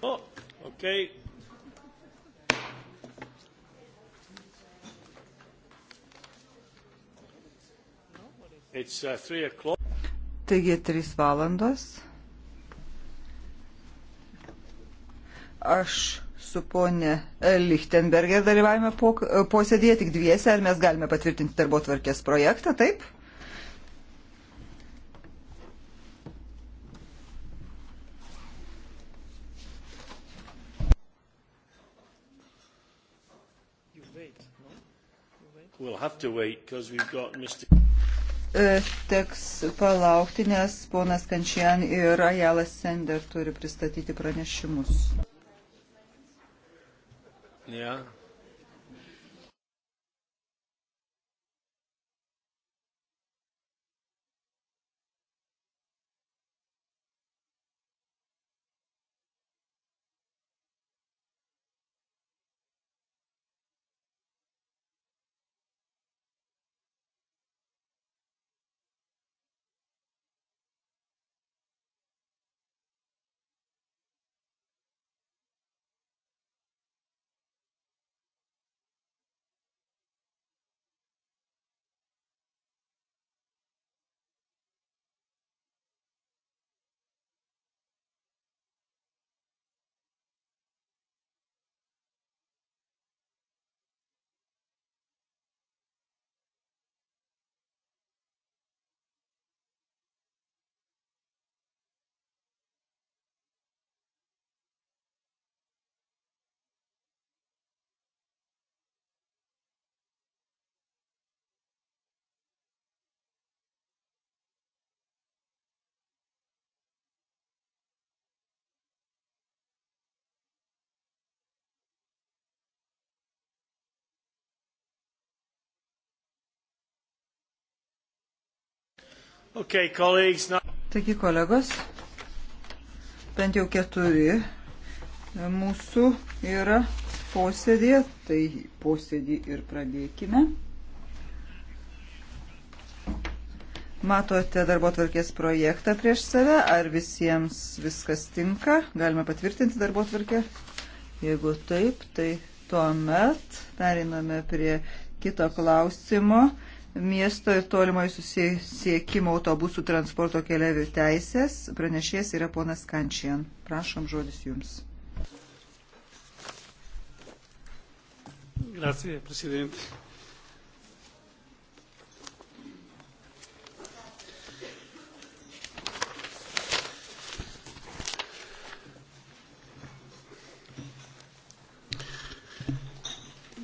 Oh, okay. It's, uh, three Taigi 3 valandos. Aš su ponė Lichtenberger dalyvavime posėdėje tik dviese, ar mes galime patvirtinti darbo tvarkės projektą, taip? E, teks palaukti, nes ponas Kančian ir Ajalas Sender turi pristatyti pranešimus. Yeah. Okay, colleagues, now... Taigi, kolegos, bent jau keturi mūsų yra posėdė, tai posėdį ir pradėkime. Matote darbo tvarkės projektą prieš save, ar visiems viskas tinka, galime patvirtinti darbo tvarkę. Jeigu taip, tai tuomet periname prie kito klausimo miesto ir tolimojo susisiekimo autobusų transporto keliavių teisės. Pranešėjas yra ponas Kančian. Prašom žodis jums. Grazie, Presidente.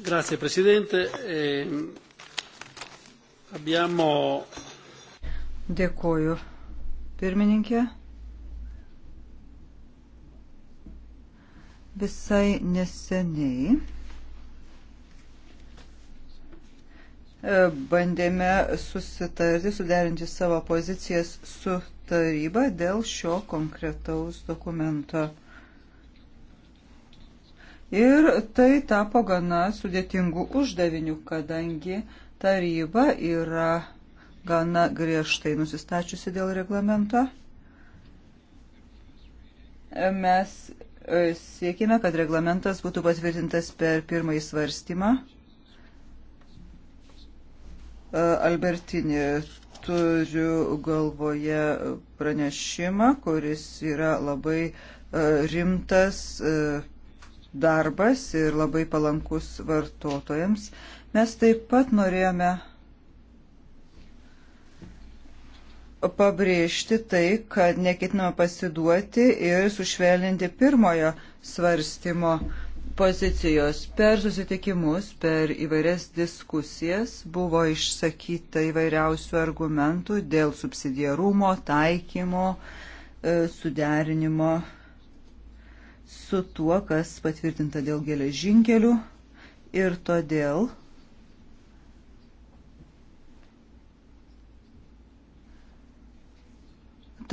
Grazie Presidente. Eh, Abbiamo... Dėkoju, pirmininkė. Visai neseniai e, bandėme susitarti, suderinti savo pozicijas su taryba dėl šio konkretaus dokumento. Ir tai tapo gana sudėtingų uždavinių, kadangi uh, Taryba yra gana griežtai nusistačiusi dėl reglamento. Mes e, siekime, kad reglamentas būtų patvirtintas per pirmąjį svarstymą. E, Albertinį turiu galvoje pranešimą, kuris yra labai e, rimtas darbas ir labai palankus vartotojams. Mes taip pat norėjome pabrėžti tai, kad neketiname pasiduoti ir sušvelninti pirmojo svarstymo pozicijos. Per susitikimus, per įvairias diskusijas buvo išsakyta įvairiausių argumentų dėl subsidiarumo, taikymo, e, suderinimo su tuo, kas patvirtinta dėl geležinkelių ir todėl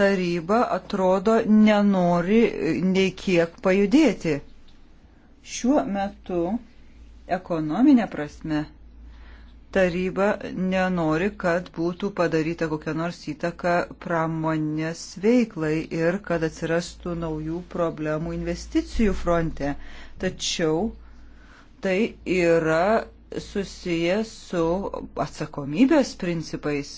taryba atrodo nenori nei kiek pajudėti. Šiuo metu ekonominė prasme taryba nenori, kad būtų padaryta kokia nors įtaka pramonės veiklai ir kad atsirastų naujų problemų investicijų fronte. Tačiau tai yra susiję su atsakomybės principais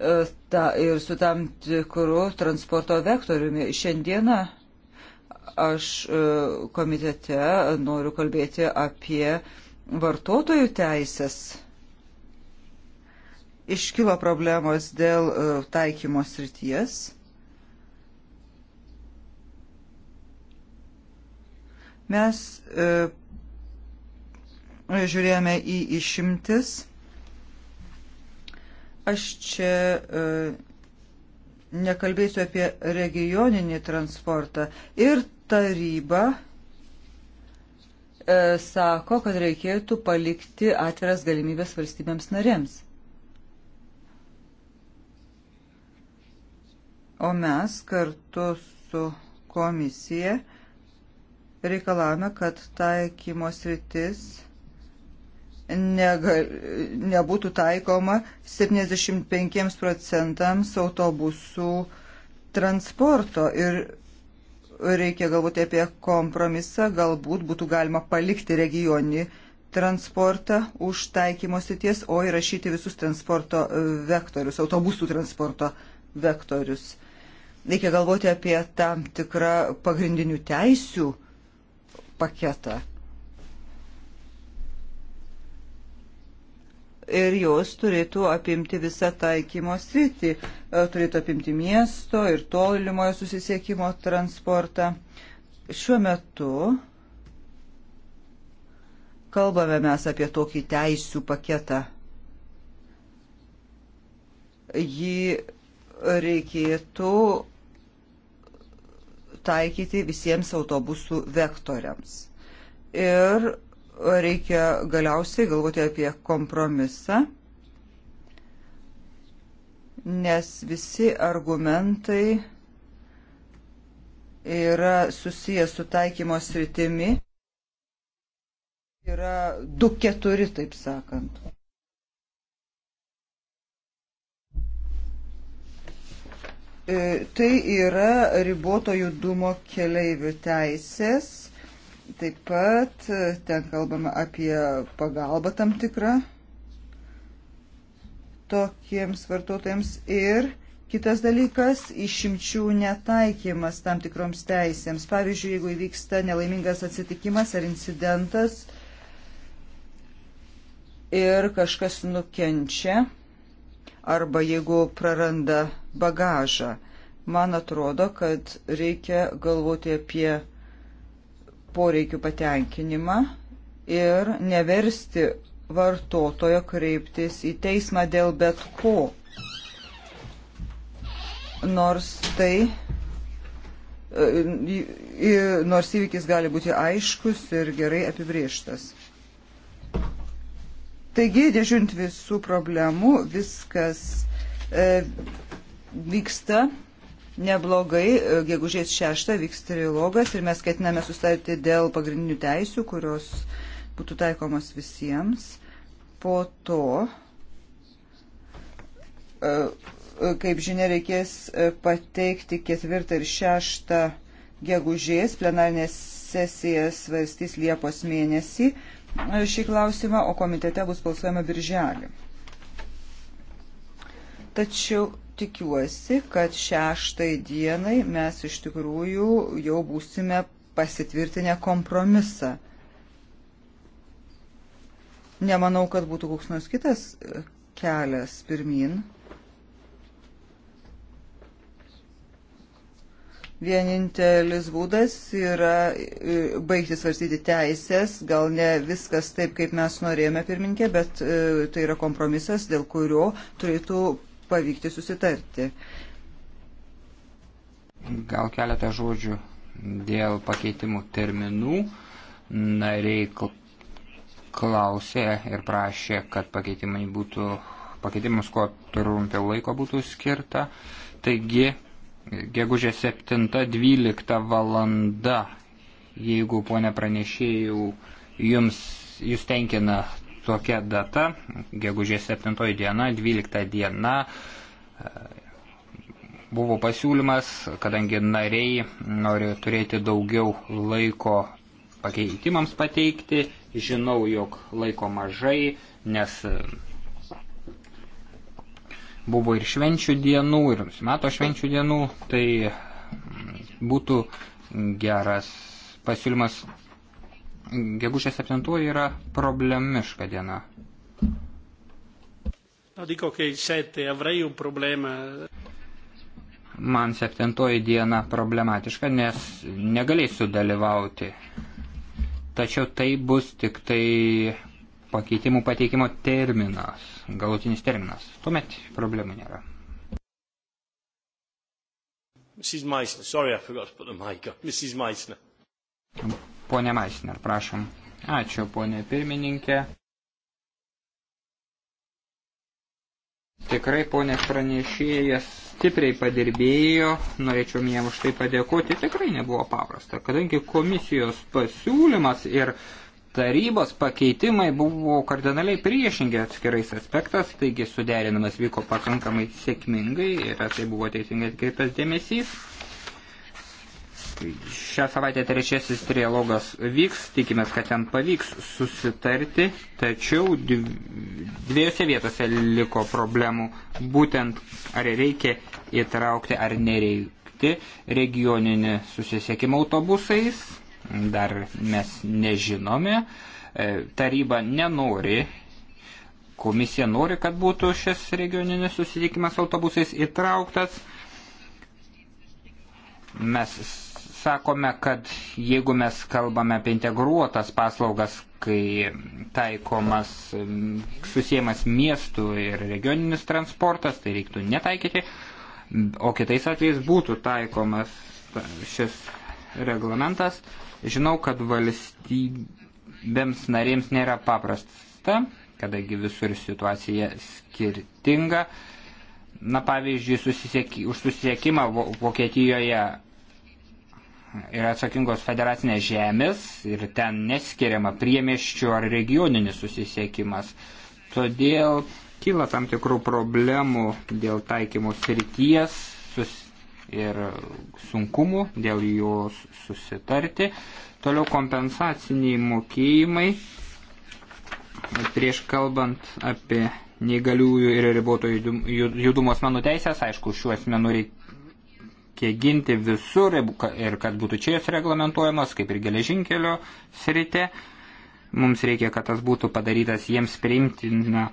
E, ta, ir su tam tikru transporto vektoriumi. Šiandieną aš e, komitete noriu kalbėti apie vartotojų teisės. Iškilo problemos dėl e, taikymo srities. Mes e, žiūrėjome į išimtis Aš čia e, nekalbėsiu apie regioninį transportą. Ir taryba e, sako, kad reikėtų palikti atviras galimybės valstybėms narėms. O mes kartu su komisija reikalavome, kad taikymo sritis negal, nebūtų taikoma 75 procentams autobusų transporto. Ir reikia galvoti apie kompromisą, galbūt būtų galima palikti regionį transportą už taikymo sities, o įrašyti visus transporto vektorius, autobusų transporto vektorius. Reikia galvoti apie tam tikrą pagrindinių teisių paketą. ir jos turėtų apimti visą taikymo sritį, e, turėtų apimti miesto ir tolimojo susisiekimo transportą. Šiuo metu kalbame mes apie tokį teisų paketą. Jį reikėtų taikyti visiems autobusų vektoriams. Ir reikia galiausiai galvoti apie kompromisą, nes visi argumentai yra susijęs su taikymo sritimi. Yra du keturi, taip sakant. E, tai yra riboto judumo keleivių teisės Taip pat e, ten kalbama apie pagalbą tam tikrą tokiems vartotojams ir kitas dalykas - išimčių netaikymas tam tikroms teisėms. Pavyzdžiui, jeigu įvyksta nelaimingas atsitikimas ar incidentas ir kažkas nukenčia, arba jeigu praranda bagažą, man atrodo, kad reikia galvoti apie poreikių patenkinimą ir neversti vartotojo kreiptis į teismą dėl bet ko. Nors tai, e, nors įvykis gali būti aiškus ir gerai apibrieštas. Taigi, dėžiant visų problemų, viskas e, vyksta neblogai. E, gegužės 6 vyks trilogas ir mes ketiname sustarti dėl pagrindinių teisių, kurios būtų taikomos visiems. Po to, e, e, kaip žinia, reikės pateikti ketvirtą ir šeštą gegužės plenarinės sesijas svarstys Liepos mėnesį šį klausimą, o komitete bus balsuojama birželį. Tačiau tikiuosi, kad šeštai dienai mes iš tikrųjų jau būsime pasitvirtinę kompromisą. Nemanau, kad būtų koks nors kitas e, kelias pirmin. Vienintelis būdas yra e, baigti svarstyti teisės, gal ne viskas taip, kaip mes norėjome pirminkė, bet e, tai yra kompromisas, dėl kurio turėtų pavykti susitarti. Gal keletą žodžių dėl pakeitimų terminų. Nariai klausė ir prašė, kad pakeitimai būtų, pakeitimus kuo trumpiau laiko būtų skirta. Taigi, gegužė 7.12 valanda, jeigu ponia pranešėjų, jums, jūs tenkina tokia data, gegužės 7 diena, 12 diena, e, buvo pasiūlymas, kadangi nariai nori turėti daugiau laiko pakeitimams pateikti, žinau, jog laiko mažai, nes e, buvo ir švenčių dienų, ir mato švenčių dienų, tai būtų geras pasiūlymas gegužė 7 yra problemiška diena. Man 7 diena problematiška, nes negalėsiu dalyvauti. Tačiau tai bus tik tai pakeitimų pateikimo terminas, galutinis terminas. Tuomet problemų nėra. Mrs. Meissner, sorry, I forgot to put the mic on. Mrs. Meissner. Pone Maisner, prašom. Ačiū, ponė pirmininkė. Tikrai, ponė pranešėjas, stipriai padirbėjo, norėčiau jam už tai padėkoti, tikrai nebuvo paprasta, kadangi komisijos pasiūlymas ir tarybos pakeitimai buvo kardinaliai priešingi atskirais aspektas, taigi suderinamas vyko pakankamai sėkmingai ir tai buvo teisingai atkreiptas dėmesys. Šią savaitę trečiasis trialogas vyks, tikimės, kad ten pavyks susitarti, tačiau dviejose vietose liko problemų, būtent ar reikia įtraukti ar nereikti regioninį susisiekimą autobusais, dar mes nežinome, e, taryba nenori. Komisija nori, kad būtų šis regioninis susitikimas autobusais įtrauktas. Mes sakome, kad jeigu mes kalbame apie integruotas paslaugas, kai taikomas susiemas miestų ir regioninis transportas, tai reiktų netaikyti, o kitais atvejais būtų taikomas šis reglamentas. Žinau, kad valstybėms narėms nėra paprasta, kadangi visur situacija skirtinga. Na pavyzdžiui, susisiek, už susisiekimą Vokietijoje yra atsakingos federacinės žemės ir ten neskiriama priemiščių ar regioninis susisiekimas. Todėl kyla tam tikrų problemų dėl taikymo srities sus, ir sunkumų, dėl jų susitarti. Toliau kompensaciniai mokėjimai. Prieš kalbant apie neįgaliųjų ir riboto judumo asmenų teisės, aišku, šiuo asmenu reikia reikia ginti visur ir kad būtų čia jos reglamentuojamos, kaip ir geležinkelio sritė. Mums reikia, kad tas būtų padarytas jiems priimtina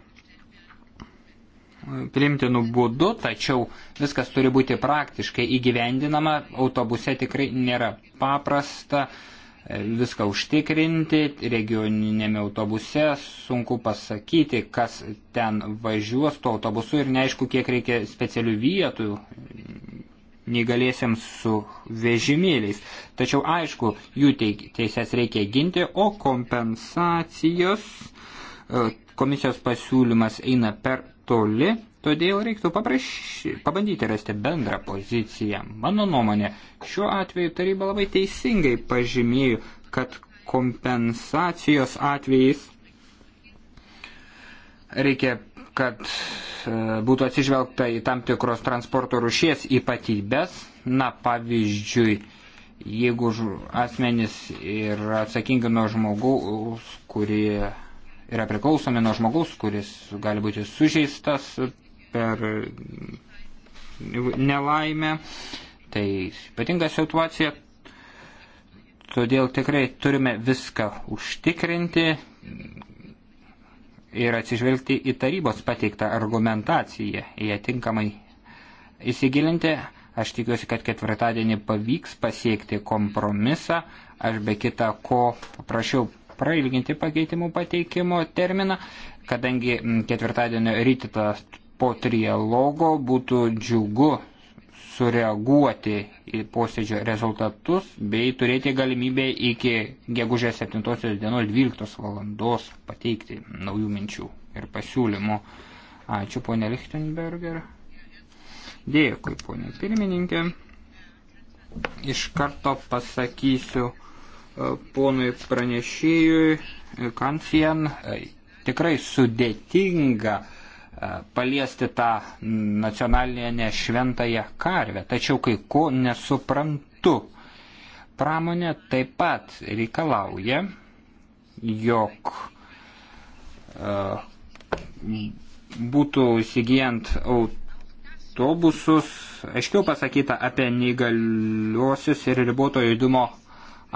priimtinų būdų, tačiau viskas turi būti praktiškai įgyvendinama, autobuse tikrai nėra paprasta e, viską užtikrinti, regioninėme autobuse sunku pasakyti, kas ten važiuos tuo autobusu ir neaišku, kiek reikia specialių vietų neįgaliesiems su vežimėliais. Tačiau aišku, jų teisės reikia ginti, o kompensacijos e, komisijos pasiūlymas eina per toli, todėl reiktų paprašy, pabandyti rasti bendrą poziciją. Mano nuomonė, šiuo atveju taryba labai teisingai pažymėjo, kad kompensacijos atvejais reikia kad e, būtų atsižvelgta į tam tikros transporto rušies ypatybės. Na, pavyzdžiui, jeigu asmenys yra atsakingi nuo žmogaus, kuri yra priklausomi nuo žmogaus, kuris gali būti sužeistas per nelaimę, tai ypatinga situacija. Todėl tikrai turime viską užtikrinti, ir atsižvelgti į tarybos pateiktą argumentaciją, jie tinkamai įsigilinti. Aš tikiuosi, kad ketvirtadienį pavyks pasiekti kompromisą. Aš be kita ko paprašiau prailginti pakeitimų pateikimo terminą, kadangi ketvirtadienio rytitą po trialogo būtų džiugu sureaguoti į posėdžio rezultatus bei turėti galimybę iki gegužės 7 dienos 12 valandos pateikti naujų minčių ir pasiūlymų. Ačiū ponė Lichtenberger. Dėkui ponė pirmininkė. Iš karto pasakysiu e, ponui pranešėjui e, Kancijan, e, tikrai sudėtinga E, paliesti tą nacionalinę šventąją karvę, tačiau kai ko nesuprantu. Pramonė taip pat reikalauja, jog e, būtų įsigijant autobusus, aiškiau pasakyta apie neįgaliuosius ir riboto judumo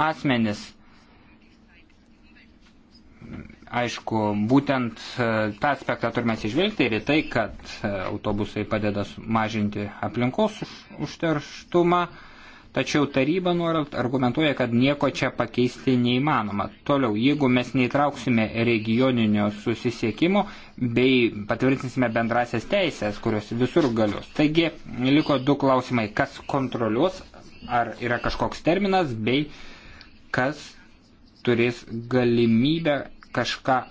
asmenis. Aišku, būtent e, tą aspektą turime atsižvelgti ir į tai, kad e, autobusai padeda mažinti aplinkos užterštumą, tačiau taryba nuolat argumentuoja, kad nieko čia pakeisti neįmanoma. Toliau, jeigu mes neįtrauksime regioninio susisiekimo bei patvirtinsime bendrasias teisės, kurios visur galios. Taigi, liko du klausimai, kas kontroliuos, ar yra kažkoks terminas, bei kas turės galimybę kažką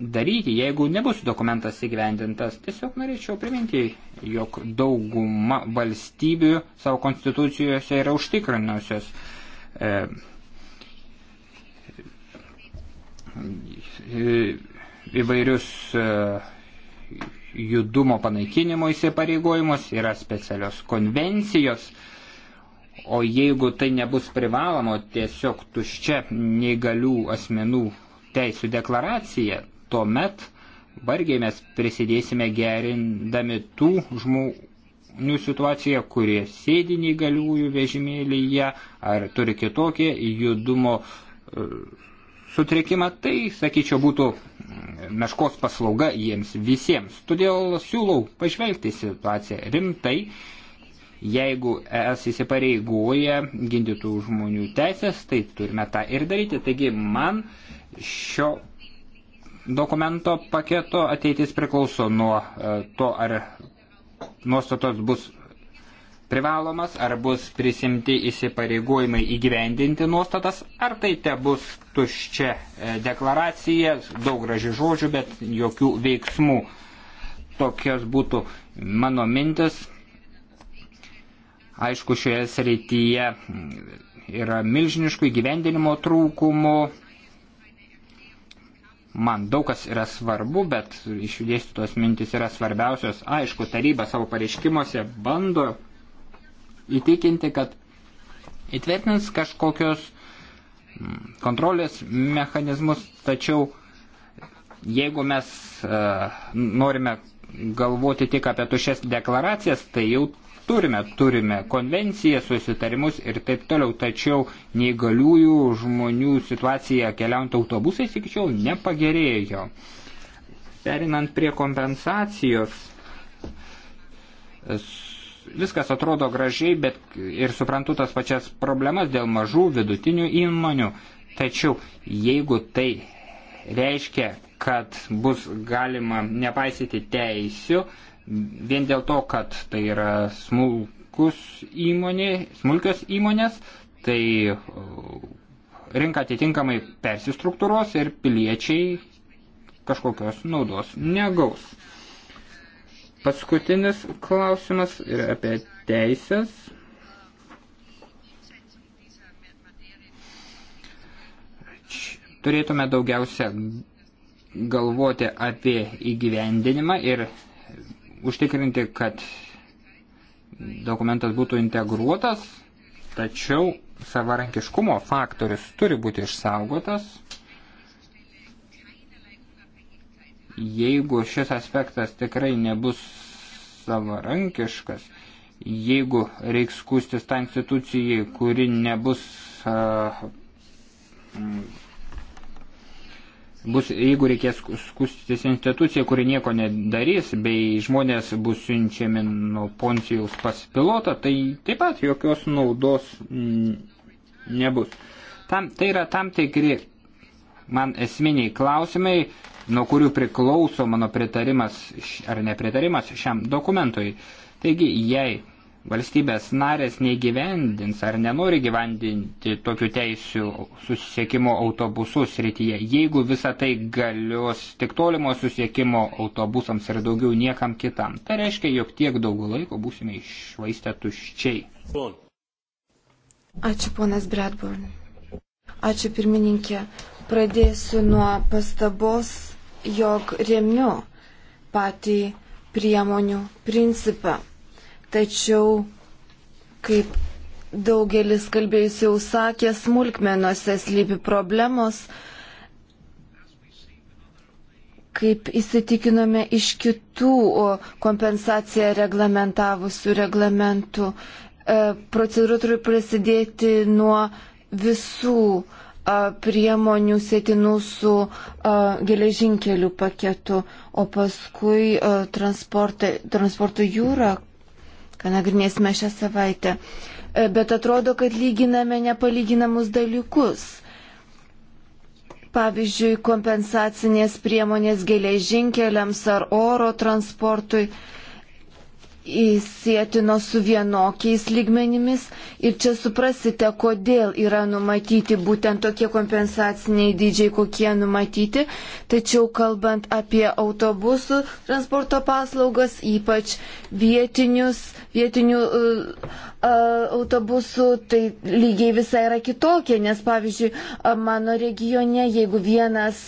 daryti, jeigu nebus dokumentas įgyvendintas. Tiesiog norėčiau priminti, jog dauguma valstybių savo konstitucijose yra užtikrinusios e, e, įvairius e, judumo panaikinimo įsipareigojimus, yra specialios konvencijos, o jeigu tai nebus privaloma, tiesiog tuščia neįgalių asmenų teisų deklaraciją, tuomet vargiai mes prisidėsime gerindami tų žmonių situaciją, kurie sėdi neįgaliųjų vežimėlyje ar turi kitokį judumo e, sutrikimą, tai, sakyčiau, būtų meškos paslauga jiems visiems. Todėl siūlau pažvelgti situaciją rimtai. Jeigu ES įsipareigoja gindytų žmonių teisės, tai turime tą ir daryti. Taigi man uh, šio dokumento paketo ateitis priklauso nuo e, to, ar nuostatos bus privalomas, ar bus prisimti įsipareigojimai įgyvendinti nuostatas, ar tai te bus tuščia e, deklaracija, daug gražių žodžių, bet jokių veiksmų. Tokios būtų mano mintis. Aišku, šioje srityje yra milžiniškų įgyvendinimo trūkumų, man daug kas yra svarbu, bet išdėstytos mintis yra svarbiausios. Aišku, taryba savo pareiškimuose bando įtikinti, kad įtvirtins kažkokios mm, kontrolės mechanizmus, tačiau jeigu mes e, norime galvoti tik apie tušes deklaracijas, tai jau turime. Turime konvenciją, susitarimus ir taip toliau, tačiau neįgaliųjų žmonių situacija keliaujant autobusais iki šiol nepagerėjo. Perinant prie kompensacijos, viskas atrodo gražiai, bet ir suprantu tas pačias problemas dėl mažų vidutinių įmonių. Tačiau jeigu tai reiškia, kad bus galima nepaisyti teisių, vien dėl to, kad tai yra smulkus įmonė, smulkios įmonės, tai uh, rinka atitinkamai persistruktūros ir piliečiai kažkokios naudos negaus. Paskutinis klausimas yra apie teisės. Turėtume daugiausia galvoti apie įgyvendinimą ir užtikrinti, kad dokumentas būtų integruotas, tačiau savarankiškumo faktorius turi būti išsaugotas. Jeigu šis aspektas tikrai nebus savarankiškas, jeigu reiks skūstis tą institucijai, kuri nebus uh, bus, jeigu reikės skustis institucija, kuri nieko nedarys, bei žmonės bus siunčiami nuo Poncijus pas pilotą, tai taip pat jokios naudos nebus. Tam, tai yra tam tikri man esminiai klausimai, nuo kurių priklauso mano pritarimas ar nepritarimas šiam dokumentui. Taigi, jei valstybės narės neįgyvendins ar nenori gyvendinti tokių teisių susisiekimo autobusų srityje, jeigu visa tai galios tik tolimo susisiekimo autobusams ir daugiau niekam kitam. Tai reiškia, jog tiek daug laiko būsime išvaistę tuščiai. Ačiū ponas Bradburn. Ačiū pirmininkė. Pradėsiu nuo pastabos, jog remiu patį priemonių principą Tačiau, kaip daugelis kalbėjus jau sakė, smulkmenuose slypi problemos, kaip įsitikinome iš kitų kompensaciją reglamentavusių reglamentų. E, procedūra turi prasidėti nuo visų priemonių sėtinų su geležinkelių paketu, o paskui transporto jūra ką nagrinėsime šią savaitę. E, bet atrodo, kad lyginame nepalyginamus dalykus. Pavyzdžiui, kompensacinės priemonės geležinkeliams ar oro transportui įsėtino su vienokiais lygmenimis ir čia suprasite, kodėl yra numatyti būtent tokie kompensaciniai dydžiai, kokie numatyti. Tačiau kalbant apie autobusų transporto paslaugas, ypač vietinius, vietinių uh, uh, autobusų, tai lygiai visai yra kitokie, nes pavyzdžiui, uh, mano regione, jeigu vienas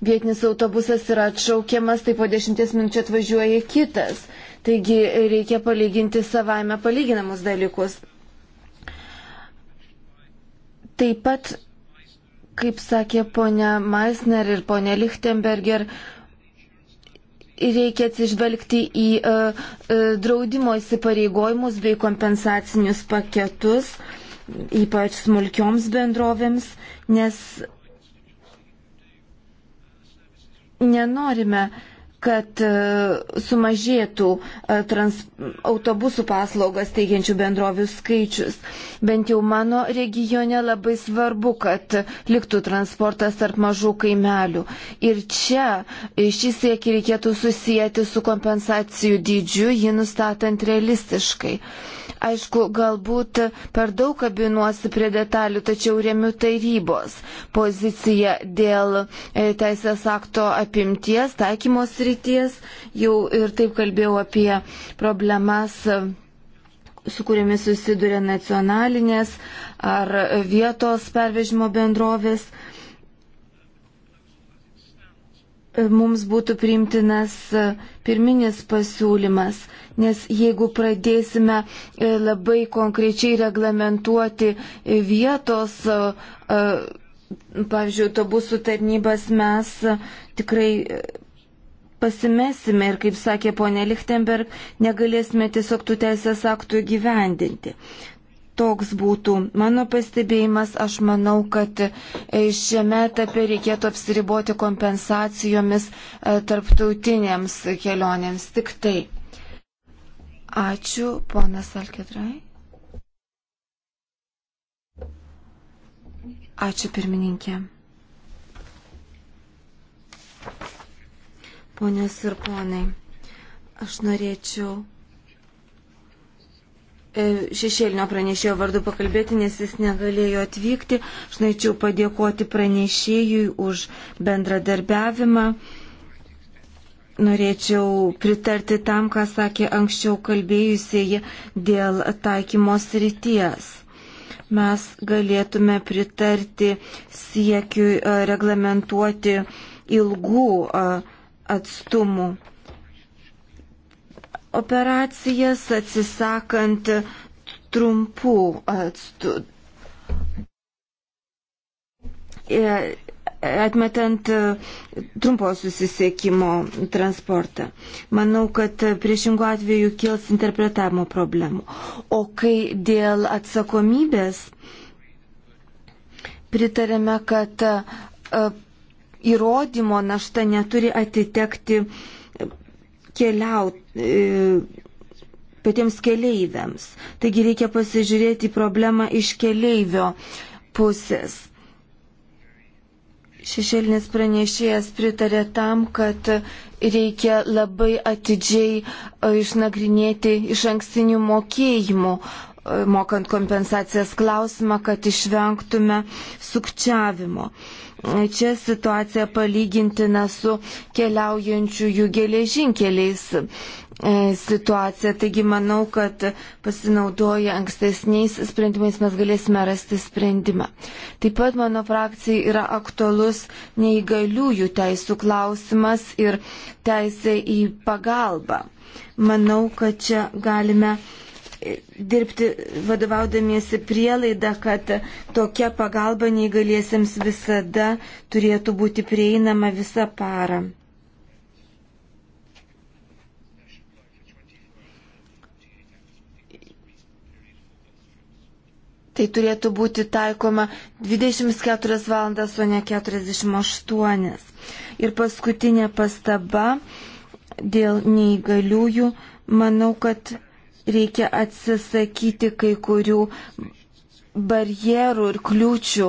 vietinis autobusas yra atšaukiamas, tai po dešimties minučių atvažiuoja kitas. Uh, Taigi reikia palyginti savaime palyginamus dalykus. Taip pat, kaip sakė ponia Meisner ir ponia Lichtenberger, reikia atsižvelgti į uh, draudimo įsipareigojimus bei kompensacinius paketus, ypač smulkioms bendrovėms, nes nenorime uh, kad e, sumažėtų e, trans, autobusų paslaugas teikiančių bendrovių skaičius. Bent jau mano regione labai svarbu, kad liktų transportas tarp mažų kaimelių. Ir čia e, šį siekį reikėtų susijęti su kompensacijų dydžiu, jį nustatant realistiškai. Aišku, galbūt per daug kabinuosi prie detalių, tačiau remiu tarybos poziciją dėl e, teisės akto apimties, taikymos ryties. Jau ir taip kalbėjau apie problemas e, su kuriamis susiduria nacionalinės ar vietos pervežimo bendrovės mums būtų priimtinas e, pirminis pasiūlymas, nes jeigu pradėsime e, labai konkrečiai reglamentuoti e, vietos, pavyzdžiui, autobusų tarnybas, mes tikrai pasimesime ir, kaip sakė ponė Lichtenberg, negalėsime tiesiog tų teisės aktų gyvendinti toks būtų mano pastebėjimas. Aš manau, kad e, šiame etape reikėtų apsiriboti kompensacijomis e, tarptautinėms kelionėms tik tai. Ačiū, ponas Alkedrai. Ačiū, pirmininkė. Ponios ir ponai, aš norėčiau E, šešėlinio pranešėjo vardu pakalbėti, nes jis negalėjo atvykti. Aš norėčiau padėkoti pranešėjui už bendradarbiavimą. Norėčiau pritarti tam, ką sakė anksčiau kalbėjusieji dėl taikymos ryties. Mes galėtume pritarti siekiui e, reglamentuoti ilgų e, atstumų operacijas, atsisakant trumpų atstų. E, atmetant e, trumpo susisiekimo transportą. Manau, kad priešingų atveju kils interpretavimo problemų. O kai dėl atsakomybės pritarėme, kad e, įrodymo našta neturi atitekti uh, keliau, e, patiems keleiviams. Taigi reikia pasižiūrėti problemą iš keleivio pusės. Šešėlinis pranešėjas pritarė tam, kad reikia labai atidžiai e, išnagrinėti iš ankstinių mokėjimų, e, mokant kompensacijas klausimą, kad išvengtume sukčiavimo. Čia situacija palygintina su keliaujančiųjų geležinkeliais e, situacija. Taigi manau, kad pasinaudoję ankstesniais sprendimais mes galėsime rasti sprendimą. Taip pat mano frakcijai yra aktualus neįgaliųjų teisų klausimas ir teisė į pagalbą. Manau, kad čia galime dirbti vadovaudamiesi prielaida, kad tokia pagalba neįgaliesiems visada turėtų būti prieinama visą parą. Tai turėtų būti taikoma 24 valandas, o ne 48. Ir paskutinė pastaba dėl neįgaliųjų. Manau, kad reikia atsisakyti kai kurių barjerų ir kliūčių,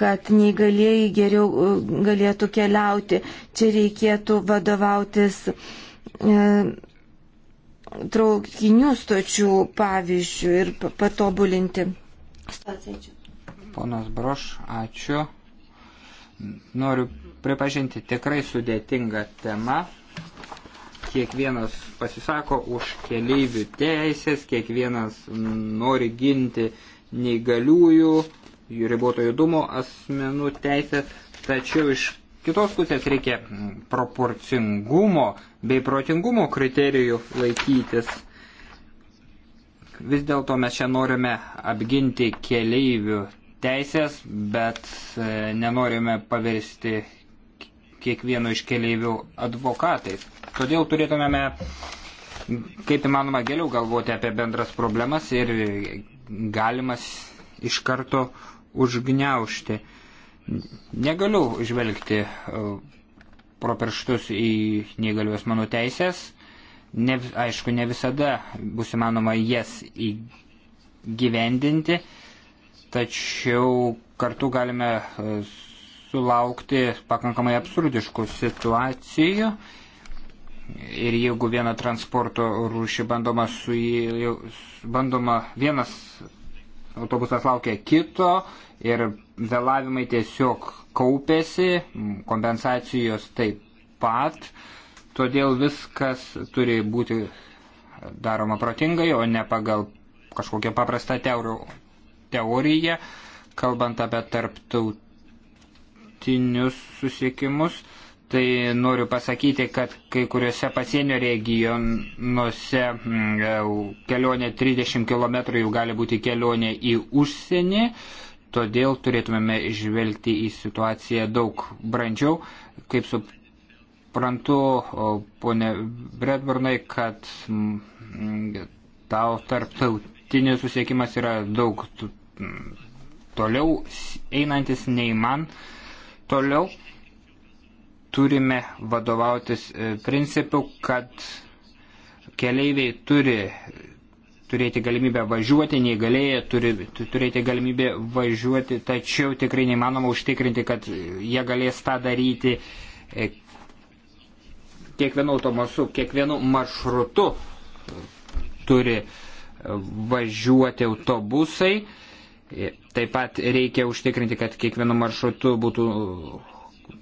kad neįgalėjai geriau e, galėtų keliauti. Čia reikėtų vadovautis e, traukinių stočių pavyzdžių ir patobulinti. Ponas Broš, ačiū. Noriu pripažinti tikrai sudėtingą temą kiekvienas pasisako už keleivių teisės, kiekvienas nori ginti neįgaliųjų, jų riboto judumo asmenų teisės, tačiau iš kitos pusės reikia proporcingumo bei protingumo kriterijų laikytis. Vis dėlto mes čia norime apginti keleivių teisės, bet e, nenorime paversti kiekvieno iš keleivių advokatais. Todėl turėtumėme kaip įmanoma geriau galvoti apie bendras problemas ir galimas iš karto užgniaušti. Negaliu žvelgti e, pro pirštus į negalios mano teisės. Ne, aišku, ne visada bus įmanoma jas įgyvendinti, tačiau kartu galime e, sulaukti pakankamai absurdiškų situacijų. Ir jeigu vieną transporto rūšį bandoma, su, bandoma vienas autobusas laukia kito ir vėlavimai tiesiog kaupėsi, kompensacijos taip pat, todėl viskas turi būti daroma protingai, o ne pagal kažkokią paprastą teoriją, kalbant apie tarptautį tarptautinius susiekimus, tai noriu pasakyti, kad kai kuriuose pasienio regionuose mm, kelionė 30 km jau gali būti kelionė į užsienį, todėl turėtumėme žvelgti į situaciją daug brandžiau. Kaip suprantu, ponė Bredburnai, kad mm, tau tarptautinis susiekimas yra daug toliau einantis nei man. Uh, Toliau turime vadovautis e, principu, kad keleiviai turi turėti galimybę važiuoti, neįgalėję turi turėti galimybę važiuoti, tačiau tikrai neįmanoma užtikrinti, kad jie galės tą daryti e, kiekvienu automosu, kiekvienu maršrutu turi važiuoti autobusai Taip pat reikia užtikrinti, kad kiekvienu maršrutu būtų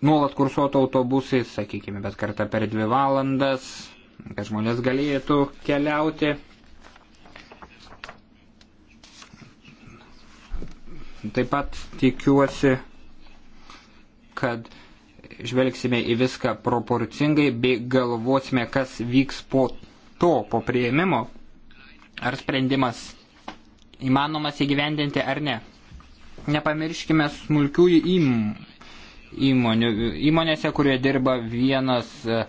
nuolat kursuotų autobusai, sakykime, bet kartą per dvi valandas, kad žmonės galėtų keliauti. Taip pat tikiuosi, kad žvelgsime į viską proporcingai bei galvosime, kas vyks po to, po prieimimo, ar sprendimas įmanomas įgyvendinti ar ne. Nepamirškime smulkiųjų įmonių. Įmonėse, kurie dirba vienas e,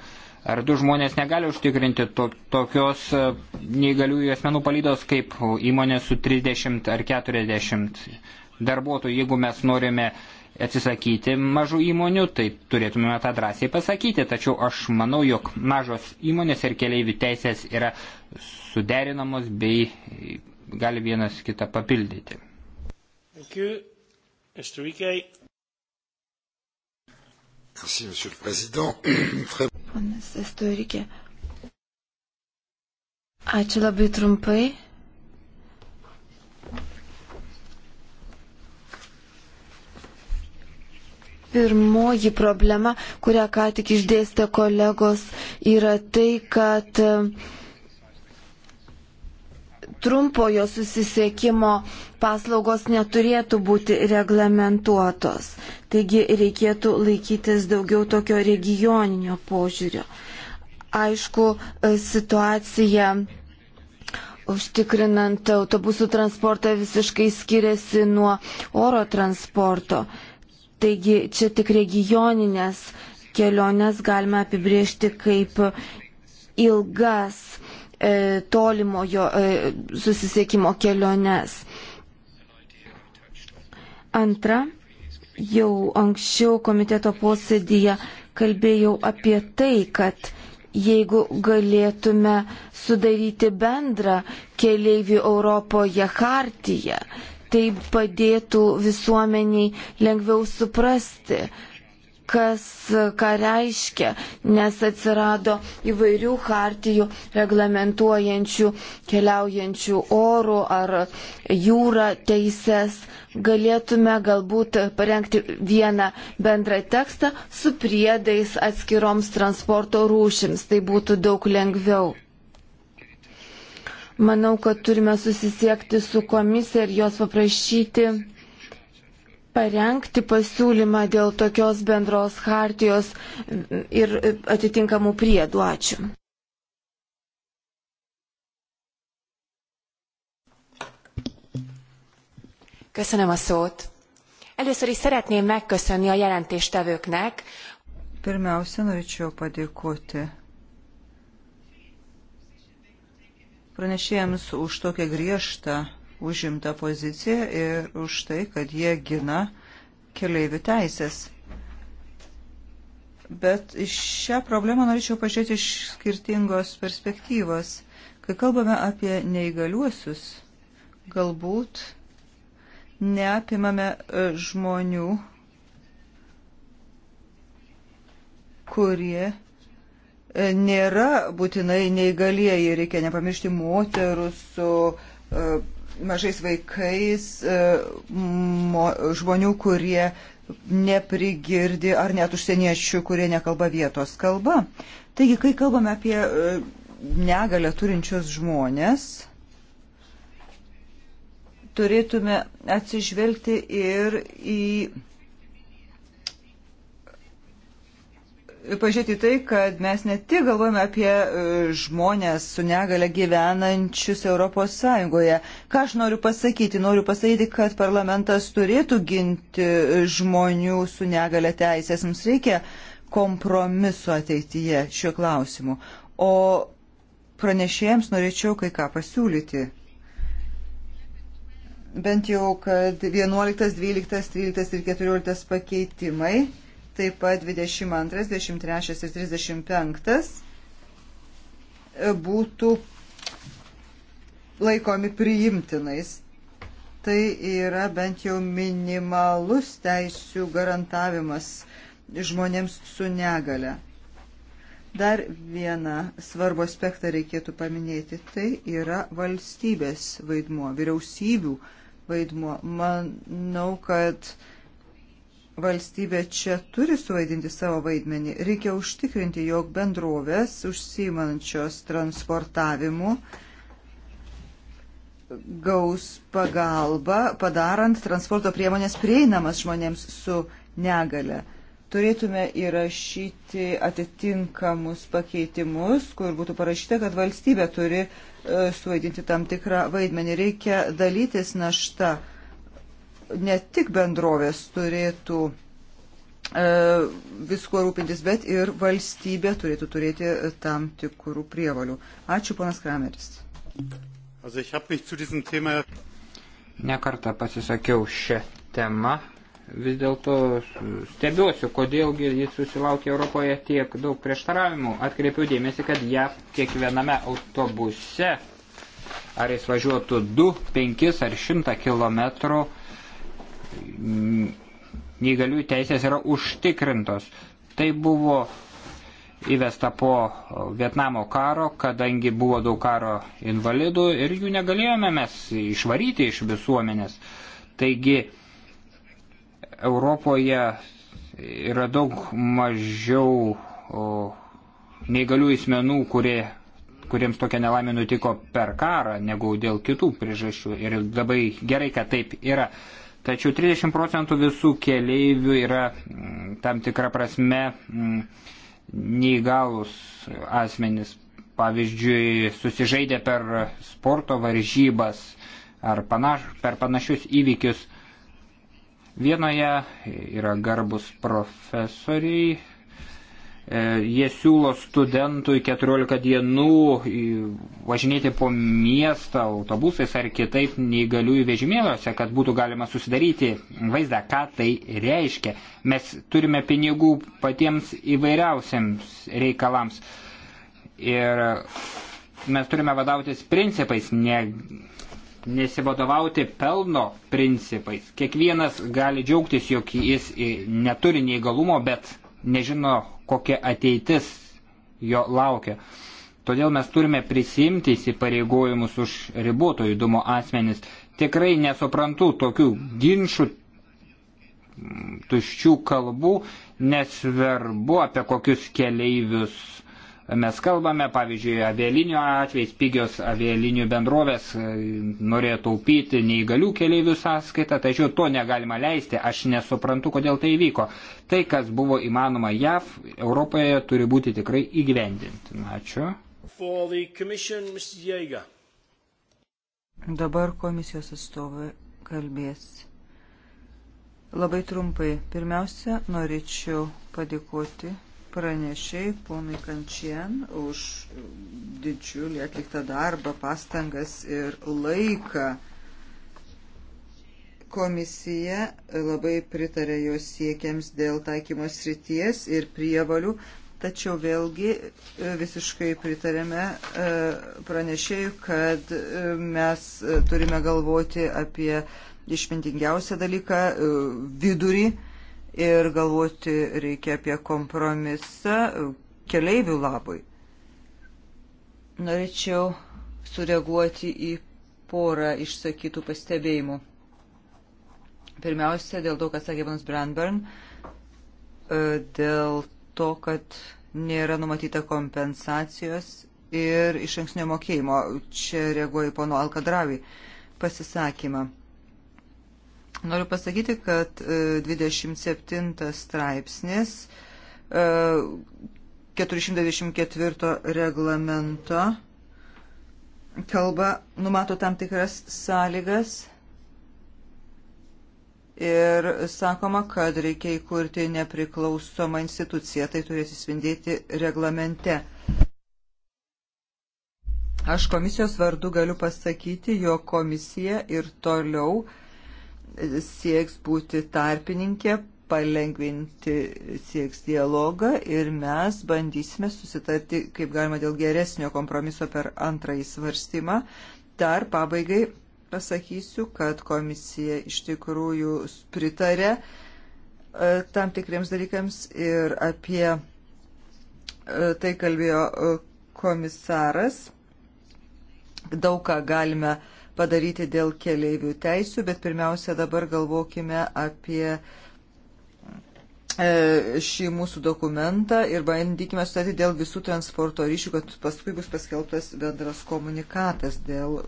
ar du žmonės, negali užtikrinti to, tokios e, neįgaliųjų asmenų palydos kaip įmonė su 30 ar 40 darbuotojų. Jeigu mes norime atsisakyti mažų įmonių, tai turėtume tą drąsiai pasakyti, tačiau aš manau, jog mažos įmonės ir keliaivių teisės yra suderinamos bei gali vienas kitą papildyti. Ponas Estorikė. Ačiū labai trumpai. pirmoji problema, kurią ką tik išdėstė kolegos, yra tai, kad trumpojo susisiekimo paslaugos neturėtų būti reglamentuotos. Taigi reikėtų laikytis daugiau tokio regioninio požiūrio. Aišku, e, situacija užtikrinant autobusų transportą visiškai skiriasi nuo oro transporto. Taigi čia tik regioninės keliones galime apibriežti kaip ilgas E, tolimojo e, susisiekimo keliones. Antra, jau anksčiau komiteto posėdėje kalbėjau apie tai, kad jeigu galėtume sudaryti bendrą keliaivių Europoje hartiją, tai padėtų visuomeniai lengviau suprasti, kas ką reiškia, nes atsirado įvairių hartijų reglamentuojančių keliaujančių orų ar jūrą teises. Galėtume galbūt parengti vieną bendrą tekstą su priedais atskiroms transporto rūšims. Tai būtų daug lengviau. Manau, kad turime susisiekti su komisija ir jos paprašyti parengti pasiūlymą dėl tokios bendros hartijos ir atitinkamų priedų. Ačiū. Köszönöm a szót. Először is szeretném megköszönni a jelentéstevőknek. Pirmiausia, norėčiau padėkoti pranešėjams už tokią griežtą užimtą poziciją ir už tai, kad jie gina keleivių teisės. Bet šią problemą norėčiau pažiūrėti iš skirtingos perspektyvos. Kai kalbame apie neįgaliuosius, galbūt neapimame e, žmonių, kurie e, nėra būtinai neįgalieji. Reikia nepamiršti moterų su e, mažais vaikais, e, mo, žmonių, kurie neprigirdi ar net užsieniečių, kurie nekalba vietos kalba. Taigi, kai kalbame apie e, negalę turinčius žmonės, turėtume atsižvelgti ir į pažiūrėti tai, kad mes ne tik galvojame apie e, žmonės su negale gyvenančius Europos Sąjungoje. Ką aš noriu pasakyti? Noriu pasakyti, kad parlamentas turėtų ginti žmonių su negale teisės. Mums reikia kompromiso ateityje šiuo klausimu. O pranešėjams norėčiau kai ką pasiūlyti. Bent jau, kad 11, 12, 13 ir 14 pakeitimai taip pat 22, 23 ir 35 e, būtų laikomi priimtinais. Tai yra bent jau minimalus teisių garantavimas žmonėms su negale. Dar vieną svarbų aspektą reikėtų paminėti. Tai yra valstybės vaidmuo, vyriausybių vaidmuo. Manau, kad uh, valstybė čia turi suvaidinti savo vaidmenį. Reikia užtikrinti, jog bendrovės užsimančios transportavimu gaus pagalbą, padarant transporto priemonės prieinamas žmonėms su negale. Turėtume įrašyti atitinkamus pakeitimus, kur būtų parašyta, kad valstybė turi e, suvaidinti tam tikrą vaidmenį. Reikia dalytis naštą ne tik bendrovės turėtų e, visko rūpintis, bet ir valstybė turėtų turėti tam tikrų prievalių. Ačiū, ponas Krameris. Nekartą pasisakiau šią temą. Vis dėlto stebiuosiu, kodėlgi jis susilaukė Europoje tiek daug prieštaravimų. Atkreipiu dėmesį, kad ją kiekviename autobuse, ar jis važiuotų 2, 5 ar 100 kilometrų, neįgaliųjų teisės yra užtikrintos. Tai buvo įvesta po Vietnamo karo, kadangi buvo daug karo invalidų ir jų negalėjome mes išvaryti iš visuomenės. Taigi Europoje yra daug mažiau neįgalių įsmenų, kurie, kuriems tokia nelaimė nutiko per karą, negu dėl kitų priežasčių. Ir labai gerai, kad taip yra. Tačiau 30 procentų visų keleivių yra mm, tam tikra prasme mm, neįgalus asmenys. Pavyzdžiui, susižeidė per sporto varžybas ar panaš, per panašius įvykius. Vienoje yra garbus profesoriai, E, jie siūlo studentui 14 dienų važinėti po miestą autobusais ar kitaip neįgaliųjų vežimėliuose, kad būtų galima susidaryti vaizdą, ką tai reiškia. Mes turime pinigų patiems įvairiausiams reikalams. Ir mes turime vadautis principais, ne, nesivadovauti pelno principais. Kiekvienas gali džiaugtis, jog jis neturi neįgalumo, bet nežino, kokia ateitis jo laukia. Todėl mes turime prisimti įsipareigojimus už riboto judumo asmenis. Tikrai nesuprantu tokių ginčių, tuščių kalbų, nesvarbu apie kokius keleivius mes kalbame, pavyzdžiui, avialinių atvejais, pigios avialinių bendrovės e, norėjo taupyti neįgalių keliaivių sąskaitą, tačiau to negalima leisti, aš nesuprantu, kodėl tai įvyko. Tai, kas buvo įmanoma JAV, Europoje turi būti tikrai įgyvendinti. Ačiū. Dabar komisijos atstovai kalbės. Labai trumpai. Pirmiausia, norėčiau padėkoti pranešiai ponui Kančien už didžiulį atliktą darbą, pastangas ir laiką. Komisija labai pritarė jos siekiams dėl taikymos ryties ir prievalių, tačiau vėlgi e, visiškai pritarėme e, pranešėjų, kad e, mes turime galvoti apie išmintingiausią dalyką - vidurį ir galvoti reikia apie kompromisą keleivių labui. Norėčiau sureaguoti į porą išsakytų pastebėjimų. Pirmiausia, dėl to, ką sakė Vanas Brandburn, e, dėl to, kad nėra numatyta kompensacijos ir iš anksnio mokėjimo. Čia reaguoju pono Alkadravį pasisakymą. Noriu pasakyti, kad 27 e, straipsnis 424 e, reglamento kalba numato tam tikras sąlygas ir sakoma, kad reikia įkurti nepriklausomą instituciją, tai turės įsvindėti reglamente. Aš komisijos vardu galiu pasakyti, jo komisija ir toliau uh, sieks būti tarpininkė, palengvinti sieks dialogą ir mes bandysime susitarti, kaip galima, dėl geresnio kompromiso per antrąjį svarstymą. Dar pabaigai pasakysiu, kad komisija iš tikrųjų pritarė e, tam tikriems dalykams ir apie e, tai kalbėjo e, komisaras. Daug ką galime uh, padaryti dėl keleivių teisių, bet pirmiausia dabar galvokime apie e, šį mūsų dokumentą ir bandykime sutarti dėl visų transporto ryšių, kad paskui bus paskelbtas bendras komunikatas dėl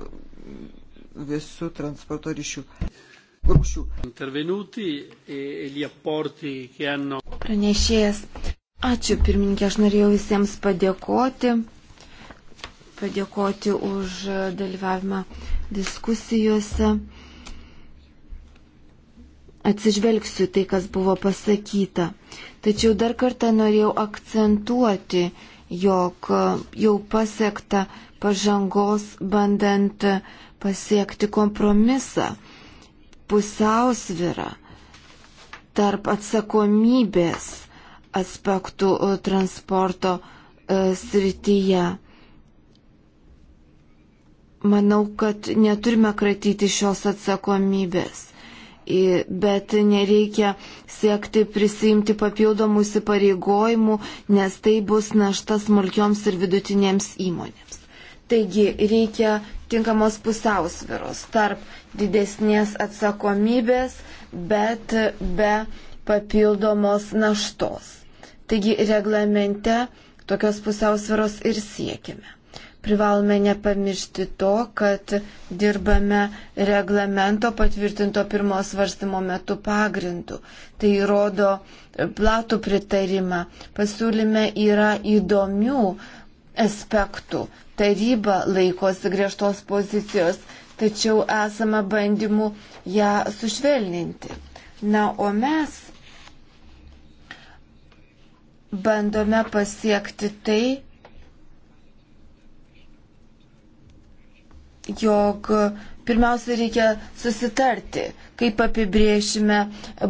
visų transporto ryšių. Rūšių. E, e Pranešėjas. Ačiū pirmininkė, aš norėjau visiems padėkoti padėkoti už dalyvavimą diskusijose. Atsižvelgsiu tai, kas buvo pasakyta. Tačiau dar kartą norėjau akcentuoti, jog jau pasiekta pažangos bandant pasiekti kompromisą, pusiausvirą tarp atsakomybės aspektų transporto e, srityje Manau, kad neturime kratyti šios atsakomybės, bet nereikia siekti prisimti papildomų įsipareigojimų, nes tai bus našta smulkioms ir vidutinėms įmonėms. Taigi reikia tinkamos pusiausviros tarp didesnės atsakomybės, bet be papildomos naštos. Taigi reglamente tokios pusiausviros ir siekime privalome nepamiršti to, kad dirbame reglamento patvirtinto pirmo svarstymo metu pagrindu. Tai rodo platų pritarimą. Pasiūlyme yra įdomių aspektų. Taryba laikosi griežtos pozicijos, tačiau esame bandymų ją sušvelninti. Na, o mes bandome pasiekti tai, jog pirmiausia reikia susitarti, kaip apibriešime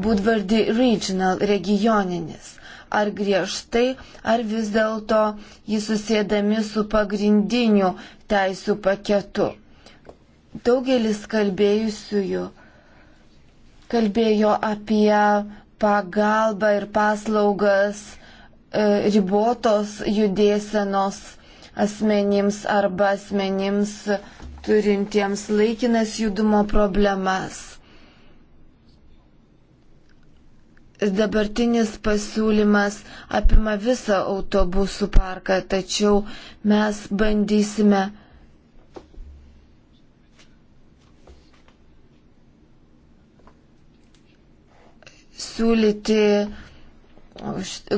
būdvardį regional, regioninis. Ar griežtai, ar vis dėlto jį susėdami su pagrindiniu teisų paketu. Daugelis kalbėjusiųjų kalbėjo apie pagalbą ir paslaugas e, ribotos judėsenos asmenims arba asmenims turintiems laikinas judumo problemas. Dabartinis pasiūlymas apima visą autobusų parką, tačiau mes bandysime siūlyti,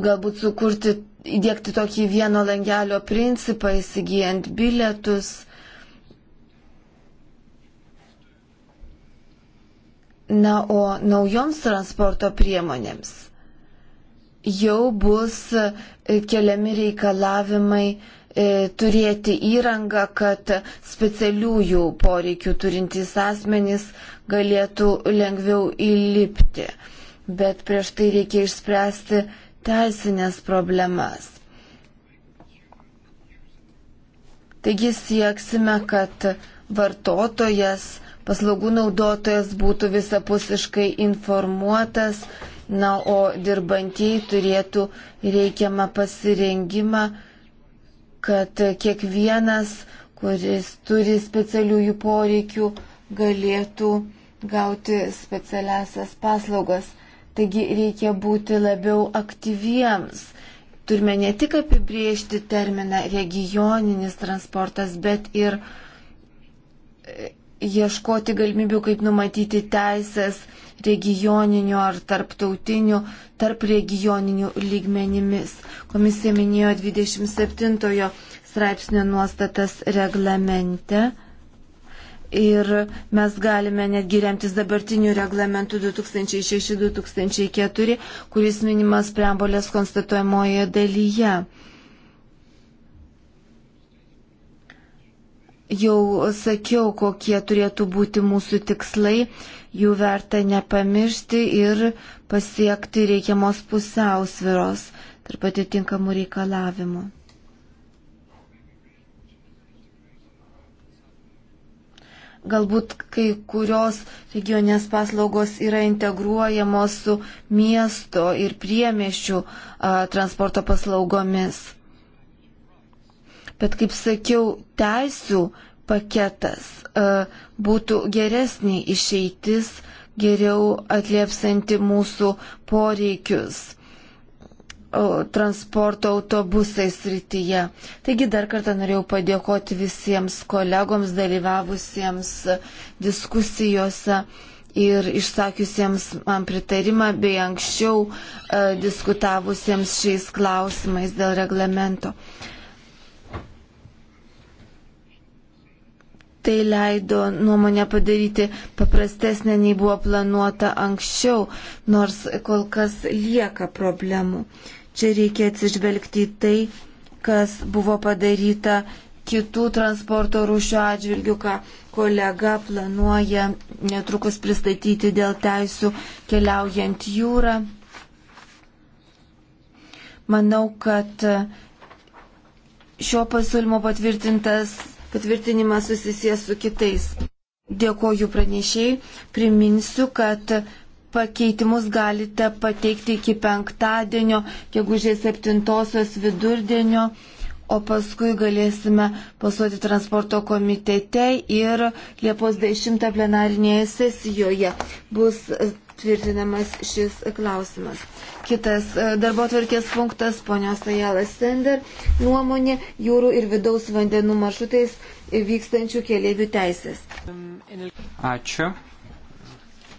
galbūt sukurti, įdėkti tokį vieno langelio principą, įsigijant bilietus. Na, o naujoms transporto priemonėms jau bus e, keliami reikalavimai e, turėti įrangą, kad specialiųjų poreikių turintys asmenys galėtų lengviau įlipti. Bet prieš tai reikia išspręsti teisinės problemas. Taigi sieksime, kad vartotojas paslaugų naudotojas būtų visapusiškai informuotas, na, o dirbantieji turėtų reikiamą pasirengimą, kad kiekvienas, kuris turi specialiųjų poreikių, galėtų gauti specialiasias paslaugas. Taigi reikia būti labiau aktyviems. Turime ne tik apibriežti terminą regioninis transportas, bet ir ieškoti galimybių, kaip numatyti teisės regioninių ar tarptautinių, tarp regioninių lygmenimis. Komisija minėjo 27 straipsnio nuostatas reglamente. Ir mes galime netgi remtis dabartiniu reglamentu 2006-2004, kuris minimas preambolės konstatuojamoje dalyje. Jau sakiau, kokie turėtų būti mūsų tikslai, jų verta nepamiršti ir pasiekti reikiamos pusiausviros tarp atitinkamų reikalavimų. Galbūt kai kurios regionės paslaugos yra integruojamos su miesto ir priemiešių a, transporto paslaugomis. Bet kaip sakiau, teisų paketas uh, būtų geresnė išeitis, geriau atliepsanti mūsų poreikius uh, transporto autobusais rytyje. Taigi dar kartą norėjau padėkoti visiems kolegoms dalyvavusiems diskusijose ir išsakiusiems man pritarimą bei anksčiau uh, diskutavusiems šiais klausimais dėl reglamento. Uh, tai leido nuomonę padaryti paprastesnė nei buvo planuota anksčiau, nors kol kas lieka problemų. Čia reikia atsižvelgti į tai, kas buvo padaryta kitų transporto rūšių atžvilgių, ką kolega planuoja netrukus pristatyti dėl teisų keliaujant jūrą. Manau, kad šio pasiūlymo patvirtintas patvirtinimas susijęs su kitais. Dėkoju pranešiai. Priminsiu, kad pakeitimus galite pateikti iki penktadienio, gegužės 7 vidurdienio, o paskui galėsime pasuoti transporto komitete ir Liepos 10 plenarinėje sesijoje bus tvirtinamas šis klausimas. Kitas e, darbo atvarkės punktas, ponios Ajalas Sender, nuomonė jūrų ir vidaus vandenų maršrutais vykstančių keliaivių teisės. Ačiū.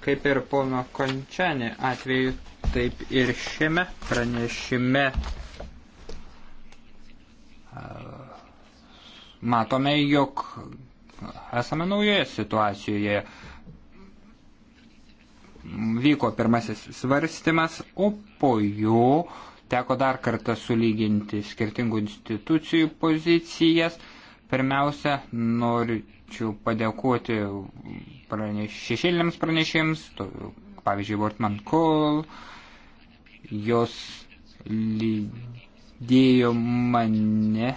Kaip ir pono Končianį atveju, taip ir šiame pranešime e, matome, jog esame naujoje situacijoje vyko pirmasis svarstymas, o po jo teko dar kartą sulyginti skirtingų institucijų pozicijas. Pirmiausia, norėčiau padėkoti praneš, šešėlėms pranešėjams, pavyzdžiui, Wortman Kohl, jos lydėjo mane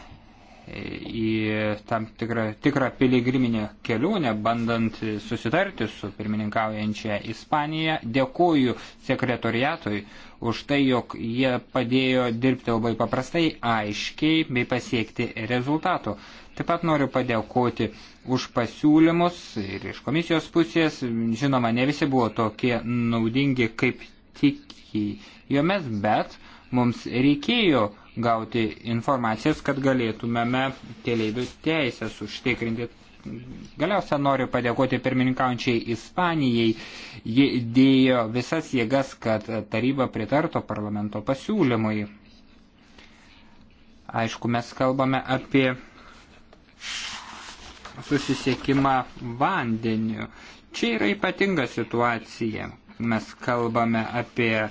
į tam tikrą, tikrą piligriminę kelionę, bandant susitarti su pirmininkaujančia Ispanija. Dėkuoju sekretoriatui už tai, jog jie padėjo dirbti labai paprastai, aiškiai bei pasiekti rezultatų. Taip pat noriu padėkoti už pasiūlymus ir iš komisijos pusės. Žinoma, ne visi buvo tokie naudingi kaip tikėjomės, bet mums reikėjo uh, gauti informacijas, kad galėtumėme keleivių teisės užtikrinti. Galiausia noriu padėkoti pirmininkaujančiai Ispanijai. Ji dėjo visas jėgas, kad taryba pritarto parlamento pasiūlymui. Aišku, mes kalbame apie susisiekimą vandeniu. Čia yra ypatinga situacija. Mes kalbame apie e,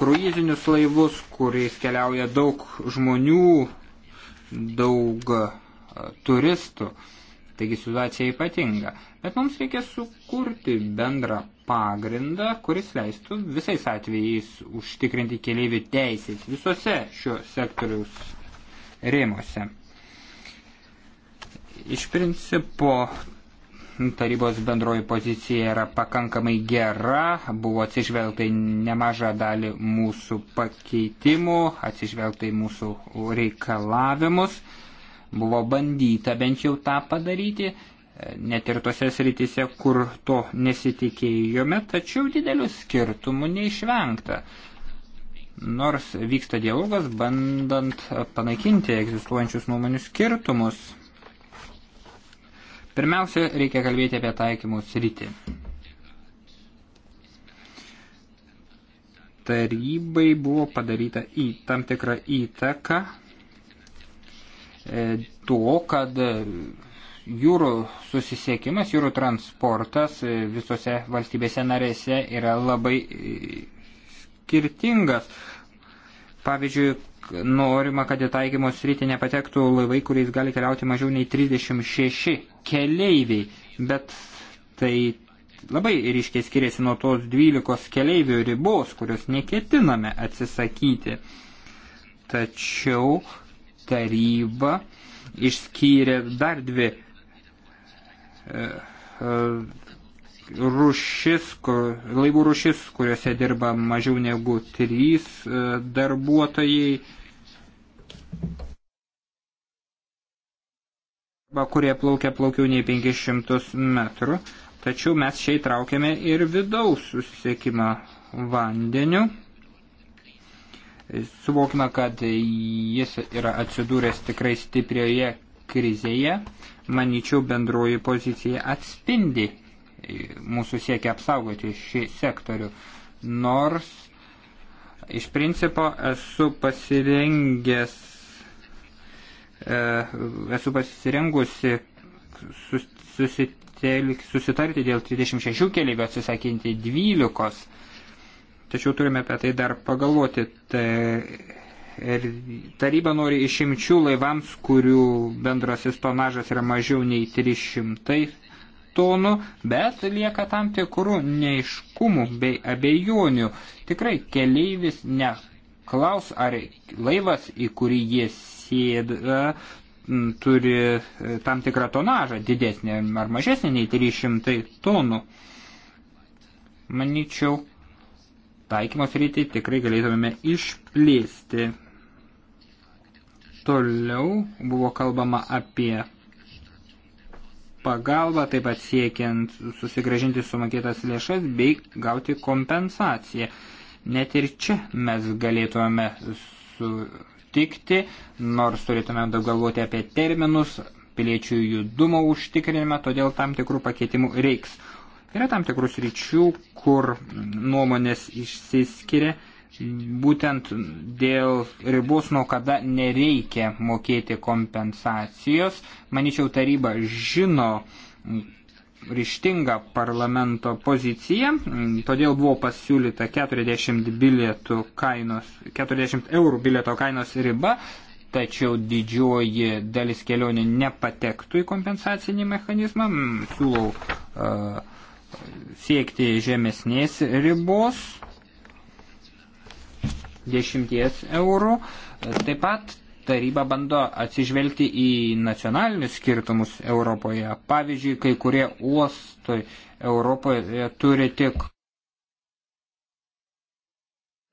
kruizinius laivus, kuriais keliauja daug žmonių, daug e, turistų. Taigi situacija ypatinga. Bet mums reikia sukurti bendrą pagrindą, kuris leistų visais atvejais užtikrinti keleivių teisės visose šio sektoriaus rėmose. Iš principo tarybos bendroji pozicija yra pakankamai gera, buvo atsižvelgta į nemažą dalį mūsų pakeitimų, atsižvelgta į mūsų reikalavimus, buvo bandyta bent jau tą padaryti, net ir tose srityse, kur to nesitikėjome, tačiau didelių skirtumų neišvengta. Nors vyksta dialogas, bandant panaikinti egzistuojančius nuomonių skirtumus. Pirmiausia, reikia kalbėti apie taikymų sritį. Tarybai buvo padaryta į tam tikrą įtaką e, to, kad jūrų susisiekimas, jūrų transportas e, visose valstybėse narėse yra labai e, skirtingas. Pavyzdžiui, norima, kad į taikymo sritį nepatektų laivai, kuriais gali keliauti mažiau nei 36 keleiviai, bet tai labai ryškiai skiriasi nuo tos 12 keleivių ribos, kurios neketiname atsisakyti. Tačiau taryba išskyrė dar dvi e, e, rušis, kur, laivų rušis, kuriuose dirba mažiau negu trys e, darbuotojai kurie plaukia plaukiau nei 500 metrų, tačiau mes šiai traukiame ir vidaus susisiekimą vandeniu. Suvokime, kad jis yra atsidūręs tikrai stiprioje krizėje. Manyčiau, bendroji pozicija atspindi mūsų siekia apsaugoti šį sektorių. Nors iš principo esu pasirengęs E, esu pasirengusi susitelk, susitarti dėl 36 keliaivių atsisakinti 12, tačiau turime apie tai dar pagalvoti. Tai ir er, taryba nori išimčių laivams, kurių bendrasis tonažas yra mažiau nei 300 tonų, bet lieka tam tikrų neiškumų bei abejonių. Tikrai keleivis ne klaus, ar laivas, į kurį jis besėda turi e, tam tikrą tonažą, didesnį ar mažesnį nei 300 tonų. Manyčiau, taikymos rytį tikrai galėtumėme išplėsti. Toliau buvo kalbama apie pagalbą, taip pat siekiant susigražinti sumokėtas lėšas bei gauti kompensaciją. Net ir čia mes galėtume su sutikti, nors turėtume daug galvoti apie terminus, piliečių judumo užtikrinimą, todėl tam tikrų pakeitimų reiks. Yra tam tikrus ryčių, kur nuomonės išsiskiria būtent dėl ribos, nuo kada nereikia mokėti kompensacijos. Maničiau, taryba žino, ryštingą parlamento poziciją, todėl buvo pasiūlyta 40, kainos, 40 eurų bilieto kainos riba, tačiau didžioji dalis kelionių nepatektų į kompensacinį mechanizmą. Mm, siūlau uh, siekti žemesnės ribos 10 eurų. Taip pat taryba bando atsižvelgti į nacionalinius skirtumus Europoje. Pavyzdžiui, kai kurie uostai Europoje turi tik,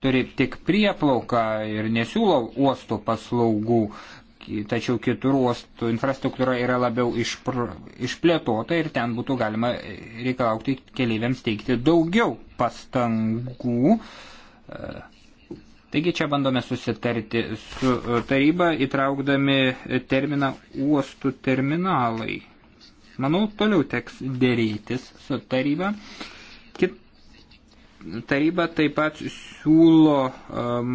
turi tik prieplauką ir nesiūlo uostų paslaugų, tačiau kitur uostų infrastruktūra yra labiau išpr, išplėtota ir ten būtų galima reikalauti keleiviams teikti daugiau pastangų. Uh, Taigi čia bandome susitarti su e, taryba įtraukdami terminą uostų terminalai. Manau, toliau teks dėrėtis su taryba. Kit... Taryba taip pat siūlo e,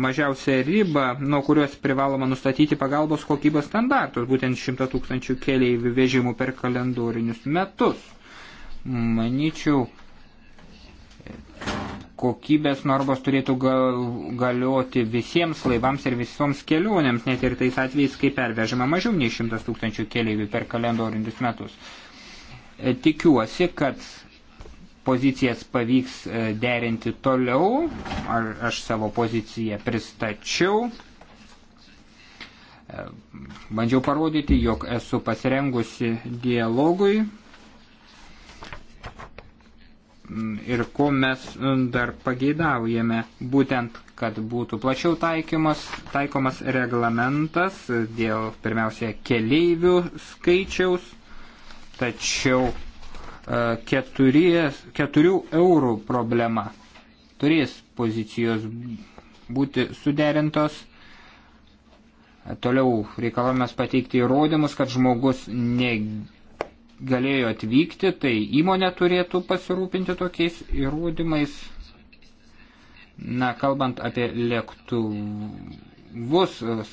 mažiausią ribą, nuo kurios privaloma nustatyti pagalbos kokybos standartus, būtent 100 tūkstančių keliaivių vežimų per kalendorinius metus. Maničiau, kokybės normos turėtų galioti visiems laivams ir visoms kelionėms, net ir tais atvejais, kai pervežama mažiau nei 100 tūkstančių keleivių per kalendorinius metus. E, tikiuosi, kad pozicijas pavyks e, derinti toliau, ar aš savo poziciją pristačiau. E, bandžiau parodyti, jog esu pasirengusi dialogui ir ko mes e, dar pageidaujame, būtent, kad būtų plačiau taikymas, taikomas reglamentas dėl pirmiausia keleivių skaičiaus, tačiau e, keturies, keturių eurų problema turės pozicijos būti suderintos. Toliau reikalavimas pateikti įrodymus, kad žmogus ne galėjo atvykti, tai įmonė turėtų pasirūpinti tokiais įrodymais. Na, kalbant apie lėktuvus,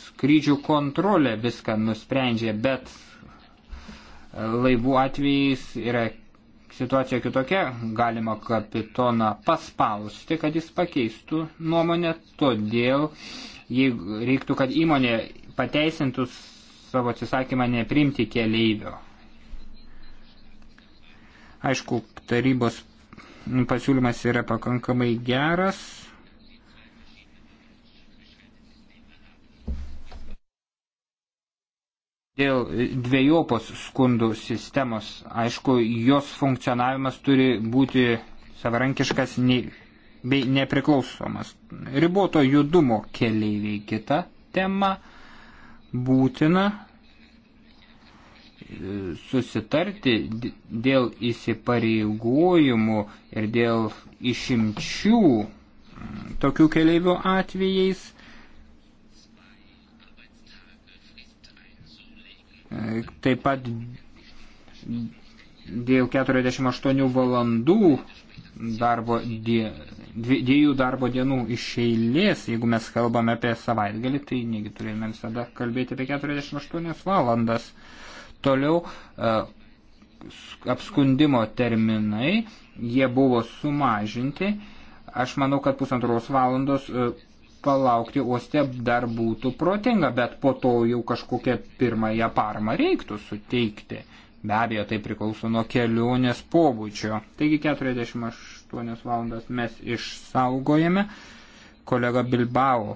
skrydžių kontrolė viską nusprendžia, bet e, laivų atvejais yra situacija kitokia, galima kapitoną paspausti, kad jis pakeistų nuomonę, todėl jeigu reiktų, kad įmonė pateisintų savo atsisakymą nepriimti keleivio. Aišku, tarybos pasiūlymas yra pakankamai geras. Dėl dviejopos skundų sistemos, aišku, jos funkcionavimas turi būti savarankiškas bei nepriklausomas. Riboto judumo keliaiviai kita tema būtina susitarti dėl įsipareigojimų ir dėl išimčių mm, tokių keleivių atvejais, e, taip pat dėl 48 valandų darbo die, dviejų darbo dienų iš eilės, jeigu mes kalbame apie savaitgalį, tai negi turėjome visada kalbėti apie 48 valandas. Toliau e, apskundimo terminai, jie buvo sumažinti. Aš manau, kad pusantros valandos e, palaukti uoste dar būtų protinga, bet po to jau kažkokią pirmąją parmą reiktų suteikti. Be abejo, tai priklauso nuo kelionės pobūdžio. Taigi 48 valandas mes išsaugojame. Kolega Bilbao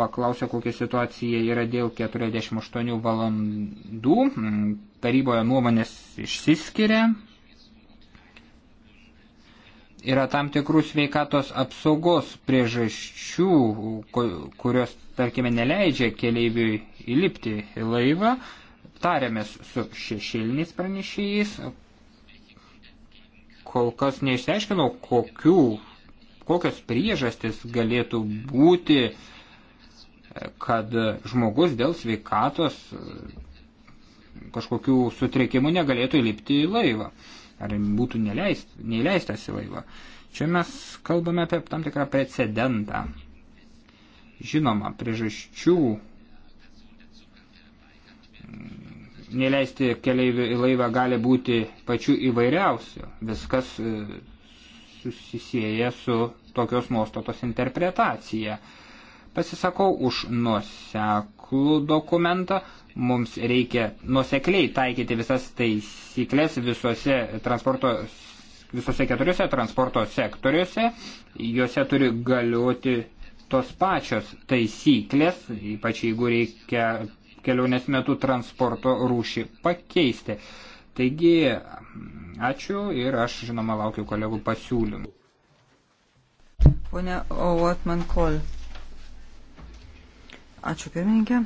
paklausė, kokia situacija yra dėl 48 valandų. Taryboje nuomonės išsiskiria. Yra tam tikrų sveikatos apsaugos priežasčių, kurios, tarkime, neleidžia keleiviui įlipti į laivą. Tarėmės su šešėliniais pranešėjais. Kol kas neišsiaiškinau, kokių, kokios priežastis galėtų būti uh, kad žmogus dėl sveikatos kažkokių sutrikimų negalėtų įlipti į laivą ar būtų neleist, neįleistas į laivą. Čia mes kalbame apie tam tikrą precedentą. Žinoma, priežasčių neleisti keliaivių į laivą gali būti pačių įvairiausių. Viskas e, susisėja su tokios nuostatos interpretacija. Pasisakau už nuoseklų dokumentą. Mums reikia nuosekliai taikyti visas taisyklės visose transporto visose keturiuose transporto sektoriuose, juose turi galioti tos pačios taisyklės, ypač jeigu reikia kelionės metu transporto rūšį pakeisti. Taigi, ačiū ir aš, žinoma, laukiu kolegų pasiūlymų. Pone Ovatman Kol. Ačiū pirmininkė.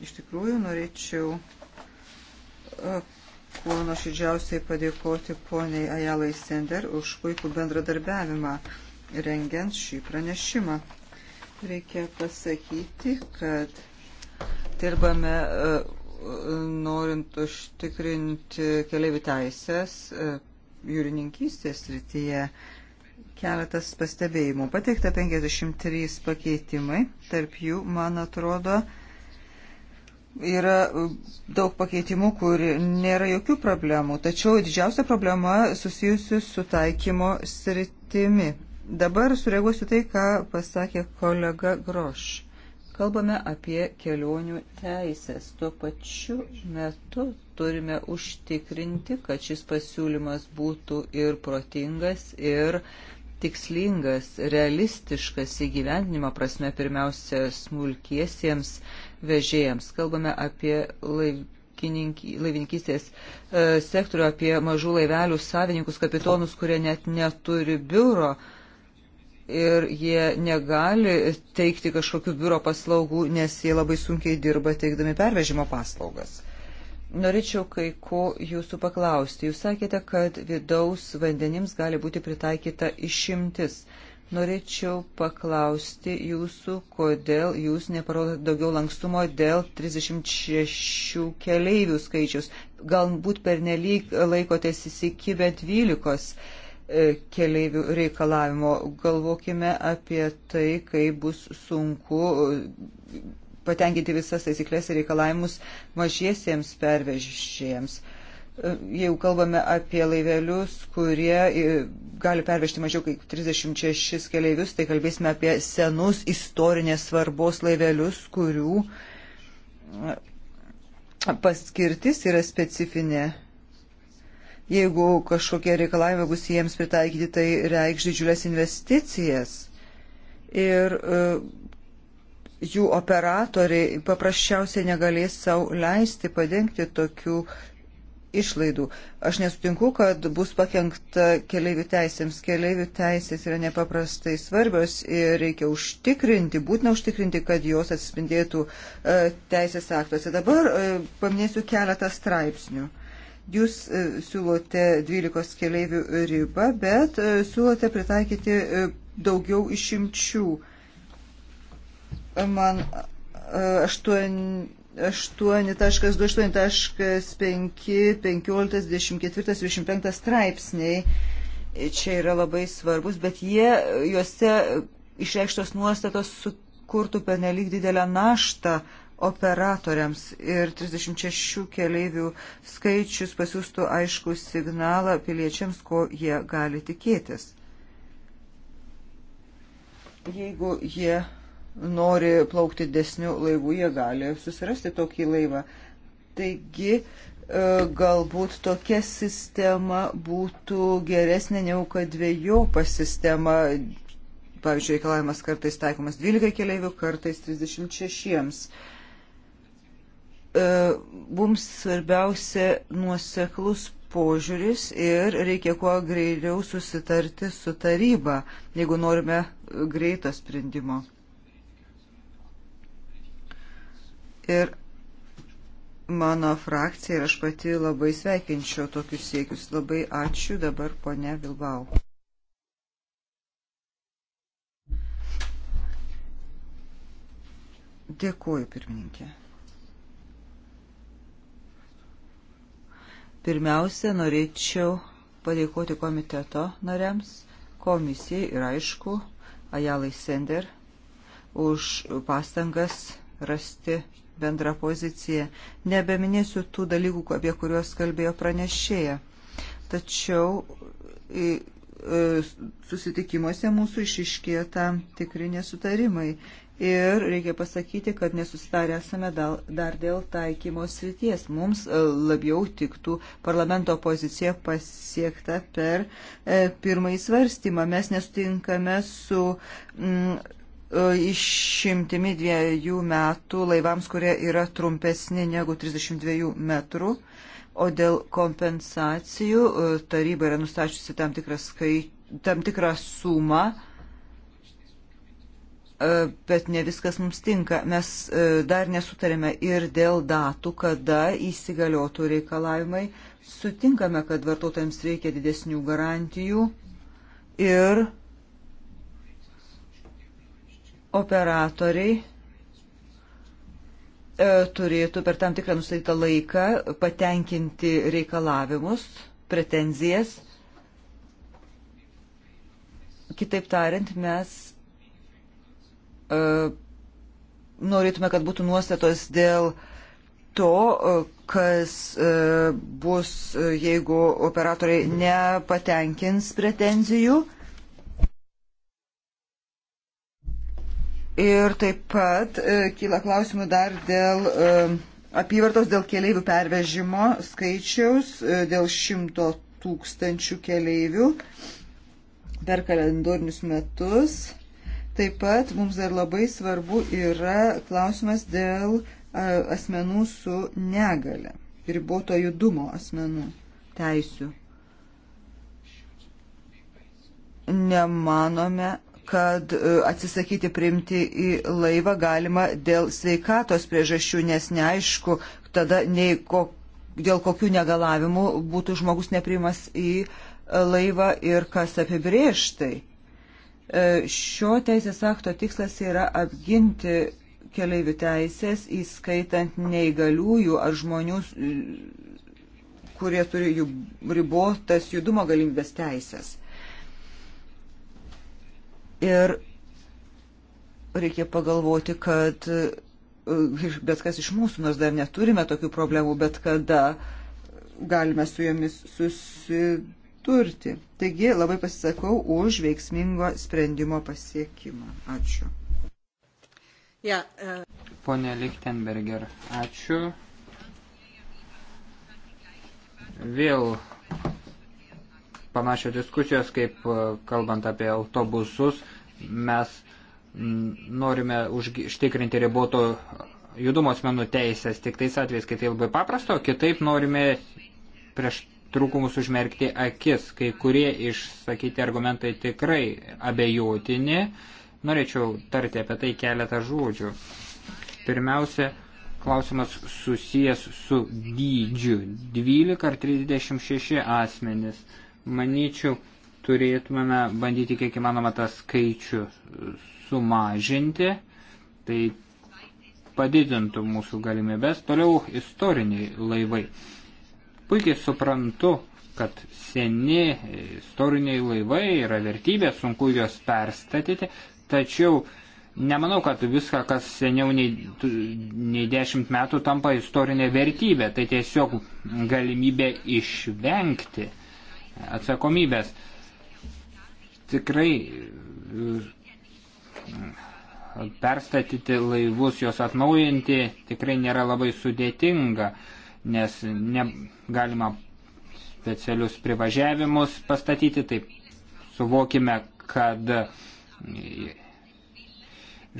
Iš tikrųjų, norėčiau e, kuo nuoširdžiausiai padėkoti poniai Ajalai Sender už puikų bendradarbiavimą rengiant šį pranešimą. Reikia pasakyti, kad dirbame e, norint užtikrinti keliaivių teisės e, jūrininkystės rytyje keletas pastebėjimų. Pateikta 53 pakeitimai, tarp jų, man atrodo, yra daug pakeitimų, kur nėra jokių problemų, tačiau didžiausia problema susijusi su taikymo sritimi. Dabar sureaguosiu tai, ką pasakė kolega Groš. Kalbame apie kelionių teisės. Tuo pačiu metu turime užtikrinti, kad šis pasiūlymas būtų ir protingas, ir uh, tikslingas, realistiškas įgyvendinimo prasme pirmiausia smulkiesiems vežėjams. Kalbame apie laivininkystės e, sektorių, apie mažų laivelių savininkus, kapitonus, kurie net neturi biuro ir jie negali teikti kažkokių biuro paslaugų, nes jie labai sunkiai dirba teikdami pervežimo paslaugas. Norėčiau kai ko jūsų paklausti. Jūs sakėte, kad vidaus vandenims gali būti pritaikyta išimtis. Norėčiau paklausti jūsų, kodėl jūs neparodote daugiau lankstumo dėl 36 keleivių skaičius. Galbūt pernelyg laikotės įsikibę 12 e, keleivių reikalavimo. Galvokime apie tai, kaip bus sunku patenkinti visas taisyklės ir reikalavimus mažiesiems pervežėjams. E, Jeigu kalbame apie laivelius, kurie e, gali pervežti mažiau kaip 36 keleivius, tai kalbėsime apie senus istorinės svarbos laivelius, kurių e, paskirtis yra specifinė. Jeigu kažkokie reikalavimai bus jiems pritaikyti, tai reikš didžiulės investicijas. Ir jų operatoriai paprasčiausiai negalės savo leisti padengti tokių išlaidų. Aš nesutinku, kad bus pakengta keliaivių teisėms. Keliaivių teisės yra nepaprastai svarbios ir reikia užtikrinti, būtina užtikrinti, kad jos atspindėtų e, teisės aktuose. Dabar e, paminėsiu keletą straipsnių. Jūs e, siūlote 12 keliaivių ribą, bet e, siūlote pritaikyti e, daugiau išimčių. E, man 8.2.8.5.15.24.25 e, straipsniai čia yra labai svarbus, bet jie, juose išreikštos nuostatos sukurtų penelyg didelę naštą operatoriams ir 36 keleivių skaičius pasiūstų aišku signalą piliečiams, ko jie gali tikėtis. Jeigu jie nori plaukti desniu laivu, jie gali susirasti tokį laivą. Taigi, e, galbūt tokia sistema būtų geresnė negu kad dviejopa sistema. Pavyzdžiui, reikalavimas kartais taikomas 12 keliaivių, kartais 36 e, mums svarbiausia nuoseklus požiūris ir reikia kuo greičiau susitarti su taryba, jeigu norime greito sprendimo. Ir mano frakcija ir aš pati labai sveikinčiau tokius siekius. Labai ačiū dabar ponia Bilbao. Dėkuoju, pirmininkė. Pirmiausia, norėčiau padėkoti komiteto nariams, komisijai ir aišku, Ajalai Sender už pastangas rasti bendrą poziciją. Nebeminėsiu tų dalykų, apie kuriuos kalbėjo pranešėja. Tačiau e, susitikimuose mūsų išiškėjo tam tikri nesutarimai. Ir reikia pasakyti, kad nesusitarę esame dar dėl taikymo srities. Mums e, labiau tiktų parlamento pozicija pasiekta per e, pirmąjį svarstymą. Mes nesutinkame su. Mm, išimtimi dviejų metų laivams, kurie yra trumpesni negu 32 metrų. O dėl kompensacijų e, taryba yra nustačiusi tam tikrą, skai, tam tikrą sumą, e, bet ne viskas mums tinka. Mes e, dar nesutarėme ir dėl datų, kada įsigaliotų reikalavimai. Sutinkame, kad vartotojams reikia didesnių garantijų ir operatoriai e, turėtų per tam tikrą nustatytą laiką patenkinti reikalavimus, pretenzijas. Kitaip tariant, mes e, norėtume, kad būtų nuostatos dėl to, e, kas bus, jeigu operatoriai nepatenkins pretenzijų Ir taip pat e, kyla klausimų dar dėl e, apyvartos, dėl keleivių pervežimo skaičiaus, e, dėl šimto tūkstančių keleivių per kalendorinius metus. Taip pat mums dar labai svarbu yra klausimas dėl asmenų su negale, riboto judumo asmenų teisių. Nemanome, kad e, atsisakyti priimti į laivą galima dėl sveikatos priežasčių, nes neaišku tada nei kok, dėl kokių negalavimų būtų žmogus neprimas į e, laivą ir kas apibrieštai. E, šio teisės akto tikslas yra apginti keliaivių teisės, įskaitant neįgaliųjų ar žmonių, kurie turi jų ribotas judumo galimybės teisės. Ir reikia pagalvoti, kad e, bet kas iš mūsų, nors dar neturime tokių problemų, bet kada galime su jomis susidurti. Taigi labai pasisakau už veiksmingo sprendimo pasiekimą. Ačiū. Ja, uh... Pone Lichtenberger, ačiū. Vėl panašios diskusijos, kaip e, kalbant apie autobusus mes norime užtikrinti riboto judumo asmenų teisės tik tais atvejais, kai tai labai paprasta, o kitaip norime prieš trūkumus užmerkti akis. Kai kurie išsakyti argumentai tikrai abejotini. Norėčiau tarti apie tai keletą žodžių. Pirmiausia, klausimas susijęs su dydžiu. 12 ar 36 asmenis. Manyčiau, turėtume bandyti kiek įmanoma tą skaičių sumažinti, tai padidintų mūsų galimybės. Toliau istoriniai laivai. Puikiai suprantu, kad seni istoriniai laivai yra vertybė, sunku juos perstatyti, tačiau nemanau, kad viską, kas seniau nei, nei 10 metų tampa istorinė vertybė, tai tiesiog galimybė išvengti atsakomybės tikrai e, perstatyti laivus, juos atnaujinti tikrai nėra labai sudėtinga, nes ne, galima specialius privažiavimus pastatyti, taip suvokime, kad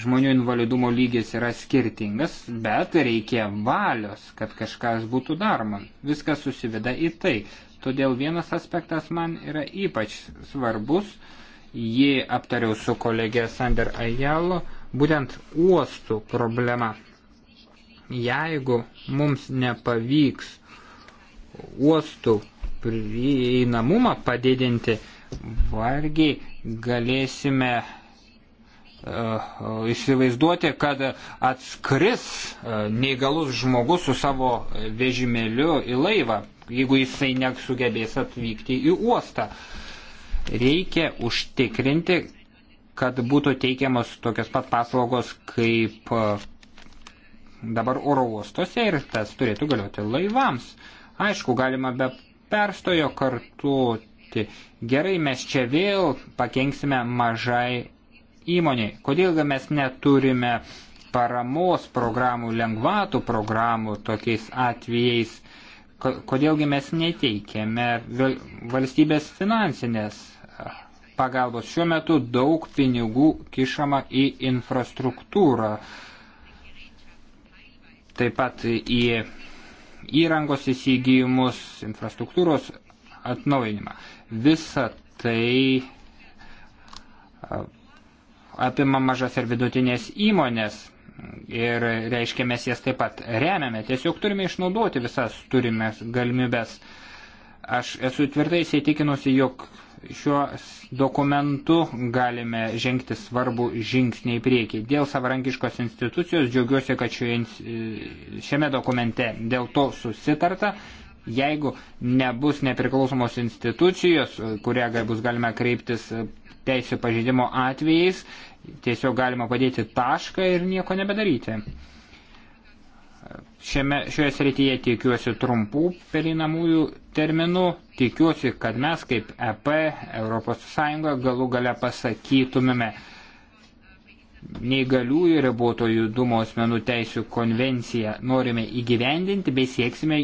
žmonių invalidumo lygis yra skirtingas, bet reikia valios, kad kažkas būtų daroma. Viskas susiveda į tai. Todėl vienas aspektas man yra ypač svarbus. Uh, jį aptariau su kolegė Sander Ajalo, būtent uostų problema. Jeigu mums nepavyks uostų prieinamumą padidinti, vargiai galėsime uh, įsivaizduoti, kad atskris uh, neįgalus žmogus su savo vežimėliu į laivą, jeigu jisai nesugebės atvykti į uostą. Uh, Reikia užtikrinti, kad būtų teikiamas tokios pat paslaugos kaip e, dabar oro uostose ir tas turėtų galioti laivams. Aišku, galima be perstojo kartuoti. Gerai, mes čia vėl pakenksime mažai įmoniai. Kodėl mes neturime paramos programų, lengvatų programų tokiais atvejais? Kodėlgi mes neteikėme valstybės finansinės pagalbos. Šiuo metu daug pinigų kišama į infrastruktūrą, taip pat į įrangos įsigijimus, infrastruktūros atnaujinimą. Visa tai apima mažas ir vidutinės įmonės ir reiškia mes jas taip pat remiame. Tiesiog turime išnaudoti visas turimės galimybės. Aš esu tvirtai įsitikinusi, jog šiuo dokumentu galime žengti svarbų žingsnį į priekį. Dėl savarankiškos institucijos džiaugiuosi, kad šioje, šiame dokumente dėl to susitarta. Jeigu nebus nepriklausomos institucijos, kurią bus galima kreiptis teisų pažeidimo atvejais, tiesiog galima padėti tašką ir nieko nebedaryti. Šiame, šioje srityje tikiuosi trumpų perinamųjų terminų, tikiuosi, kad mes kaip EP, ES galų gale pasakytumėme neįgaliųjų ribotojų dumo asmenų teisų konvenciją norime įgyvendinti, bei sieksime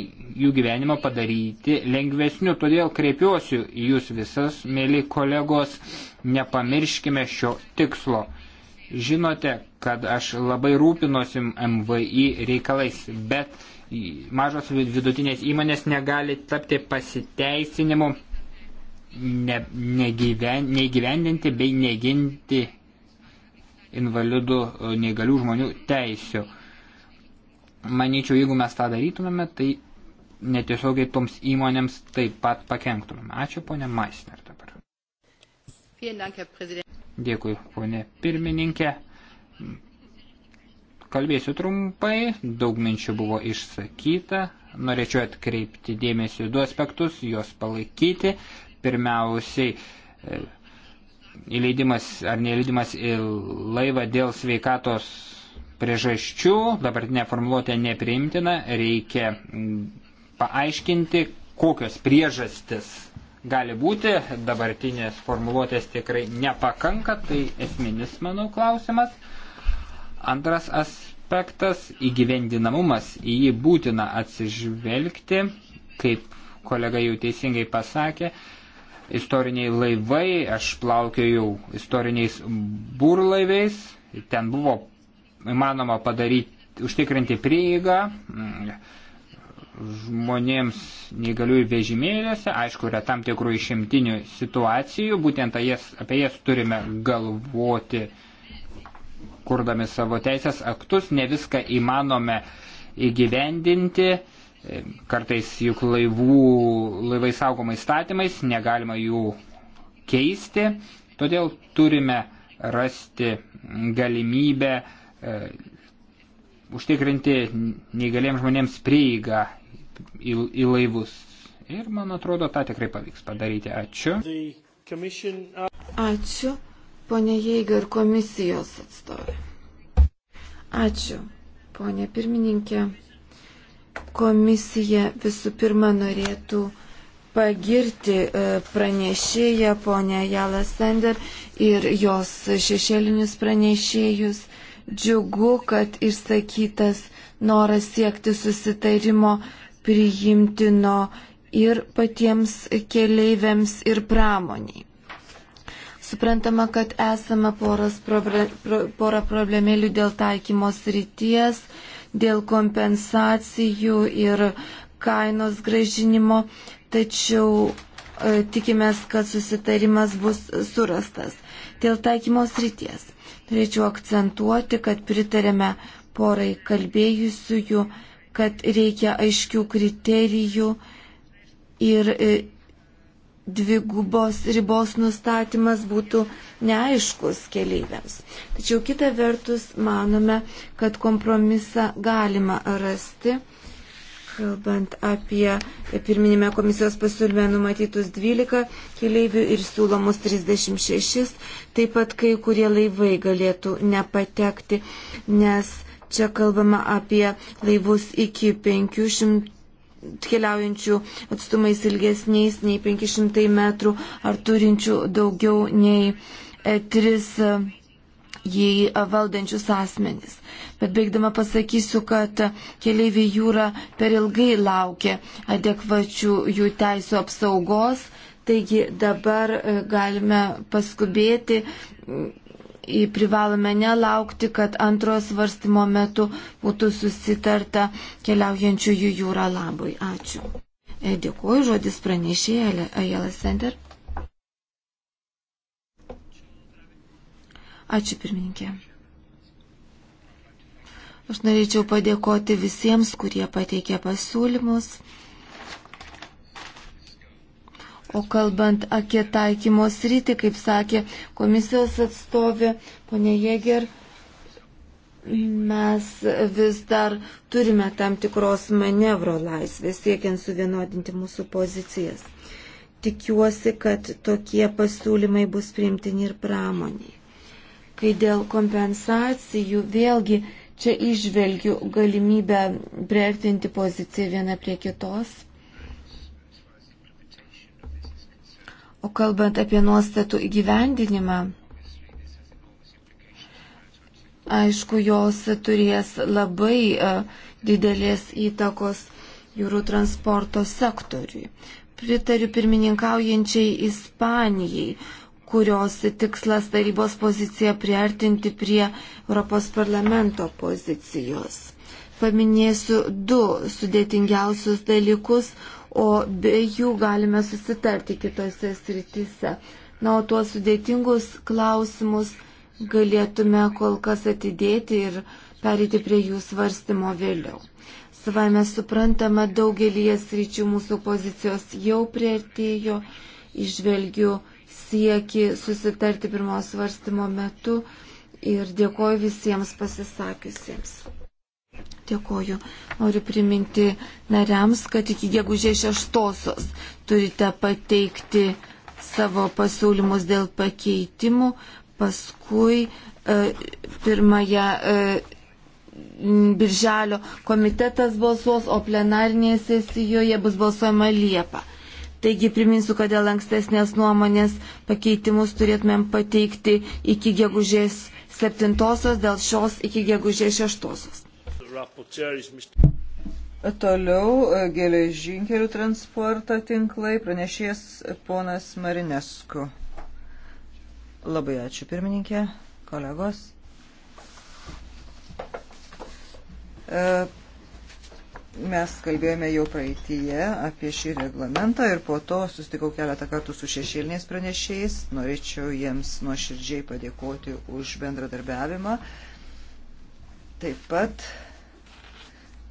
jų gyvenimą padaryti lengvesniu. Todėl kreipiuosi į jūs visas, mėly kolegos, nepamirškime šio tikslo. Žinote, kad aš labai rūpinosi MVI reikalais, bet mažos vidutinės įmonės negali tapti pasiteisinimu ne, negyven, neįgyvendinti bei neginti invalidų neįgalių žmonių teisių. Manyčiau, jeigu mes tą darytumėme, tai netiesiogiai toms įmonėms taip pat pakenktumėme. Ačiū, ponė Maisner. Dėkui, ponė pirmininkė. Kalbėsiu trumpai, daug minčių buvo išsakyta. Norėčiau atkreipti dėmesį į du aspektus, juos palaikyti. Pirmiausiai, e, įleidimas ar neįleidimas į laivą dėl sveikatos priežasčių, dabartinė formuluotė nepriimtina, reikia paaiškinti, kokios priežastis gali būti, dabartinės formuluotės tikrai nepakanka, tai esminis, manau, klausimas. Antras aspektas - įgyvendinamumas, į jį būtina atsižvelgti, kaip kolega jau teisingai pasakė, istoriniai laivai, aš plaukiau istoriniais burlaiviais, ten buvo įmanoma padaryti, užtikrinti prieigą. Mm, žmonėms neįgaliųjų vežimėlėse, aišku, yra tam tikrų išimtinių situacijų, būtent apie jas turime galvoti, kurdami savo teisės aktus, ne viską įmanome įgyvendinti, kartais juk laivų, laivai saugoma įstatymais, negalima jų keisti, todėl turime rasti galimybę e, užtikrinti neįgaliems žmonėms prieigą į, į laivus. Ir man atrodo, tą tikrai pavyks padaryti. Ačiū. Uh, Ačiū, ponė Jėga ir komisijos atstovė. Ačiū, ponė pirmininkė. Komisija visų pirma norėtų pagirti e, pranešėją ponę Jalą Sender ir jos šešėlinius pranešėjus. Džiugu, kad išsakytas noras siekti susitarimo priimtino ir patiems keleiviams ir pramoniai. Suprantama, kad esame poras, porą problemėlių dėl taikymos ryties, dėl kompensacijų ir kainos gražinimo, tačiau e, tikimės, kad susitarimas bus surastas. Dėl taikymos ryties. Norėčiau akcentuoti, kad pritarėme porai kalbėjusiųjų kad reikia aiškių kriterijų ir e, dvigubos ribos nustatymas būtų neaiškus keleiviams. Tačiau kita vertus manome, kad kompromisą galima rasti, kalbant apie pirminėme komisijos pasiūlyme numatytus 12 keleivių ir siūlomus 36, taip pat kai kurie laivai galėtų nepatekti, nes Čia kalbama apie laivus iki 500 keliaujančių atstumais ilgesniais nei 500 metrų ar turinčių daugiau nei 3 e, e, jį e, valdančius asmenys. Bet baigdama pasakysiu, kad keliaiviai jūra per ilgai laukia adekvačių jų teisų apsaugos, taigi dabar galime paskubėti privalome nelaukti, kad antrojo svarstymo metu būtų susitarta keliaujančiųjų jūra labui. Ačiū. E, dėkuoju, žodis pranešėja Ajala Center. Ačiū pirmininkė. Aš norėčiau padėkoti visiems, kurie pateikė pasiūlymus. O kalbant apie taikymo sritį, kaip sakė komisijos atstovė ponė Jėger, mes vis dar turime tam tikros manevro laisvės, siekiant suvienodinti mūsų pozicijas. Tikiuosi, kad tokie pasiūlymai bus priimtini ir pramoniai. Kai dėl kompensacijų vėlgi čia išvelgiu galimybę priartinti poziciją vieną prie kitos O kalbant apie nuostatų įgyvendinimą, aišku, jos turės labai e, didelės įtakos jūrų transporto sektoriui. Pritariu pirmininkaujančiai Ispanijai, kurios tikslas tarybos poziciją priartinti prie Europos parlamento pozicijos. Paminėsiu du sudėtingiausius dalykus, o be jų galime susitarti kitose srityse. Na, o tuos sudėtingus klausimus galėtume kol kas atidėti ir perėti prie jų svarstymo vėliau. Savai mes suprantame, daugelį sričių mūsų pozicijos jau prieartėjo, išvelgiu sieki susitarti pirmos svarstymo metu ir dėkoju visiems pasisakiusiems. Dėkoju. Noriu priminti nariams, kad iki gegužės šeštosios turite pateikti savo pasiūlymus dėl pakeitimų, paskui e, pirmąją e, birželio komitetas balsuos, o plenarinėje sesijoje bus balsuojama Liepa. Taigi priminsiu, kad dėl ankstesnės nuomonės pakeitimus turėtumėm pateikti iki gegužės 7, dėl šios iki gegužės 6. Toliau e, geležinkelių transporto tinklai pranešės ponas Marinesku. Labai ačiū pirmininkė, kolegos. E, mes kalbėjome jau praeitįje apie šį reglamentą ir po to sustikau keletą kartų su šešėliniais pranešėjais. Norėčiau jiems nuoširdžiai padėkoti už bendradarbiavimą. Taip pat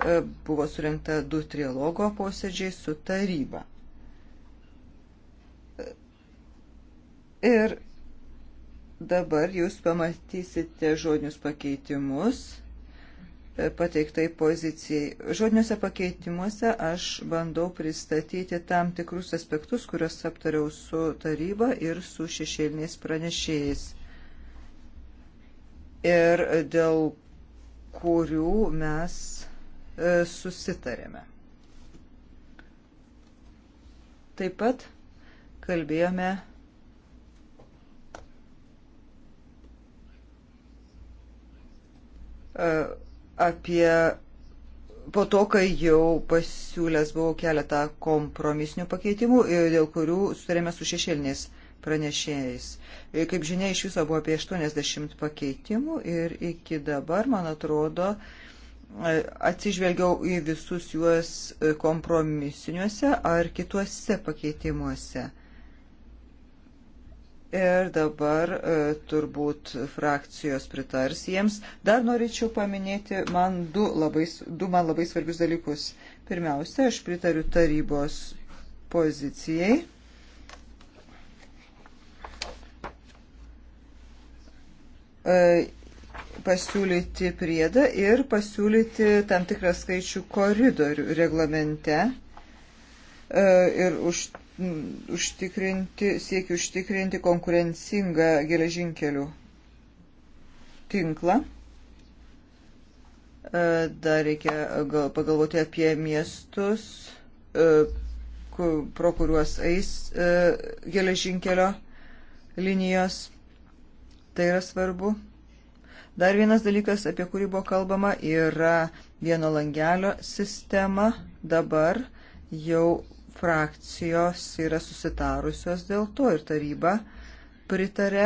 E, buvo surinkta du trilogo posėdžiai su taryba. E, ir dabar jūs pamatysite žodinius pakeitimus e, pateiktai pozicijai. Žodiniuose pakeitimuose aš bandau pristatyti tam tikrus aspektus, kuriuos aptariau su taryba ir su šešėliniais pranešėjais. Ir dėl kurių mes E, susitarėme. Taip pat kalbėjome e, apie po to, kai jau pasiūlęs buvau keletą kompromisinių pakeitimų, dėl kurių sutarėme su šešėliniais pranešėjais. E, kaip žinia, iš viso buvo apie 80 pakeitimų ir iki dabar, man atrodo, uh, E, atsižvelgiau į visus juos e, kompromisiniuose ar kituose pakeitimuose. Ir dabar e, turbūt frakcijos pritars jiems. Dar norėčiau paminėti man du, labai, du man labai svarbius dalykus. Pirmiausia, aš pritariu tarybos pozicijai. E, pasiūlyti priedą ir pasiūlyti tam tikrą skaičių koridorių reglamente e, ir už, užtikrinti, siekiu užtikrinti konkurencingą geležinkelių tinklą. E, dar reikia pagalvoti apie miestus, e, pro kuriuos eis geležinkelio linijos. Tai yra svarbu. Dar vienas dalykas, apie kurį buvo kalbama, yra vieno langelio sistema. Dabar jau frakcijos yra susitarusios dėl to ir taryba pritarė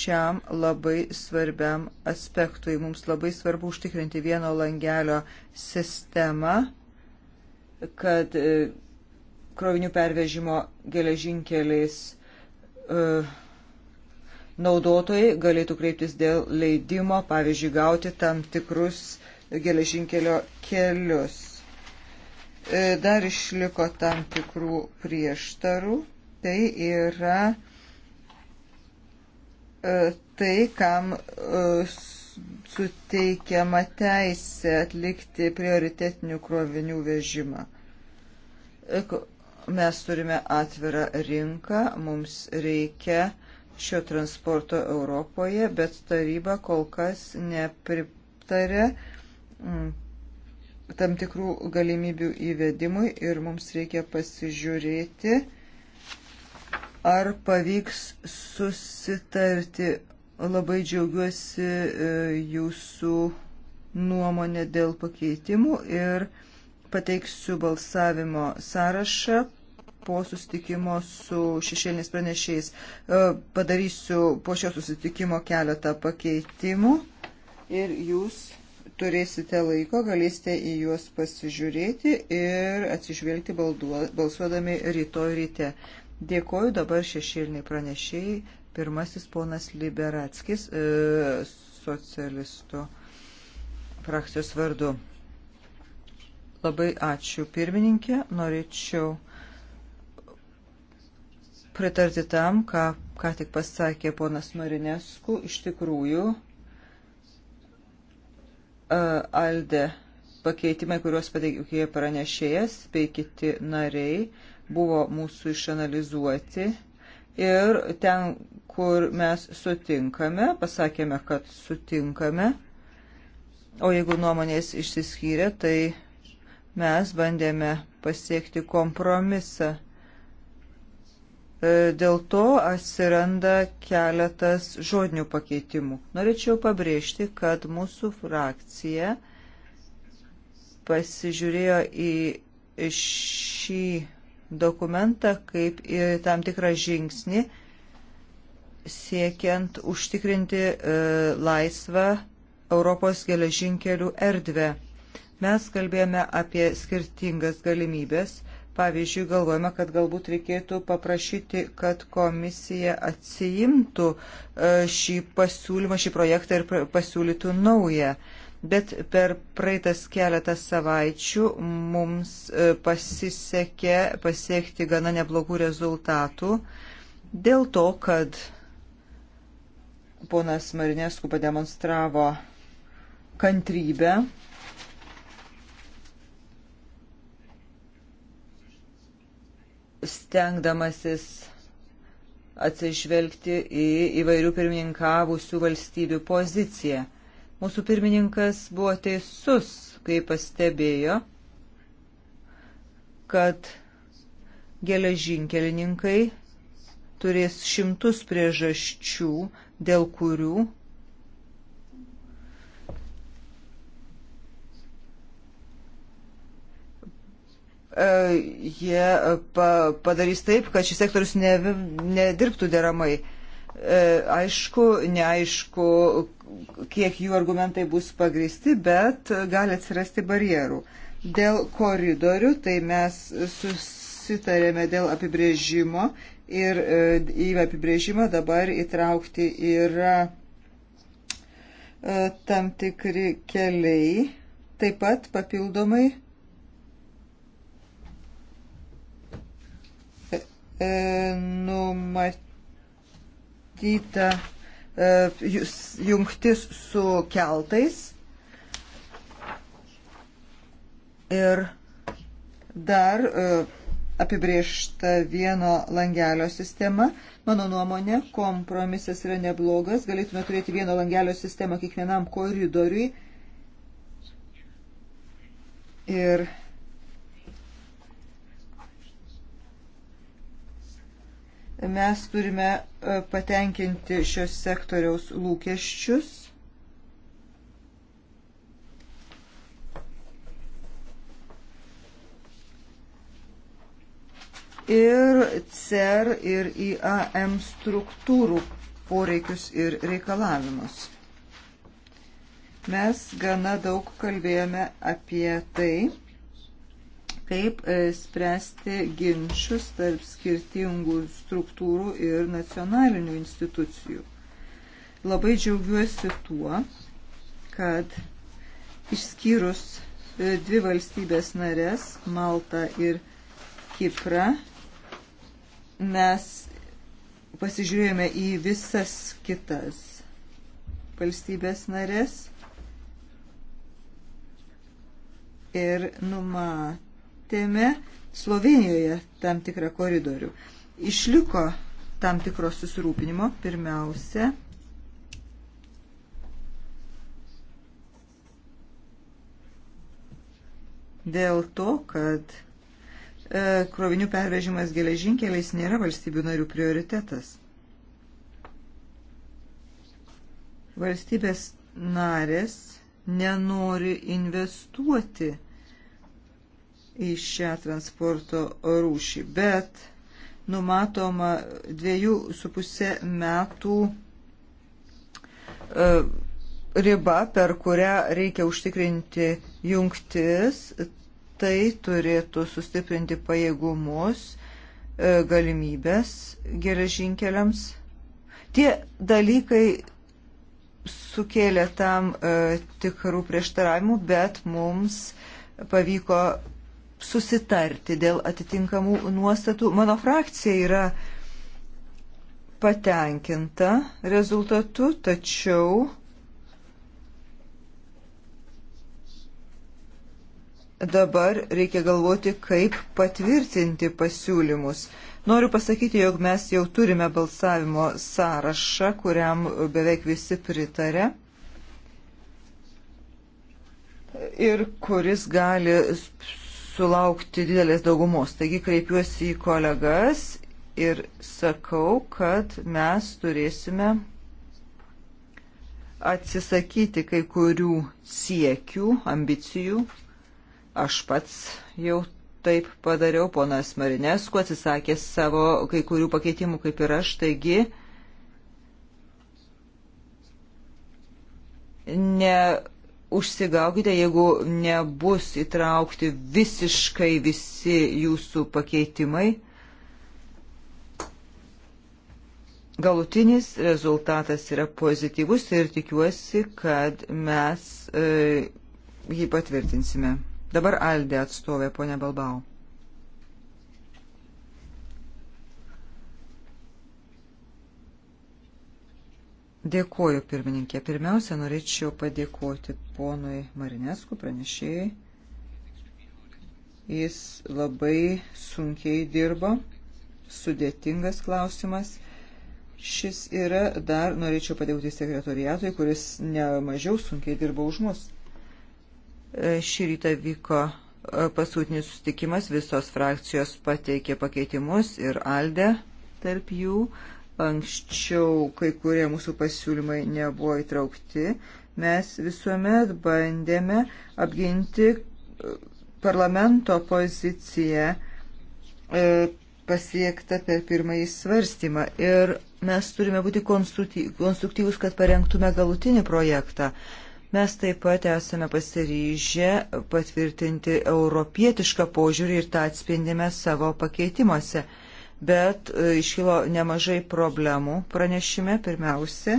šiam labai svarbiam aspektui. Mums labai svarbu užtikrinti vieno langelio sistemą, kad e, krovinių pervežimo geležinkeliais uh, naudotojai galėtų kreiptis dėl leidimo, pavyzdžiui, gauti tam tikrus geležinkelio kelius. E, dar išliko tam tikrų prieštarų. Tai yra e, tai, kam e, suteikiama teisė atlikti prioritetinių krovinių vežimą. Mes turime atvirą rinką, mums reikia uh, šio transporto Europoje, bet taryba kol kas nepritarė mm, tam tikrų galimybių įvedimui ir mums reikia pasižiūrėti, ar pavyks susitarti. Labai džiaugiuosi e, jūsų nuomonę dėl pakeitimų ir pateiksiu balsavimo sąrašą po susitikimo su šešėliniais pranešiais. E, padarysiu po šio susitikimo keletą pakeitimų ir jūs turėsite laiko, galėsite į juos pasižiūrėti ir atsižvelgti balsuodami rytoj ryte. Dėkoju dabar šešėliniai pranešėjai. Pirmasis ponas Liberatskis, e, socialistų frakcijos vardu. Labai ačiū pirmininkė. Norėčiau pritarti tam, ką, ką tik pasakė ponas Marinesku. Iš tikrųjų, e, Alde pakeitimai, kuriuos pateikė pranešėjas bei kiti nariai, buvo mūsų išanalizuoti. Ir ten, kur mes sutinkame, pasakėme, kad sutinkame. O jeigu nuomonės išsiskyrė, tai mes bandėme pasiekti kompromisą E, dėl to atsiranda keletas žodinių pakeitimų. Norėčiau pabrėžti, kad mūsų frakcija pasižiūrėjo į šį dokumentą kaip į tam tikrą žingsnį siekiant užtikrinti e, laisvą Europos geležinkelių erdvę. Mes kalbėjome apie skirtingas galimybės Pavyzdžiui, galvojame, kad galbūt reikėtų paprašyti, kad komisija atsiimtų e, šį pasiūlymą, šį projektą ir pasiūlytų naują. Bet per praeitas keletą savaičių mums e, pasisekė pasiekti gana neblogų rezultatų dėl to, kad ponas Marinesku pademonstravo kantrybę stengdamasis atsižvelgti į įvairių pirmininkavusių valstybių poziciją. Mūsų pirmininkas buvo teisus, kai pastebėjo, kad geležinkelininkai turės šimtus priežasčių, dėl kurių E, jie e, padarys taip, kad šis sektorius ne, nedirbtų deramai. E, aišku, neaišku, kiek jų argumentai bus pagristi, bet gali atsirasti barjerų. Dėl koridorių, tai mes susitarėme dėl apibrėžimo ir į apibrėžimą dabar įtraukti yra tam tikri keliai, taip pat papildomai E, numatyta e, jungtis su keltais ir dar e, apibriešta vieno langelio sistema. Mano nuomonė, kompromisas yra neblogas, galėtume turėti vieno langelio sistemą kiekvienam koridoriui. Ir mes turime e, patenkinti šios sektoriaus lūkesčius. Ir CER ir IAM struktūrų poreikius ir reikalavimus. Mes gana daug kalbėjome apie tai kaip e, spręsti ginčius tarp skirtingų struktūrų ir nacionalinių institucijų. Labai džiaugiuosi tuo, kad išskyrus e, dvi valstybės narės, Maltą ir Kiprą, mes pasižiūrėjome į visas kitas valstybės narės ir numatome matėme Slovenijoje tam tikrą koridorių. Išliko tam tikro susirūpinimo pirmiausia. Dėl to, kad e, krovinių pervežimas geležinkeliais nėra valstybių narių prioritetas. Valstybės narės nenori investuoti į šią transporto rūšį, bet numatoma dviejų su pusė metų e, riba, per kurią reikia užtikrinti jungtis, tai turėtų sustiprinti pajėgumus, e, galimybės geležinkeliams. Tie dalykai sukėlė tam e, tikrų prieštaravimų, bet mums pavyko susitarti dėl atitinkamų nuostatų. Mano frakcija yra patenkinta rezultatu, tačiau dabar reikia galvoti, kaip patvirtinti pasiūlymus. Noriu pasakyti, jog mes jau turime balsavimo sąrašą, kuriam beveik visi pritarė ir kuris gali sulaukti didelės daugumos. Taigi kreipiuosi į kolegas ir sakau, kad mes turėsime atsisakyti kai kurių siekių, ambicijų. Aš pats jau taip padariau, ponas Marinesku atsisakė savo kai kurių pakeitimų kaip ir aš, taigi ne užsigaukite, jeigu nebus įtraukti visiškai visi jūsų pakeitimai. Galutinis rezultatas yra pozityvus ir tikiuosi, kad mes e, jį patvirtinsime. Dabar Aldė atstovė, ponia Balbau. Dėkuoju, pirmininkė. Pirmiausia, norėčiau padėkoti ponui Marinesku pranešėjai. Jis labai sunkiai dirbo, sudėtingas klausimas. Šis yra dar, norėčiau padėkoti sekretoriatui, kuris ne mažiau sunkiai dirbo už mus. E, šį rytą vyko e, paskutinis sustikimas, visos frakcijos pateikė pakeitimus ir Alde tarp jų. Uh, anksčiau kai kurie mūsų pasiūlymai nebuvo įtraukti, mes visuomet bandėme apginti e, parlamento poziciją e, pasiektą per pirmąjį svarstymą. Ir mes turime būti konstruktyvus, kad parengtume galutinį projektą. Mes taip pat esame pasiryžę patvirtinti europietišką požiūrį ir tą atspindime savo pakeitimuose bet e, iškilo nemažai problemų pranešime pirmiausia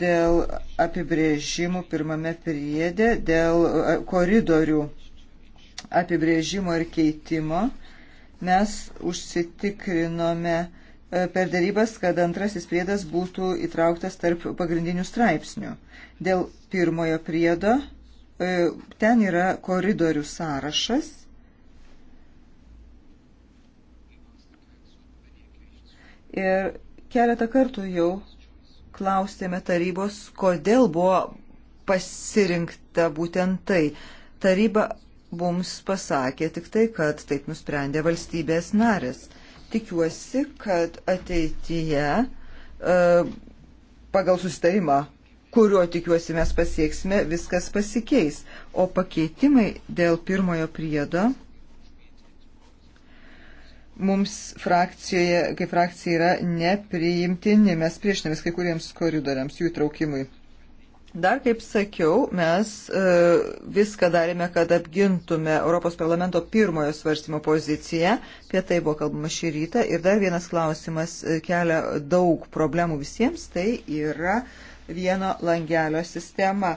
dėl apibrėžimų pirmame priedė, dėl e, koridorių apibrėžimo ir keitimo. Mes užsitikrinome e, per darybas, kad antrasis priedas būtų įtrauktas tarp pagrindinių straipsnių. Dėl pirmojo priedo ten yra koridorių sąrašas – Ir keletą kartų jau klausėme tarybos, kodėl buvo pasirinkta būtent tai. Taryba mums pasakė tik tai, kad taip nusprendė valstybės narės. Tikiuosi, kad ateityje e, pagal susitarimą, kurio tikiuosi mes pasieksime, viskas pasikeis. O pakeitimai dėl pirmojo priedo mums frakcijoje, kaip frakcija yra nepriimtini, mes priešinamės kai kuriems koridoriams, jų traukimui. Dar, kaip sakiau, mes e, viską darėme, kad apgintume Europos parlamento pirmojo svarstymo poziciją. Apie tai buvo kalbama šį rytą. Ir dar vienas klausimas e, kelia daug problemų visiems. Tai yra vieno langelio sistema.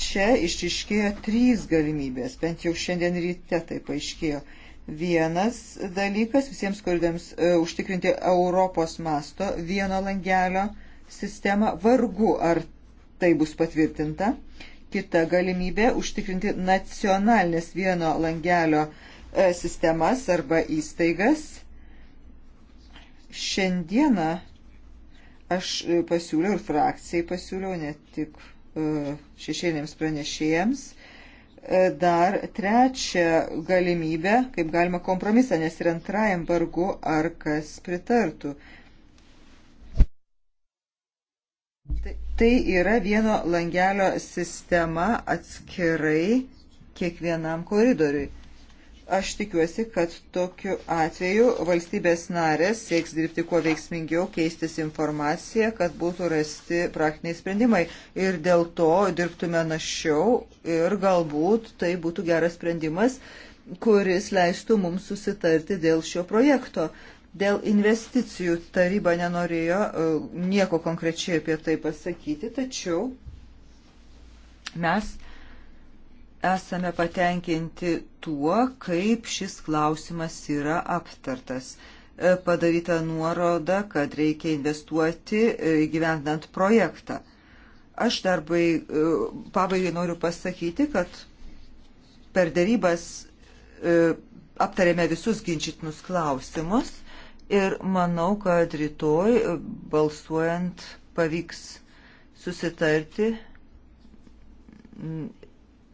Čia išiškėjo trys galimybės, bent jau šiandien ryte tai paaiškėjo. E, Vienas dalykas visiems kurdams e, užtikrinti Europos masto vieno langelio sistemą vargu ar tai bus patvirtinta. Kita galimybė užtikrinti nacionalinės vieno langelio e, sistemas arba įstaigas. Šiandieną aš e, pasiūliau ir frakcijai pasiūliau, ne tik e, šešėlėms pranešėjams, dar trečią galimybę, kaip galima kompromisą, nes ir antrajam vargu ar kas pritartų. Tai, tai yra vieno langelio sistema atskirai kiekvienam koridoriui. Aš tikiuosi, kad tokiu atveju valstybės narės sieks dirbti kuo veiksmingiau, keistis informaciją, kad būtų rasti praktiniai sprendimai. Ir dėl to dirbtume našiau ir galbūt tai būtų geras sprendimas, kuris leistų mums susitarti dėl šio projekto. Dėl investicijų taryba nenorėjo e, nieko konkrečiai apie tai pasakyti, tačiau mes esame patenkinti tuo, kaip šis klausimas yra aptartas. E, padaryta nuoroda, kad reikia investuoti e, gyvendant projektą. Aš darbai e, pabaigai noriu pasakyti, kad per darybas aptarėme visus ginčytinus klausimus ir manau, kad rytoj balsuojant pavyks susitarti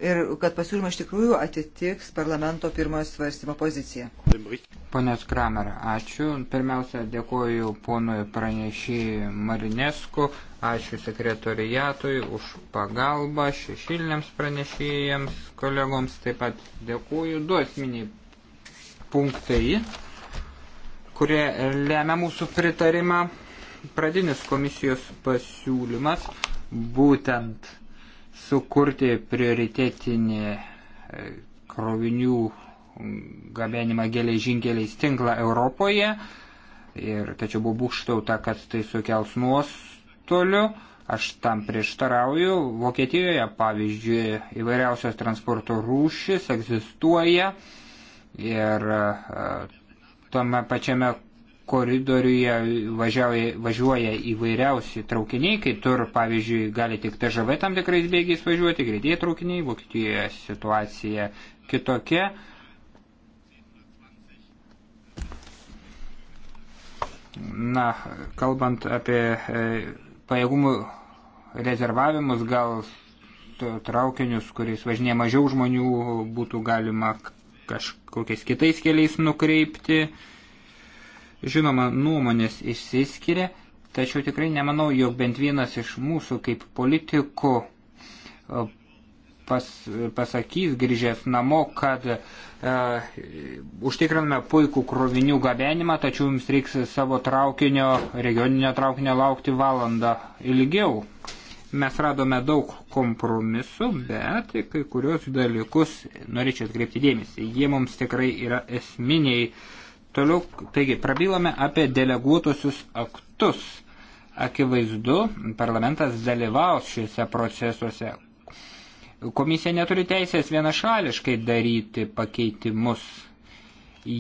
ir kad pasiūlymas iš tikrųjų atitiks parlamento pirmojo svarstymo poziciją. Ponas Kramer, ačiū. Pirmiausia, dėkoju ponui pranešėjui Marinesku, ačiū sekretoriatui už pagalbą šešiliniams pranešėjams, kolegoms taip pat dėkoju. Du asmeniai punktai, kurie lemia mūsų pritarimą. Pradinis komisijos pasiūlymas būtent sukurti prioritetinį e, krovinių gabenimą geležinkeliais tinklą Europoje. Ir tačiau buvo būkštauta, kad tai sukels nuostolių. Aš tam prieštarauju. Vokietijoje, pavyzdžiui, įvairiausios transporto rūšis egzistuoja ir e, tame pačiame koridoriuje važiauja, važiuoja įvairiausi traukiniai, kai tur, pavyzdžiui, gali tik TŽV tam tikrais bėgiais važiuoti, greitieji traukiniai, Vokietijoje situacija kitokia. Na, kalbant apie e, pajėgumų rezervavimus, gal traukinius, kuriais važinė mažiau žmonių, būtų galima kažkokiais kitais keliais nukreipti. E, Žinoma, nuomonės išsiskiria, tačiau tikrai nemanau, jog bent vienas iš mūsų kaip politikų e, pas, pasakys grįžęs namo, kad e, užtikriname puikų krovinių gabenimą, tačiau jums reiks savo traukinio, regioninio traukinio laukti valandą ilgiau. Mes radome daug kompromisų, bet kai kurios dalykus norėčiau atkreipti dėmesį. Jie mums tikrai yra esminiai. E, Toliau, taigi, prabilome apie deleguotusius aktus. Akivaizdu, parlamentas dalyvaus šiuose procesuose. Komisija neturi teisės vienašališkai daryti pakeitimus.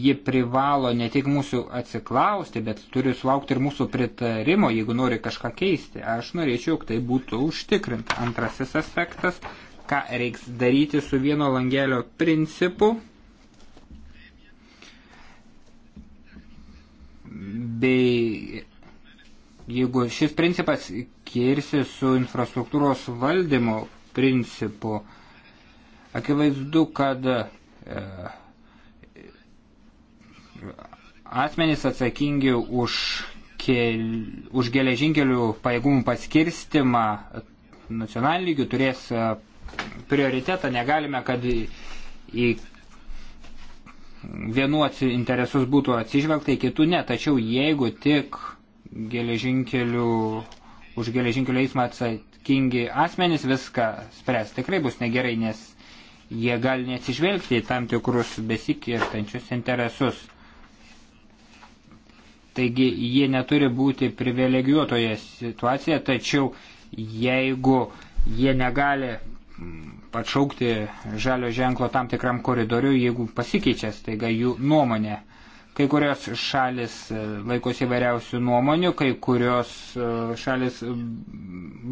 Ji privalo ne tik mūsų atsiklausti, bet turi sulaukti ir mūsų pritarimo, jeigu nori kažką keisti. Aš norėčiau, jog tai būtų užtikrinta. Antrasis aspektas, ką reiks daryti su vieno langelio principu bei jeigu šis principas kirsi su infrastruktūros valdymo principu, akivaizdu, kad e, asmenys atsakingi už, kel, už geležinkelių pajėgumų paskirstimą nacionalinių lygių turės e, prioritetą, negalime, kad į vienuos interesus būtų atsižvelgta, kitų ne, tačiau jeigu tik geležinkelių, už geležinkelių eismą atsakingi asmenys viską spręs, tikrai bus negerai, nes jie gali neatsižvelgti į tam tikrus besikirtančius interesus. Taigi jie neturi būti privilegijuotoje situacijoje, tačiau jeigu jie negali atšaukti žalio ženklo tam tikram koridoriui, jeigu pasikeičia staiga jų nuomonė. Kai kurios šalis e, laikosi įvairiausių nuomonių, kai kurios e, šalis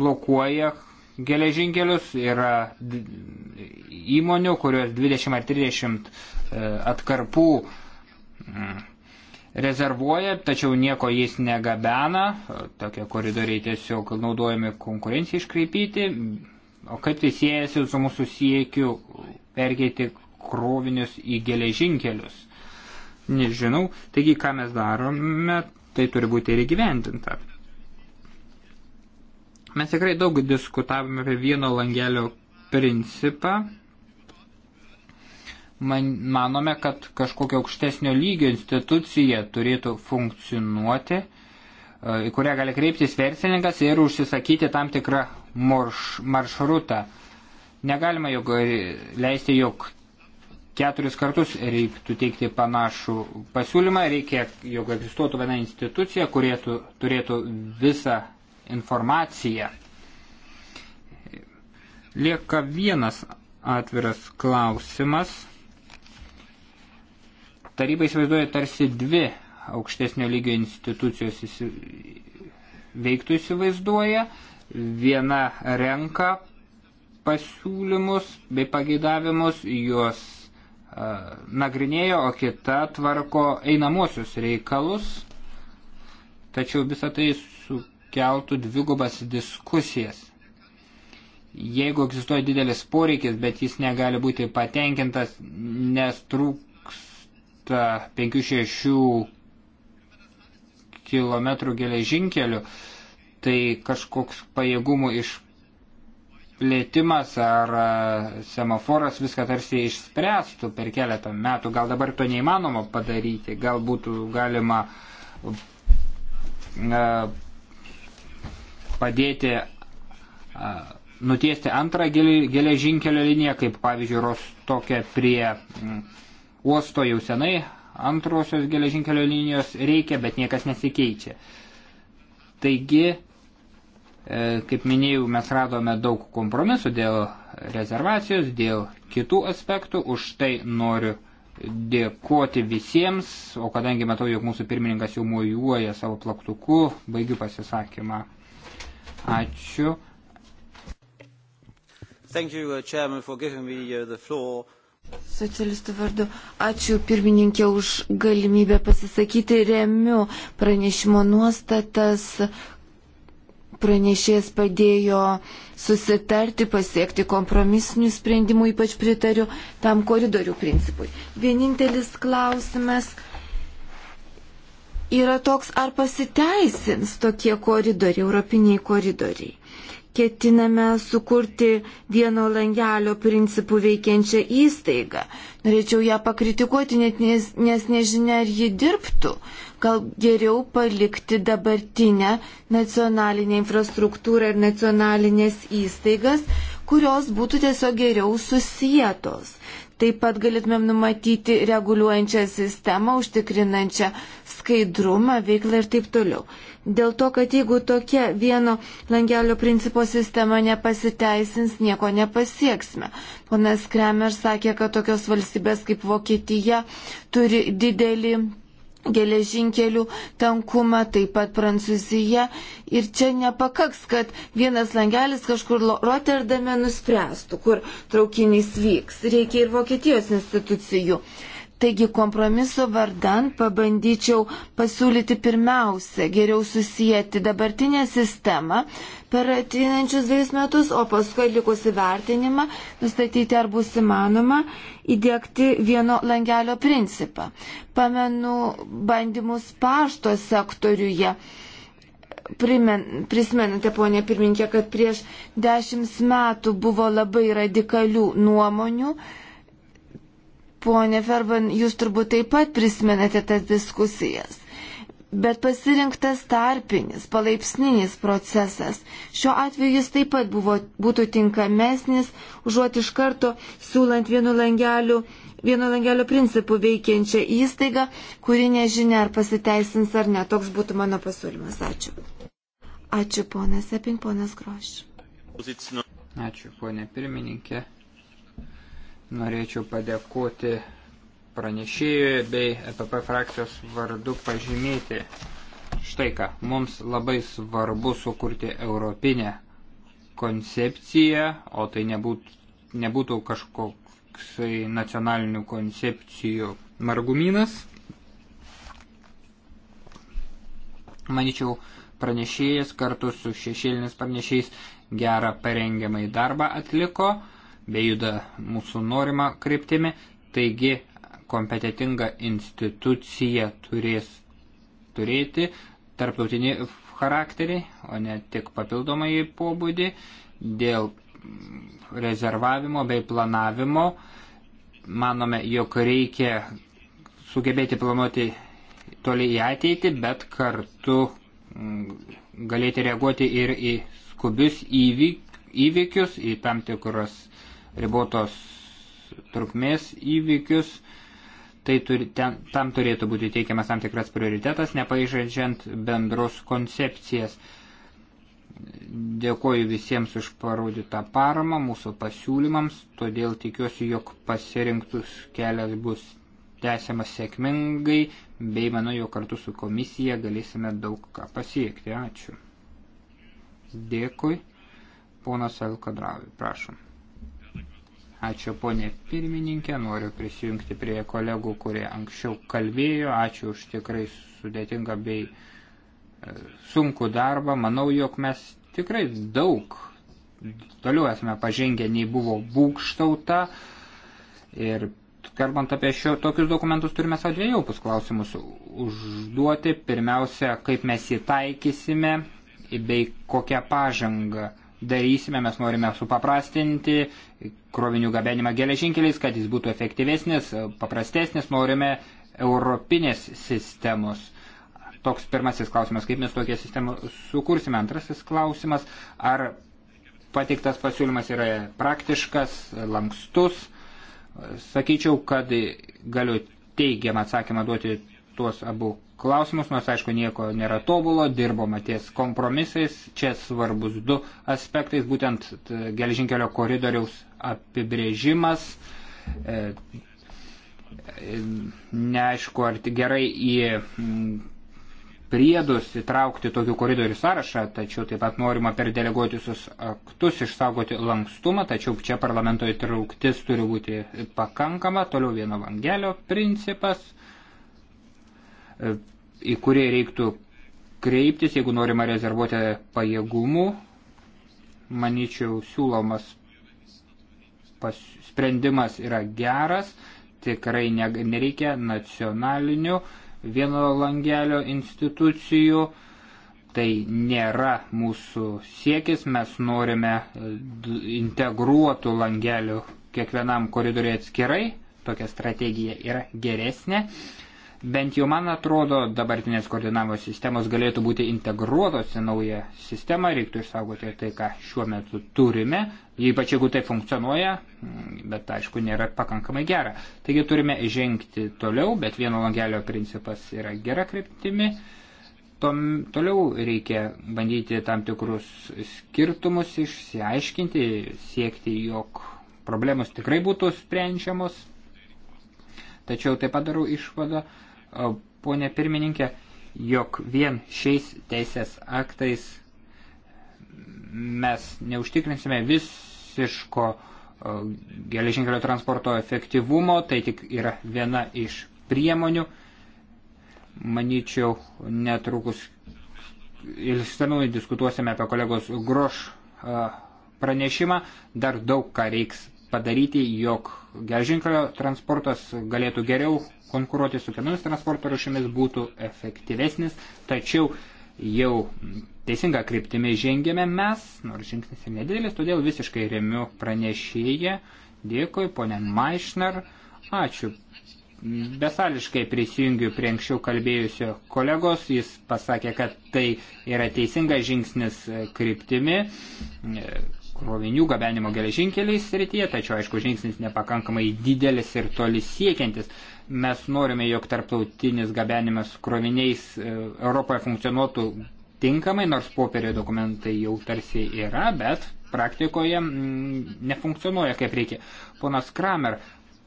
blokuoja geležinkelius, yra įmonių, kurios 20 ar 30 e, atkarpų mm, rezervuoja, tačiau nieko jais negabena, tokie koridoriai tiesiog naudojami konkurencijai iškreipyti, O kaip tai siejasi su mūsų siekiu perkėti krovinius į geležinkelius? Nežinau. Taigi, ką mes darome, tai turi būti ir įgyvendinta. Mes tikrai daug diskutavome apie vieno langelio principą. Man, manome, kad kažkokia aukštesnio lygio institucija turėtų funkcionuoti į kurią gali kreiptis verslininkas ir užsisakyti tam tikrą maršrutą. Negalima juk e, leisti, jog keturis kartus reiktų teikti panašų pasiūlymą, reikia, jog egzistuotų viena institucija, kurie turėtų visą informaciją. Lieka vienas atviras klausimas. Taryba įsivaizduoja tarsi dvi aukštesnio lygio institucijos įsi... veiktų įsivaizduoja. Viena renka pasiūlymus bei pageidavimus, juos a, nagrinėjo, o kita tvarko einamosius reikalus. Tačiau visą tai sukeltų dvigubas diskusijas. Jeigu egzistuoja didelis poreikis, bet jis negali būti patenkintas, nes trūksta 5-6 kilometrų geležinkelių, tai kažkoks pajėgumų išplėtimas ar e, semaforas viską tarsi išspręstų per keletą metų. Gal dabar to neįmanoma padaryti, gal būtų galima e, padėti e, nutiesti antrą geležinkelio liniją, kaip pavyzdžiui, tokia prie uosto jau senai antrosios geležinkelio linijos reikia, bet niekas nesikeičia. Taigi, e, kaip minėjau, mes radome daug kompromisų dėl rezervacijos, dėl kitų aspektų, už tai noriu dėkoti visiems, o kadangi matau, jog mūsų pirmininkas jau mojuoja savo plaktuku, baigiu pasisakymą. Ačiū. Thank you, uh, Chairman, for giving me uh, the floor. Socialistų vardu. Ačiū pirmininkė už galimybę pasisakyti. Remiu pranešimo nuostatas. Pranešėjas padėjo susitarti, pasiekti kompromisinių sprendimų, ypač pritariu tam koridorių principui. Vienintelis klausimas yra toks, ar pasiteisins tokie koridoriai, europiniai koridoriai ketiname sukurti vieno langelio principų veikiančią įstaigą. Norėčiau ją pakritikuoti, net nes, nes nežinia, ar ji dirbtų. Gal geriau palikti dabartinę nacionalinę infrastruktūrą ir nacionalinės įstaigas, kurios būtų tiesiog geriau susijėtos. Taip pat galėtumėm numatyti reguliuojančią sistemą, užtikrinančią skaidrumą, veiklą ir taip toliau. Dėl to, kad jeigu tokia vieno langelio principo sistema nepasiteisins, nieko nepasieksime. Ponas Kremer sakė, kad tokios valstybės kaip Vokietija turi didelį geležinkelių tankumą, taip pat Prancūzija. Ir čia nepakaks, kad vienas langelis kažkur Rotterdame nuspręstų, kur traukinys vyks. Reikia ir Vokietijos institucijų. Uh, Taigi kompromiso vardan pabandyčiau pasiūlyti pirmiausia geriau susijęti dabartinę sistemą per atvinančius dviejus metus, o paskui likusi vertinimą nustatyti, ar bus įmanoma įdėkti vieno langelio principą. Pamenu bandymus pašto sektoriuje. Primen, prisimenate, ponė pirminkė, kad prieš dešimt metų buvo labai radikalių nuomonių, uh, Pone Ferban, jūs turbūt taip pat prisimenate tas diskusijas. Bet pasirinktas tarpinis, palaipsninis procesas. Šiuo atveju jis taip pat buvo, būtų tinkamesnis, užuot iš karto siūlant vienu langeliu, vieno langelio principų veikiančią įstaigą, kuri nežinia ar pasiteisins ar ne. Toks būtų mano pasiūlymas. Ačiū. Ačiū, ponas Epink, ponas Groš. Ačiū, ponė pirmininkė. Norėčiau padėkoti pranešėjui bei EPP frakcijos vardu pažymėti štai ką. Mums labai svarbu sukurti europinę koncepciją, o tai nebūtų, nebūtų kažkoksai nacionalinių koncepcijų margumynas. Maničiau, pranešėjas kartu su šešėlinis pranešėjais gerą parengiamai darbą atliko bei juda mūsų norima kryptimi, taigi kompetitinga institucija turės turėti tarptautinį charakterį, o ne tik papildomai pobūdį dėl rezervavimo bei planavimo. Manome, jog reikia sugebėti planuoti toliai į ateitį, bet kartu mm, galėti reaguoti ir į skubius įvykius, į tam tikras ribotos trukmės įvykius, tai turi, ten, tam turėtų būti teikiamas tam tikras prioritetas, nepaižadžiant bendros koncepcijas. Dėkoju visiems už parodytą paramą mūsų pasiūlymams, todėl tikiuosi, jog pasirinktus kelias bus tęsiamas sėkmingai, bei manau, jog kartu su komisija galėsime daug ką pasiekti. Ačiū. Dėkui. Ponas Elkadravi, prašom. Ačiū ponė pirmininkė, noriu prisijungti prie kolegų, kurie anksčiau kalbėjo. Ačiū už tikrai sudėtingą bei e, sunku darbą. Manau, jog mes tikrai daug toliau esame pažengę, nei buvo būkštauta. Ir kalbant apie šio, tokius dokumentus, turime savo dviejopus klausimus užduoti. Pirmiausia, kaip mes jį taikysime bei kokią pažangą darysime, mes norime supaprastinti krovinių gabenimą geležinkeliais, kad jis būtų efektyvesnis, paprastesnis, norime europinės sistemos. Toks pirmasis klausimas, kaip mes tokią sistemą sukursime. Antrasis klausimas, ar pateiktas pasiūlymas yra praktiškas, lankstus. Sakyčiau, kad galiu teigiamą atsakymą duoti tuos abu klausimus, nors aišku nieko nėra tobulo, dirboma ties kompromisais, čia svarbus du aspektais, būtent e, gelžinkelio koridoriaus apibrėžimas, e, e, neaišku ar gerai į priedus įtraukti tokių koridorių sąrašą, tačiau taip pat norima per deleguotusius aktus išsaugoti lankstumą, tačiau čia parlamento įtrauktis turi būti pakankama, toliau vieno vangelio principas E, į kurį reiktų kreiptis, jeigu norima rezervuoti pajėgumų. Manyčiau, siūlomas pas, sprendimas yra geras, tikrai ne, nereikia nacionalinių vieno langelio institucijų. Tai nėra mūsų siekis, mes norime e, integruotų langelių kiekvienam koridoriui atskirai, tokia strategija yra geresnė. Uh, Bent jau man atrodo, dabartinės koordinavimo sistemos galėtų būti integruotos į naują sistemą, reiktų išsaugoti tai, ką šiuo metu turime, ypač jeigu tai funkcionuoja, mm, bet aišku, nėra pakankamai gera. Taigi turime žengti toliau, bet vieno langelio principas yra gera kryptimi. Tom, toliau reikia bandyti tam tikrus skirtumus išsiaiškinti, siekti, jog problemos tikrai būtų sprendžiamos. Tačiau taip pat darau išvadą, ponė pirmininkė, jog vien šiais teisės aktais mes neužtikrinsime visiško geležinkelio transporto efektyvumo, tai tik yra viena iš priemonių. Manyčiau, netrukus išsamiau diskutuosime apie kolegos Groš pranešimą. Dar daug ką reiks padaryti, jog geležinkelio transportas galėtų geriau konkuruoti su kitomis transporto rušimis, būtų efektyvesnis, tačiau jau teisinga kryptimi žengėme mes, nors žingsnis ir nedidelis, todėl visiškai remiu pranešėję. Dėkui, ponė Maišner. Ačiū. Besališkai prisijungiu prie anksčiau kalbėjusio kolegos. Jis pasakė, kad tai yra teisingas žingsnis kryptimi krovinių gabenimo geležinkeliais srityje, tačiau aišku žingsnis nepakankamai didelis ir toli siekiantis. Mes norime, jog tarptautinis gabenimas kroviniais e, Europoje funkcionuotų tinkamai, nors popierio dokumentai jau tarsi yra, bet praktikoje mm, nefunkcionuoja kaip reikia. Ponas Kramer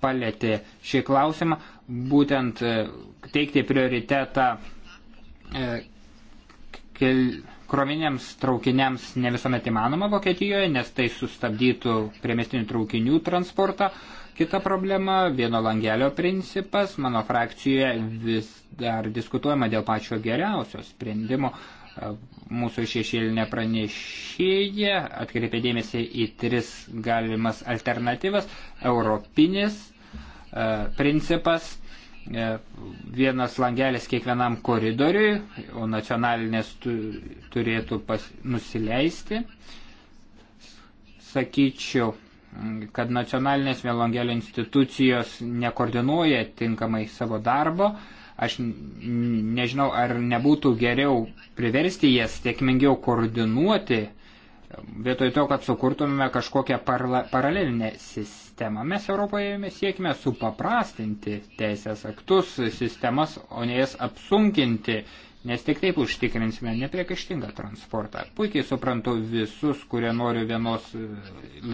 palėtė šį klausimą, būtent e, teikti prioritetą e, kel kroviniams traukiniams ne visuomet įmanoma Vokietijoje, nes tai sustabdytų priemestinių traukinių transportą. Kita problema - vieno langelio principas. Mano frakcijoje vis dar diskutuojama dėl pačio geriausio sprendimo. Mūsų šešėlinė pranešėja atkreipė dėmesį į tris galimas alternatyvas. Europinis e, principas E, vienas langelis kiekvienam koridoriui, o nacionalinės tu, turėtų pas, nusileisti. Sakyčiau, kad nacionalinės vėlangelio institucijos nekoordinuoja tinkamai savo darbo. Aš nežinau, ar nebūtų geriau priversti jas tiekmingiau koordinuoti, vietoj to, kad sukurtumėme kažkokią paralelinę sistemą sistemą. Mes Europoje siekime supaprastinti teisės aktus, sistemas, o ne jas apsunkinti, nes tik taip užtikrinsime nepriekaištingą transportą. Puikiai suprantu visus, kurie nori vienos,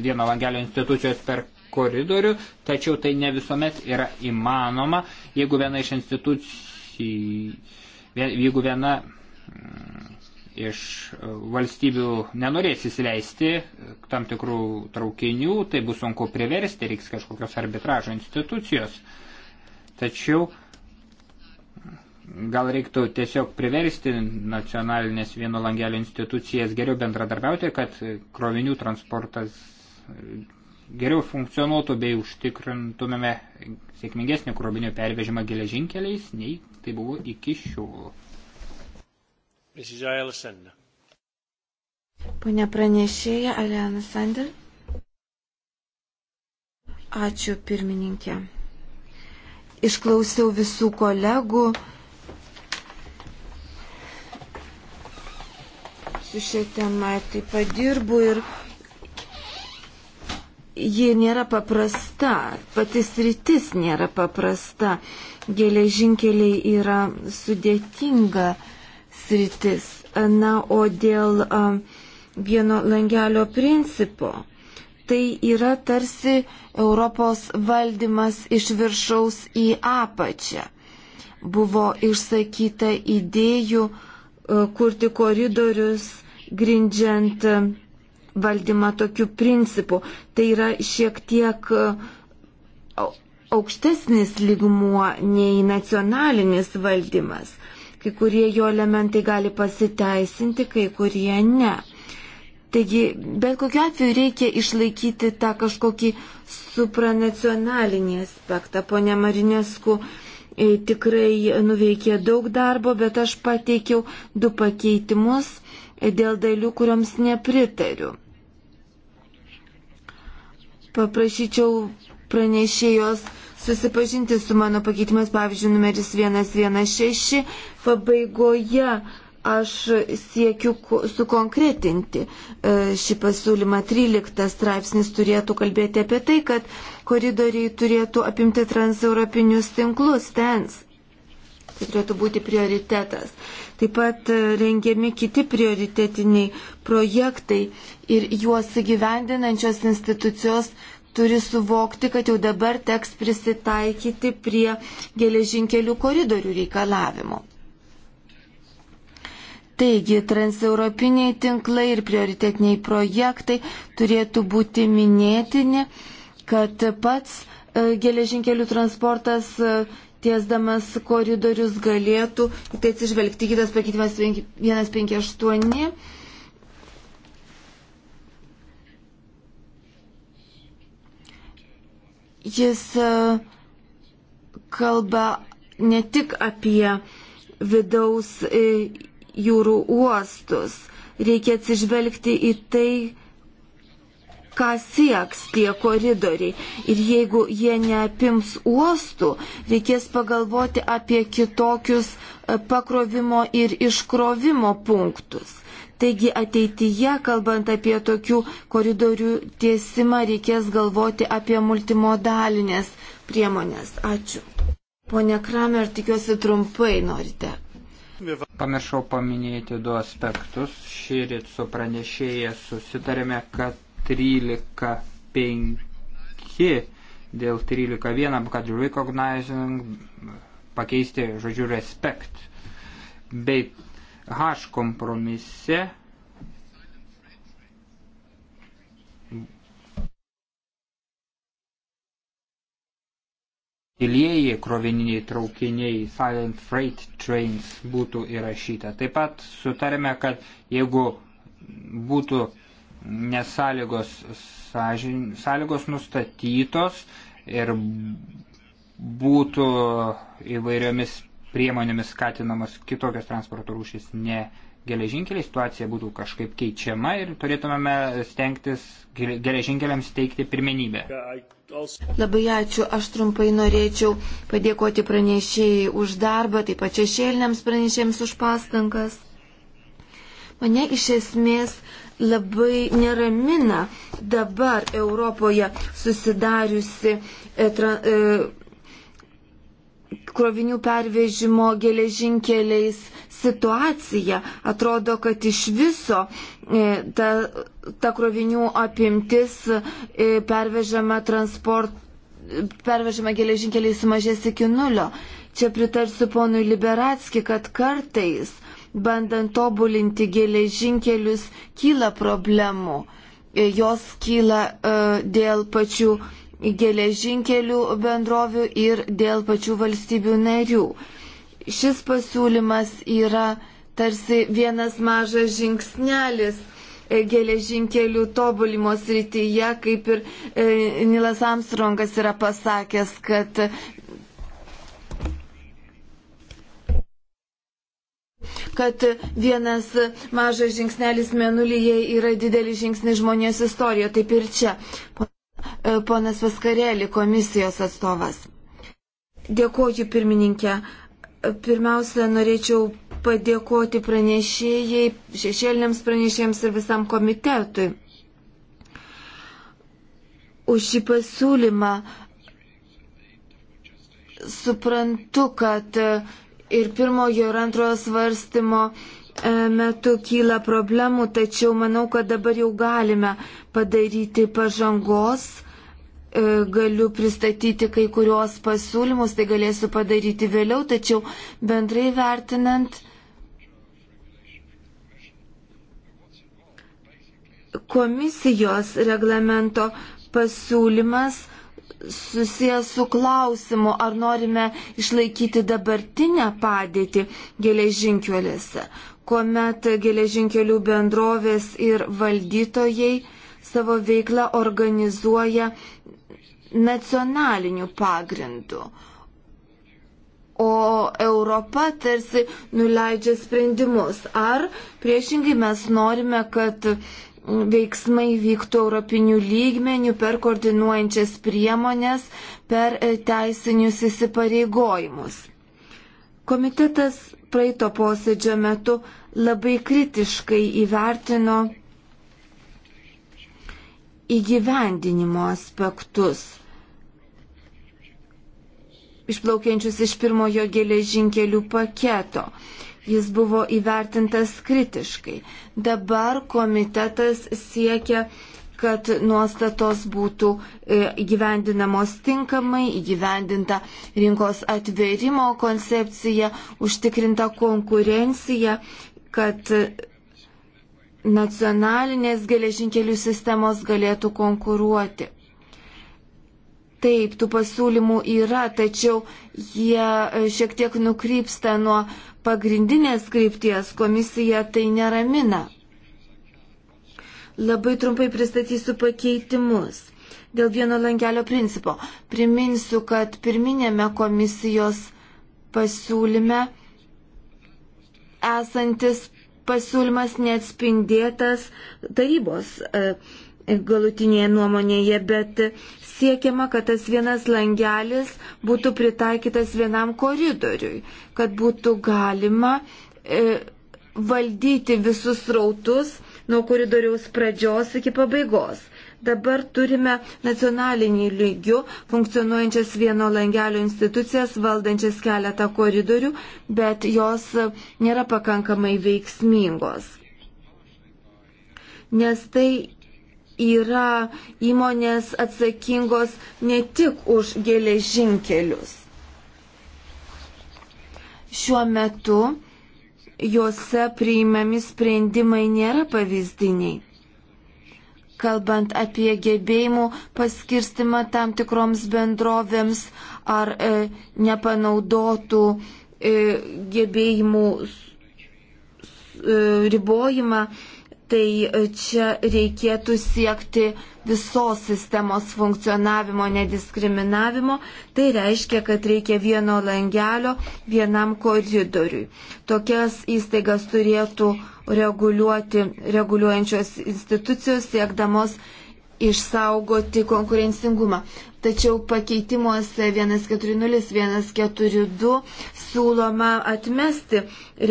vieno langelio institucijos per koridorių, tačiau tai ne visuomet yra įmanoma, jeigu viena iš institucijų, jeigu viena iš e, valstybių nenorės įsileisti e, tam tikrų traukinių, tai bus sunku priversti, reiks kažkokios arbitražo institucijos. Tačiau gal reiktų tiesiog priversti nacionalinės vieno langelio institucijas geriau bendradarbiauti, kad krovinių transportas e, geriau funkcionuotų bei užtikrintumėme sėkmingesnį krovinių pervežimą geležinkeliais, nei tai buvo iki šiol. Mrs. Ayala Sender. Pane pranešėja Aliana Sander. Ačiū pirmininkė. Išklausiau visų kolegų. Su šia tema taip pat dirbu ir ji nėra paprasta, patys rytis nėra paprasta, geležinkeliai yra sudėtinga sritis. Na, o dėl um, vieno langelio principo, tai yra tarsi Europos valdymas iš viršaus į apačią. Buvo išsakyta idėjų kurti koridorius grindžiant valdymą tokiu principu. Tai yra šiek tiek aukštesnis lygmuo nei nacionalinis valdymas kai kurie jo elementai gali pasiteisinti, kai kurie ne. Taigi, bet kokiu atveju reikia išlaikyti tą kažkokį supranacionalinį aspektą. Pone Marinesku e, tikrai nuveikė daug darbo, bet aš pateikiau du pakeitimus e, dėl dalių, kuriams nepritariu. Paprašyčiau pranešėjos susipažinti su mano pakeitimas, pavyzdžiui, numeris 116, pabaigoje aš siekiu sukonkretinti e, šį pasiūlymą. 13 straipsnis turėtų kalbėti apie tai, kad koridoriai turėtų apimti transeuropinius tinklus, TENS. Tai turėtų būti prioritetas. Taip pat e, rengiami kiti prioritetiniai projektai ir juos įgyvendinančios institucijos turi suvokti, kad jau dabar teks prisitaikyti prie geležinkelių koridorių reikalavimų. Taigi, transeuropiniai tinklai ir prioritetiniai projektai turėtų būti minėtini, kad pats e, geležinkelių transportas e, tiesdamas koridorius galėtų, tai atsižvelgti kitas pakeitimas 158 Jis e, kalba ne tik apie vidaus e, jūrų uostus. Reikia atsižvelgti į tai, ką sieks tie koridoriai. Ir jeigu jie neapims uostų, reikės pagalvoti apie kitokius e, pakrovimo ir iškrovimo punktus. Taigi ateityje, kalbant apie tokių koridorių tiesimą, reikės galvoti apie multimodalinės priemonės. Ačiū. Pone Kramer, tikiuosi trumpai norite. Pamiršau paminėti du aspektus. Šįryt su pranešėja susitarėme, kad 13.5 dėl 13.1, kad recognizing pakeisti žodžiu respect, bei H kompromise Tylieji krovininiai traukiniai Silent Freight Trains būtų įrašyta. Taip pat sutarėme, kad jeigu būtų nesąlygos sąžin, sąlygos nustatytos ir būtų įvairiomis priemonėmis skatinamos kitokios transporto rūšys, ne geležinkeliai, situacija būtų kažkaip keičiama ir turėtumėme stengtis geležinkeliams teikti pirmenybę. Labai ačiū, aš trumpai norėčiau padėkoti pranešėjai už darbą, taip pat šešėliniams pranešėjams už pastangas. Mane iš esmės labai neramina dabar Europoje susidariusi e, tra, e, krovinių pervežimo geležinkeliais situacija. Atrodo, kad iš viso e, ta, ta krovinių apimtis e, pervežama transport, pervežama geležinkeliai sumažės iki nulio. Čia pritarsiu ponui Liberatski, kad kartais, bandant tobulinti geležinkelius, kyla problemų. E, jos kyla uh, dėl pačių uh, geležinkelių bendrovių ir dėl pačių valstybių narių. Šis pasiūlymas yra tarsi vienas mažas žingsnelis e, geležinkelių tobulimo srityje, kaip ir e, Nilas Armstrongas yra pasakęs, kad kad vienas mažas žingsnelis menulyje yra didelis žingsnis žmonijos istorijoje, taip ir čia. E, ponas Vaskarėlį, komisijos atstovas. Dėkuoju, pirmininkė. E, pirmiausia, norėčiau padėkoti pranešėjai, šešėliniams pranešėjams ir visam komitetui už šį pasiūlymą. Suprantu, kad e, ir pirmojo ir antrojo svarstymo metu kyla problemų, tačiau manau, kad dabar jau galime padaryti pažangos E, galiu pristatyti kai kurios pasiūlymus, tai galėsiu padaryti vėliau, tačiau bendrai vertinant, komisijos reglamento pasiūlymas susijęs su klausimu, ar norime išlaikyti dabartinę padėtį geležinkeliuose, kuomet geležinkelių bendrovės ir valdytojai savo veiklą organizuoja nacionaliniu pagrindu. O Europa tarsi nuleidžia sprendimus. Ar priešingai mes norime, kad veiksmai vyktų europinių lygmenių per koordinuojančias priemonės, per e, teisinius įsipareigojimus. Komitetas praeito posėdžio metu labai kritiškai įvertino įgyvendinimo aspektus išplaukiančius iš pirmojo geležinkelių paketo. Jis buvo įvertintas kritiškai. Dabar komitetas siekia kad nuostatos būtų e, įgyvendinamos tinkamai, įgyvendinta rinkos atverimo koncepcija, užtikrinta konkurencija, kad nacionalinės geležinkelių sistemos galėtų konkuruoti. Taip, tų pasiūlymų yra, tačiau jie e, šiek tiek nukrypsta nuo pagrindinės krypties, komisija tai neramina. Labai trumpai pristatysiu pakeitimus. Dėl vieno langelio principo. Priminsiu, kad pirminėme komisijos pasiūlyme esantis pasiūlymas neatspindėtas tarybos e, galutinėje nuomonėje, bet siekiama, kad tas vienas langelis būtų pritaikytas vienam koridoriui, kad būtų galima e, valdyti visus rautus nuo koridoriaus pradžios iki pabaigos. Dabar turime nacionalinį lygių funkcionuojančias vieno langelio institucijas, valdančias keletą koridorių, bet jos nėra pakankamai veiksmingos. Nes tai yra įmonės atsakingos ne tik už geležinkelius. Šiuo metu juose priimami sprendimai nėra pavyzdiniai. Kalbant apie gebėjimų paskirstimą tam tikroms bendrovėms ar e, nepanaudotų e, gebėjimų e, ribojimą, e, Tai e, čia reikėtų siekti visos sistemos funkcionavimo, nediskriminavimo. Tai reiškia, kad reikia vieno langelio vienam koridoriui. Tokias įstaigas turėtų reguliuoti reguliuojančios institucijos siekdamos išsaugoti konkurencingumą tačiau pakeitimuose 140142 siūloma atmesti, tai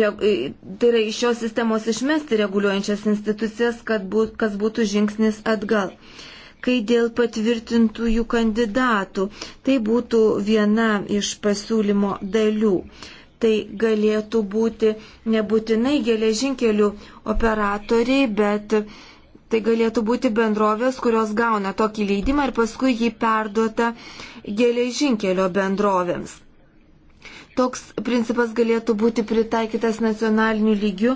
yra iš šios sistemos išmesti reguliuojančias institucijas, būt, kas būtų žingsnis atgal. Kai dėl patvirtintųjų kandidatų, tai būtų viena iš pasiūlymo dalių. Tai galėtų būti nebūtinai geležinkelių operatoriai, bet Tai galėtų būti bendrovės, kurios gauna tokį leidimą ir paskui jį perduota geležinkelio bendrovėms. Toks principas galėtų būti pritaikytas nacionaliniu lygiu,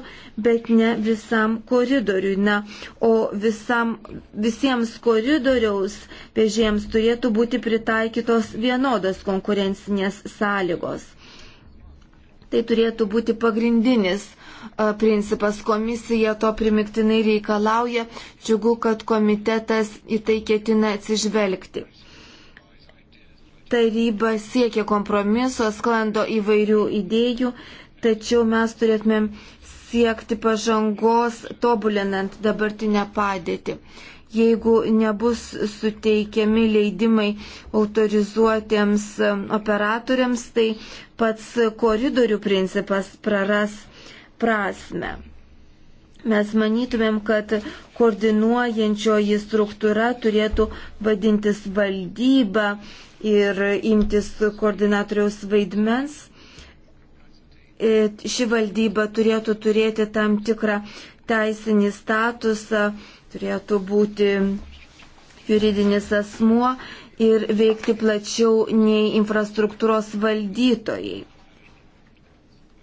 bet ne visam koridoriui. Na, o visam, visiems koridoriaus vežėjams turėtų būti pritaikytos vienodos konkurencinės sąlygos. Tai turėtų būti pagrindinis uh, principas. Komisija to primiktinai reikalauja. Džiugu, kad komitetas į tai ketina atsižvelgti. Taryba siekia kompromiso, sklando įvairių idėjų, tačiau mes turėtumėm siekti pažangos, tobulinant dabartinę padėtį. Jeigu nebus suteikiami leidimai autorizuotiems e, operatoriams, tai pats koridorių principas praras prasme. Mes manytumėm, kad koordinuojančioji struktūra turėtų vadintis valdyba ir imtis koordinatoriaus vaidmens. E, ši valdyba turėtų turėti tam tikrą teisinį statusą, turėtų būti juridinis asmuo ir veikti plačiau nei infrastruktūros valdytojai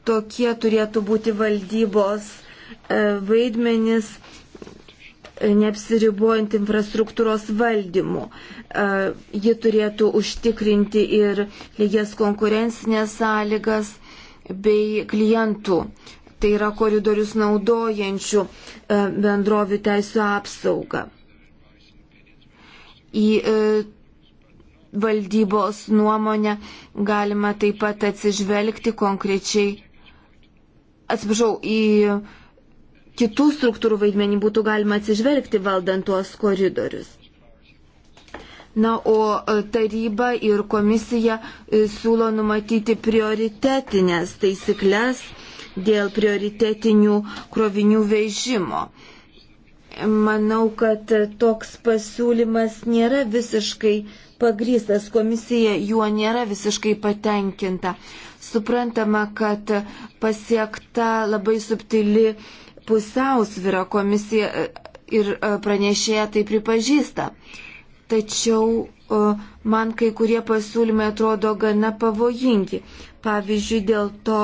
tokie turėtų būti valdybos e, vaidmenis, e, neapsiribuojant infrastruktūros valdymu. E, ji turėtų užtikrinti ir lygias konkurencinės sąlygas bei klientų, tai yra koridorius naudojančių bendrovių teisų apsaugą. Į valdybos nuomonę galima taip pat atsižvelgti konkrečiai atsiprašau, į kitų struktūrų vaidmenį būtų galima atsižvelgti valdant tuos koridorius. Na, o e, taryba ir komisija e, siūlo numatyti prioritetinės taisyklės dėl prioritetinių krovinių vežimo. Manau, kad toks pasiūlymas nėra visiškai pagrystas, komisija juo nėra visiškai patenkinta. Suprantama, kad pasiekta labai subtili pusiausvyra komisija e, ir e, pranešėja tai pripažįsta. Tačiau e, man kai kurie pasiūlymai atrodo gana pavojingi. Pavyzdžiui, dėl to,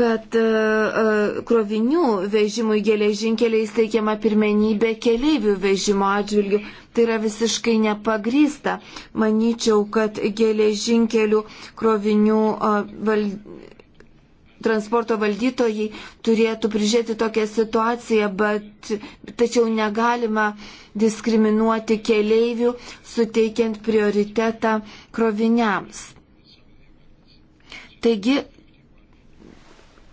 kad e, e, krovinių vežimui geležinkeliais teikiama pirmenybė keleivių vežimo atžvilgių. Tai yra visiškai nepagrysta. Manyčiau, kad geležinkelių krovinių e, val... transporto valdytojai turėtų prižiūrėti tokią situaciją, bet tačiau negalima diskriminuoti keleivių, suteikiant prioritetą kroviniams. Taigi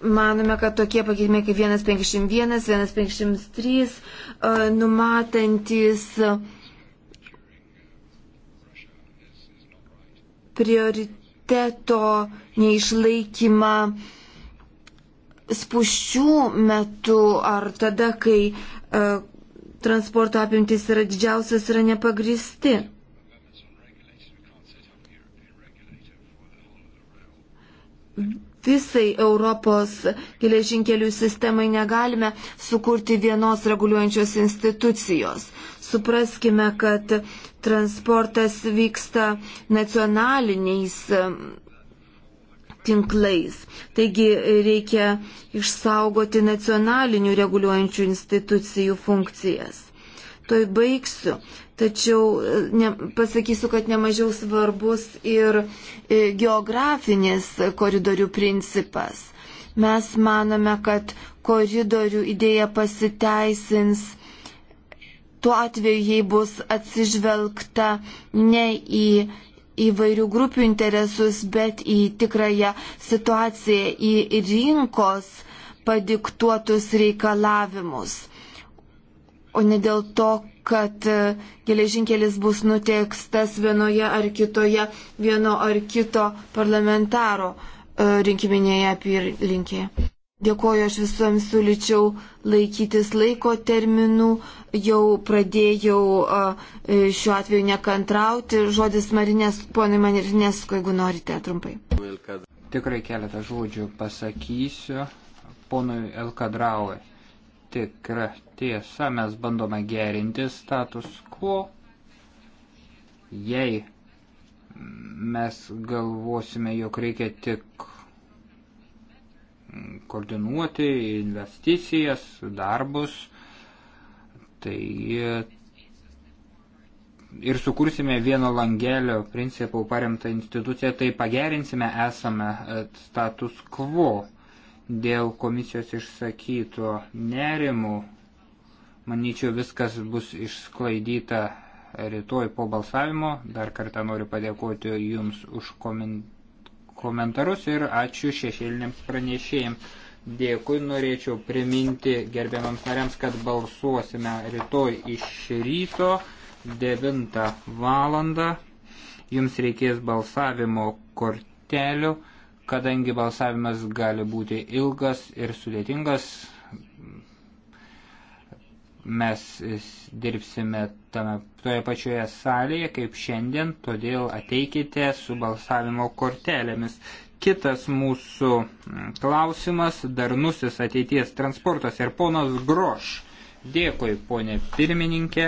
Manome, kad tokie pakeitimai kaip 151, 153 numatantis prioriteto neišlaikymą spuščių metu ar tada, kai uh, transporto apimtis yra didžiausias, yra nepagristi visai Europos geležinkelių sistemai negalime sukurti vienos reguliuojančios institucijos. Supraskime, kad transportas vyksta nacionaliniais tinklais. Taigi reikia išsaugoti nacionalinių reguliuojančių institucijų funkcijas. Toj baigsiu tačiau e, ne, pasakysiu, kad nemažiau svarbus ir e, geografinis koridorių principas. Mes manome, kad koridorių idėja pasiteisins tuo atveju, jei bus atsižvelgta ne į įvairių grupių interesus, bet į tikrąją situaciją, į rinkos padiktuotus reikalavimus, o ne dėl to, kad e, geležinkelis bus nutekstas vienoje ar kitoje, vieno ar kito parlamentaro e, rinkiminėje apylinkėje. Dėkoju, aš visuoms siūlyčiau laikytis laiko terminų, jau pradėjau e, šiuo atveju nekantrauti. Žodis Marinės, ponai Marinės, jeigu norite, trumpai. Tikrai keletą žodžių pasakysiu ponui Elkadraui. Tikra Tiesa, mes bandome gerinti status quo. Jei mes galvosime, jog reikia tik koordinuoti investicijas, darbus, tai ir sukursime vieno langelio principų paremtą instituciją, tai pagerinsime esame status quo dėl komisijos išsakyto nerimų Manyčiau, viskas bus išsklaidyta rytoj po balsavimo. Dar kartą noriu padėkoti Jums už komentarus ir ačiū šešėliniams pranešėjams. Dėkui, norėčiau priminti gerbiamams nariams, kad balsuosime rytoj iš ryto 9 valandą. Jums reikės balsavimo kortelių, kadangi balsavimas gali būti ilgas ir sudėtingas, mes dirbsime tame, toje pačioje salėje kaip šiandien, todėl ateikite su balsavimo kortelėmis. Kitas mūsų mm, klausimas - darnusis ateities transportas ir ponas Groš. Dėkui, ponė pirmininkė.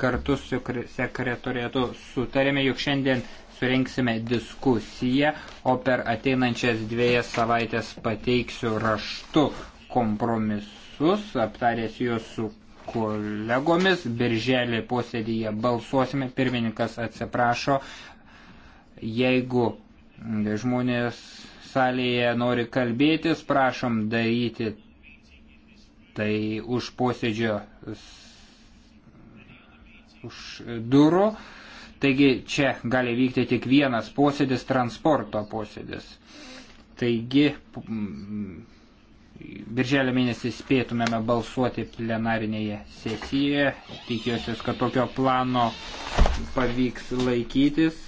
Kartu su sekretorietu sutarėme, jog šiandien surinksime diskusiją, o per ateinančias dviejas savaitės pateiksiu raštu kompromisu kompromisus, aptaręs juos su kolegomis. Birželį posėdėje balsuosime. Pirmininkas atsiprašo, jeigu žmonės salėje nori kalbėtis, prašom daryti tai už posėdžio už durų. Taigi čia gali vykti tik vienas posėdis, transporto posėdis. Taigi Birželio mėnesį spėtumėme balsuoti plenarinėje sesijoje. Tikiuosi, kad tokio plano pavyks laikytis.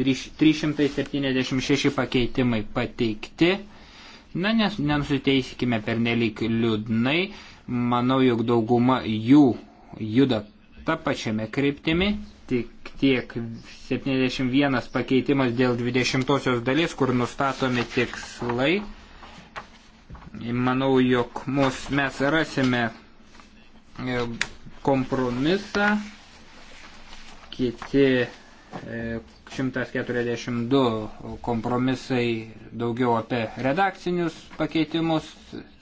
376 pakeitimai pateikti. Na, nes nenusiteisikime per nelik liūdnai. Manau, jog dauguma jų juda tą pačiame kryptimi. Tik tiek 71 pakeitimas dėl 20 dalies, kur nustatomi tikslai. Manau, jog mus, mes rasime e, kompromisą. Kiti 142 e, kompromisai daugiau apie redakcinius pakeitimus,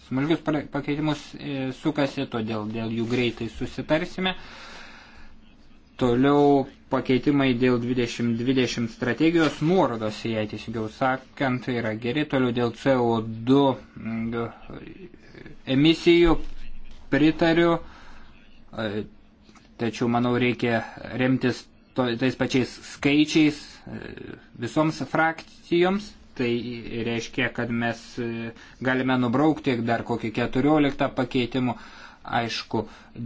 smulkius pakeitimus e, sukasi, todėl dėl jų greitai susitarsime. Toliau pakeitimai dėl 2020 strategijos nuorodos, jei teisingiau sakant, tai yra geri. Toliau dėl CO2 mm, emisijų pritariu, e, tačiau manau reikia remtis to, tais pačiais skaičiais e, visoms frakcijoms. Tai reiškia, kad mes e, galime nubraukti dar kokį 14 pakeitimų. Aišku,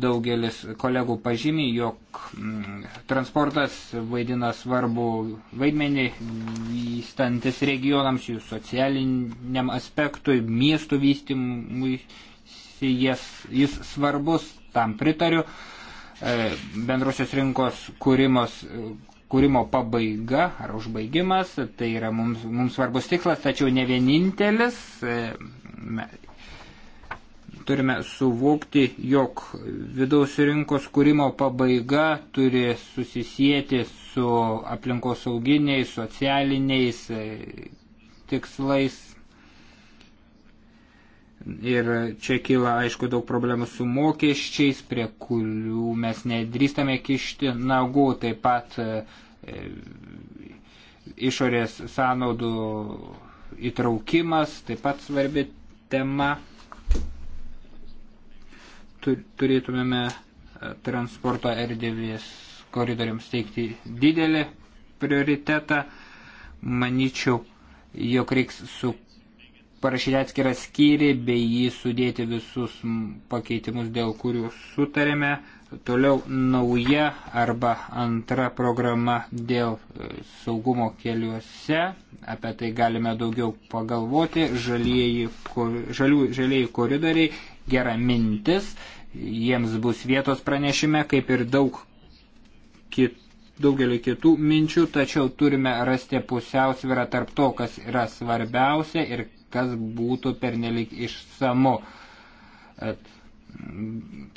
daugelis kolegų pažymė, jog mm, transportas vaidina svarbu vaidmenį vystantis regionams, jų socialiniam aspektui, miestų vystymui, jis, jis svarbus, tam pritariu. E, bendrosios rinkos kūrimos, kūrimo pabaiga ar užbaigimas, tai yra mums, mums svarbus tikslas, tačiau ne vienintelis. E, turime suvokti, jog vidaus rinkos kūrimo pabaiga turi susisieti su aplinkosauginiais, socialiniais e, tikslais. Ir čia kyla, aišku, daug problemų su mokesčiais, prie kurių mes nedrįstame kišti nagų, taip pat e, išorės sąnaudų įtraukimas, taip pat svarbi tema turėtumėme e, transporto erdvės koridoriams teikti didelį prioritetą. Maničiau, jog reiks su parašyti atskirą skyrį, bei jį sudėti visus pakeitimus, dėl kurių sutarėme. Toliau nauja arba antra programa dėl e, saugumo keliuose. Apie tai galime daugiau pagalvoti. Žalieji, žalių, žalieji koridoriai gera mintis, jiems bus vietos pranešime, kaip ir daug kit, daugelį kitų minčių, tačiau turime rasti pusiausvyrą tarp to, kas yra svarbiausia ir kas būtų pernelik išsamu.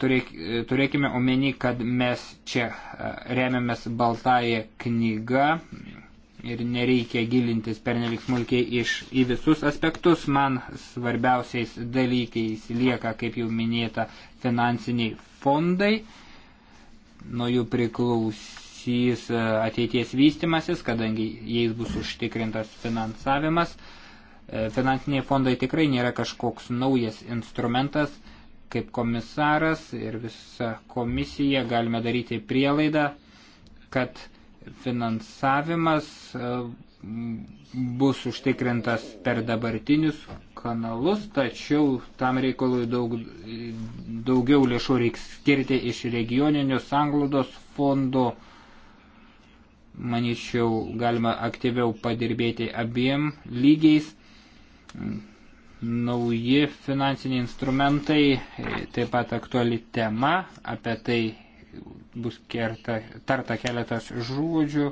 Turėk, turėkime omeny, kad mes čia remiamės baltąją knygą, ir nereikia gilintis per neveiksmulkiai iš į visus aspektus. Man svarbiausiais dalykais lieka, kaip jau minėta, finansiniai fondai. Nuo jų priklausys e, ateities vystimasis, kadangi jais bus užtikrintas finansavimas. E, finansiniai fondai tikrai nėra kažkoks naujas instrumentas, kaip komisaras ir visa komisija galime daryti prielaidą, kad finansavimas e, bus užtikrintas per dabartinius kanalus, tačiau tam reikalui daug, daugiau lėšų reiks skirti iš regioninių sanglaudos fondų. Maničiau, galima aktyviau padirbėti abiem lygiais. Nauji finansiniai instrumentai e, taip pat aktuali tema, apie tai bus kerta, tarta keletas žodžių.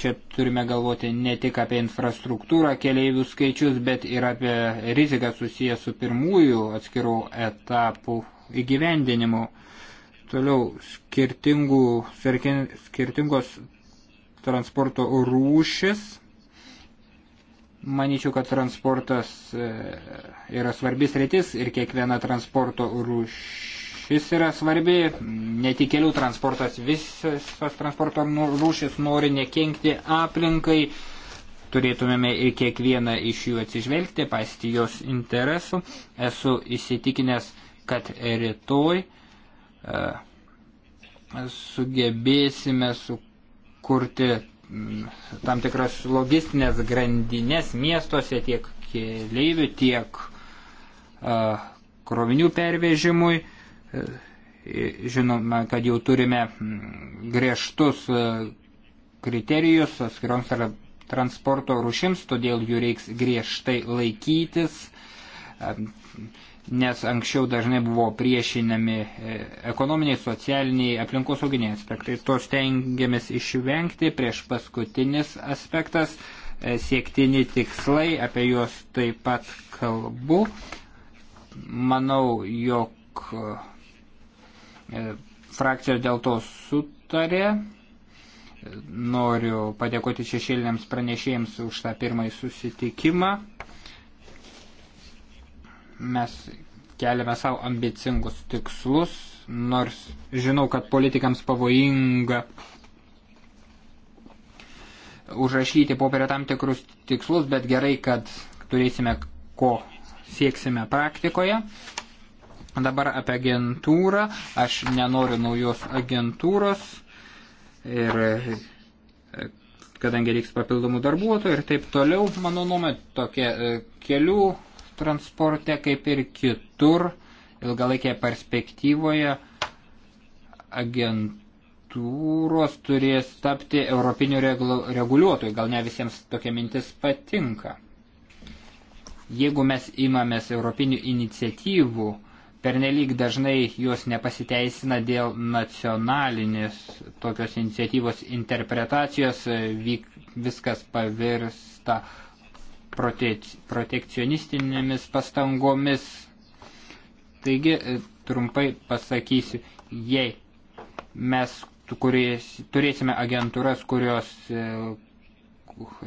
Čia turime galvoti ne tik apie infrastruktūrą keleivių skaičius, bet ir apie riziką susiję su pirmųjų atskirų etapų įgyvendinimu. Toliau skirtingos transporto rūšis. Manyčiau, kad transportas e, yra svarbis rytis ir kiekviena transporto rūšis šis yra svarbi, ne tik kelių transportas, visas transporto nu- rūšis nori nekenkti aplinkai, turėtumėme ir kiekvieną iš jų atsižvelgti, pasti jos interesų. Esu įsitikinęs, kad rytoj uh, sugebėsime sukurti tam tikras logistinės grandinės miestuose tiek keleivių, tiek uh, krovinių pervežimui. Uh, Žinome, kad jau turime mm, griežtus e, kriterijus atskiroms transporto rušims, todėl jų reiks griežtai laikytis, e, nes anksčiau dažnai buvo priešinami e, ekonominiai, socialiniai, aplinkosauginiai aspektai. To stengiamės išvengti prieš paskutinis aspektas siektini tikslai, apie juos taip pat kalbu. Manau, jog E, Frakcijos dėl to sutarė. Noriu padėkoti šešėliniams pranešėjams už tą pirmąjį susitikimą. Mes keliame savo ambicingus tikslus, nors žinau, kad politikams pavojinga užrašyti popierę tam tikrus tikslus, bet gerai, kad turėsime ko sieksime praktikoje. Dabar apie agentūrą. Aš nenoriu naujos agentūros ir kadangi reiks papildomų darbuotojų ir taip toliau, mano nuomet, tokie e, kelių transporte kaip ir kitur ilgalaikėje perspektyvoje agentūros turės tapti europinių reguliuotojų. Gal ne visiems tokia mintis patinka. Jeigu mes imamės europinių iniciatyvų, pernelyg dažnai jos nepasiteisina dėl nacionalinės tokios iniciatyvos interpretacijos, vyk, viskas pavirsta prote, protekcionistinėmis pastangomis. Taigi, e, trumpai pasakysiu, jei mes kuris, turėsime agentūras, kurios e,